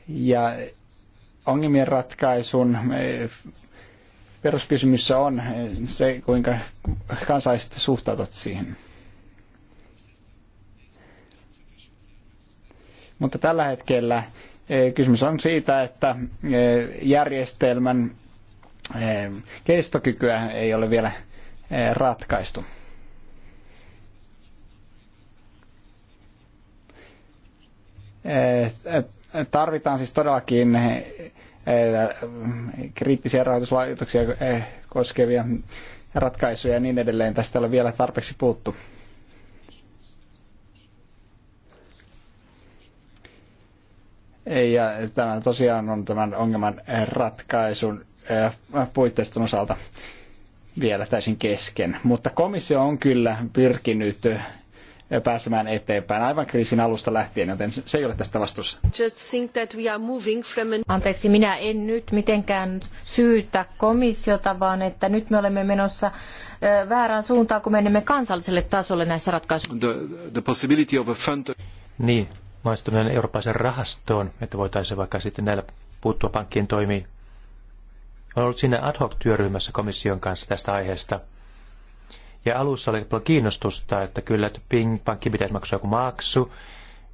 Ja ongelmien ratkaisun e, peruskysymys on se, kuinka kansalaiset suhtautuvat siihen. Mutta tällä hetkellä eh, kysymys on siitä, että eh, järjestelmän eh, kestokykyä ei ole vielä ratkaistu. Tarvitaan siis todellakin kriittisiä rahoituslaitoksia koskevia ratkaisuja ja niin edelleen. Tästä ei ole vielä tarpeeksi puuttu. Ja tämä tosiaan on tämän ongelman eh, ratkaisun eh, puitteiston osalta vielä täysin kesken. Mutta komissio on kyllä pyrkinyt eh, pääsemään eteenpäin aivan kriisin alusta lähtien, joten se ei ole tästä vastuussa. From... Anteeksi, minä en nyt mitenkään syytä komissiota, vaan että nyt me olemme menossa väärään suuntaan, kun menemme kansalliselle tasolle näissä ratkaisuissa. The, the possibility of a fund... Niin, mahdollistaminen eurooppalaisen rahastoon, että voitaisiin vaikka sitten näillä puuttua pankkien toimiin. Olen ollut siinä ad hoc-työryhmässä komission kanssa tästä aiheesta. Ja alussa oli paljon kiinnostusta, että kyllä, että ping, pankki pitäisi maksaa joku maksu,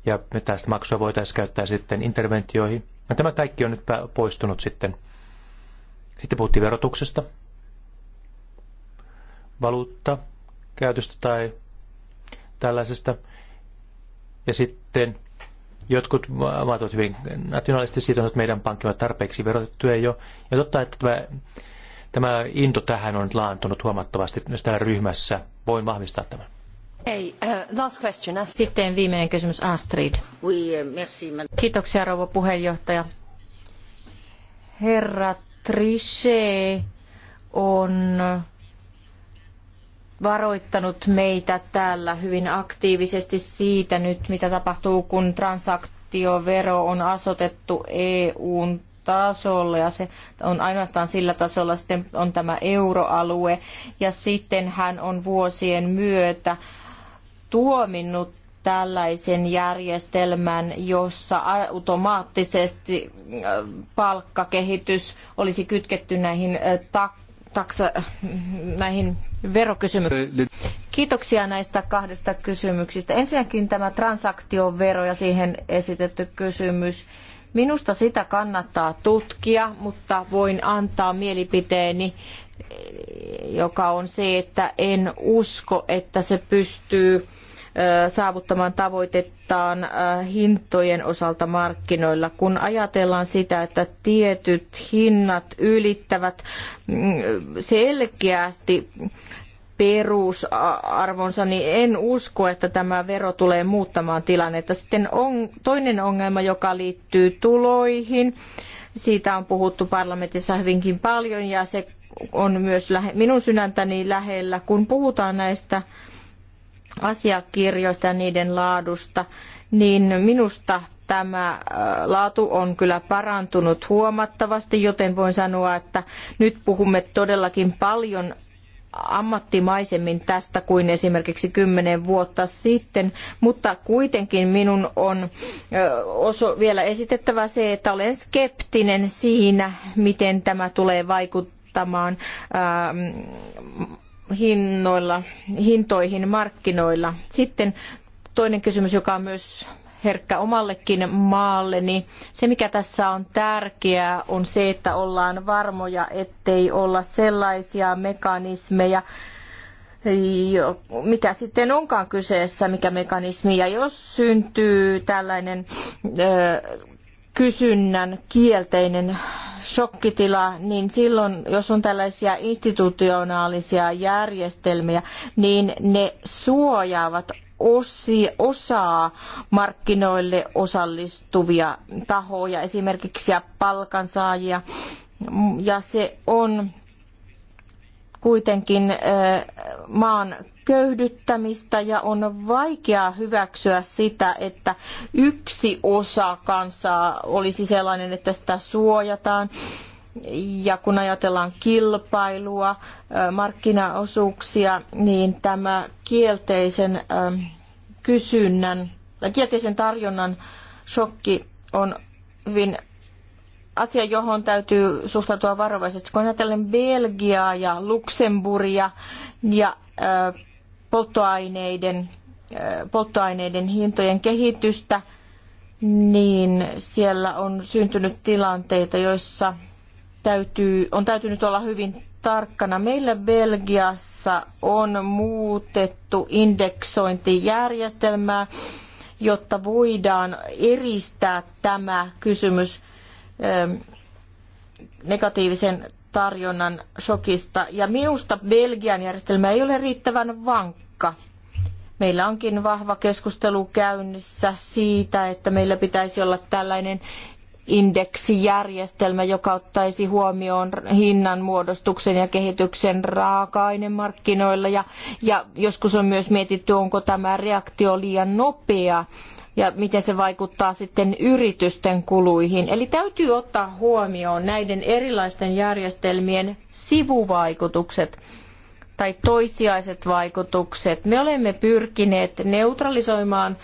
ja tästä maksua voitaisiin käyttää sitten interventioihin. Ja no, tämä kaikki on nyt poistunut sitten. Sitten puhuttiin verotuksesta, valuutta käytöstä tai tällaisesta. Ja sitten Jotkut maat ovat hyvin nationaalisesti sitoutuneet, meidän on tarpeeksi verotettuja jo. Ja totta, että tämä, tämä into tähän on nyt laantunut huomattavasti myös täällä ryhmässä. Voin vahvistaa tämän. Hey, uh, last question. Sitten viimeinen kysymys Astrid. Oui, euh, merci. Kiitoksia rouva puheenjohtaja. Herra Trichet on varoittanut meitä täällä hyvin aktiivisesti siitä nyt, mitä tapahtuu, kun transaktiovero on asotettu EUn tasolle ja se on ainoastaan sillä tasolla sitten on tämä euroalue ja sitten hän on vuosien myötä tuominnut tällaisen järjestelmän, jossa automaattisesti äh, palkkakehitys olisi kytketty näihin äh, takkoihin taksa, näihin verokysymyksiin. Kiitoksia näistä kahdesta kysymyksistä. Ensinnäkin tämä transaktiovero ja siihen esitetty kysymys. Minusta sitä kannattaa tutkia, mutta voin antaa mielipiteeni, eh, joka on se, että en usko, että se pystyy saavuttamaan tavoitettaan hintojen osalta markkinoilla. Kun ajatellaan sitä, että tietyt hinnat ylittävät mm, selkeästi perusarvonsa, niin en usko, että tämä vero tulee muuttamaan tilannetta. Sitten on toinen ongelma, joka liittyy tuloihin. Siitä on puhuttu parlamentissa hyvinkin paljon ja se on myös minun sydäntäni lähellä, kun puhutaan näistä asiakirjoista ja niiden laadusta, niin minusta tämä äh, laatu on kyllä parantunut huomattavasti, joten voin sanoa, että nyt puhumme todellakin paljon ammattimaisemmin tästä kuin esimerkiksi kymmenen vuotta sitten, mutta kuitenkin minun on äh, vielä esitettävä se, että olen skeptinen siinä, miten tämä tulee vaikuttamaan ähm, hinnoilla, hintoihin markkinoilla. Sitten toinen kysymys, joka on myös herkkä omallekin maalle, niin se mikä tässä on tärkeää on se, että ollaan varmoja, ettei olla sellaisia mekanismeja, mikä sitten onkaan kyseessä, mikä mekanismi, ja jos syntyy tällainen ö, kysynnän kielteinen shokkitila, niin silloin, jos on tällaisia institutionaalisia järjestelmiä, niin ne suojaavat osi, osaa markkinoille osallistuvia tahoja, esimerkiksi palkansaajia, ja se on kuitenkin maan köyhdyttämistä ja on vaikea hyväksyä sitä, että yksi osa kansaa olisi sellainen, että sitä suojataan. Ja kun ajatellaan kilpailua, markkinaosuuksia, niin tämä kielteisen kysynnän, kielteisen tarjonnan shokki on hyvin asia, johon täytyy suhtautua varovaisesti. Kun ajatellen Belgiaa ja Luxemburgia ja polttoaineiden, polttoaineiden hintojen kehitystä, niin siellä on syntynyt tilanteita, joissa täytyy, on täytynyt olla hyvin tarkkana. Meillä Belgiassa on muutettu indeksointijärjestelmää, jotta voidaan eristää tämä kysymys Ähm, negatiivisen tarjonnan shokista. Ja minusta Belgian järjestelmä ei ole riittävän vankka. Meillä onkin vahva keskustelu käynnissä siitä, että meillä pitäisi olla tällainen indeksijärjestelmä, joka ottaisi huomioon hinnan muodostuksen ja kehityksen raaka-ainemarkkinoilla. Ja, ja joskus on myös mietitty, onko tämä reaktio liian nopea ja miten se vaikuttaa sitten yritysten kuluihin. Eli täytyy ottaa huomioon näiden erilaisten järjestelmien sivuvaikutukset tai toissijaiset vaikutukset. Me olemme pyrkineet neutralisoimaan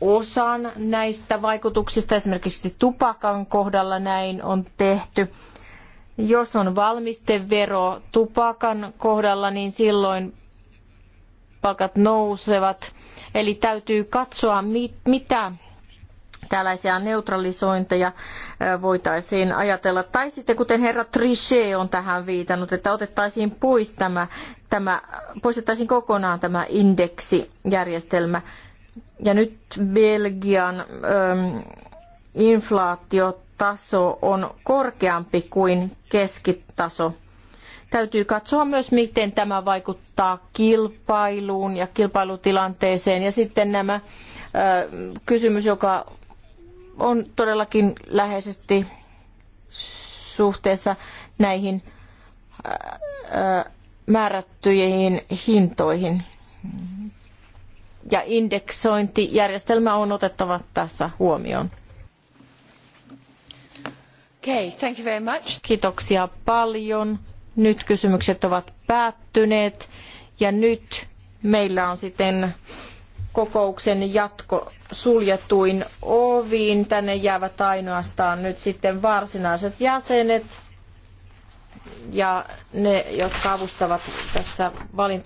osan näistä vaikutuksista, esimerkiksi tupakan kohdalla näin on tehty. Jos on valmistevero tupakan kohdalla, niin silloin palkat nousevat Eli täytyy katsoa, mitä tällaisia neutralisointeja voitaisiin ajatella. Tai sitten kuten herra Trichet on tähän viitannut, että otettaisiin pois tämä, tämä poistettaisiin kokonaan tämä indeksijärjestelmä. Ja nyt Belgian inflaatiotaso on korkeampi kuin keskitaso Täytyy katsoa myös, miten tämä vaikuttaa kilpailuun ja kilpailutilanteeseen. Ja sitten nämä kysymys, joka on todellakin läheisesti suhteessa näihin määrättyihin hintoihin. Ja indeksointijärjestelmä on otettava tässä huomioon. Okay, thank you very much. Kiitoksia paljon. Nyt kysymykset ovat päättyneet ja nyt meillä on sitten kokouksen jatko suljetuin oviin. Tänne jäävät ainoastaan nyt sitten varsinaiset jäsenet ja ne, jotka avustavat tässä valintaa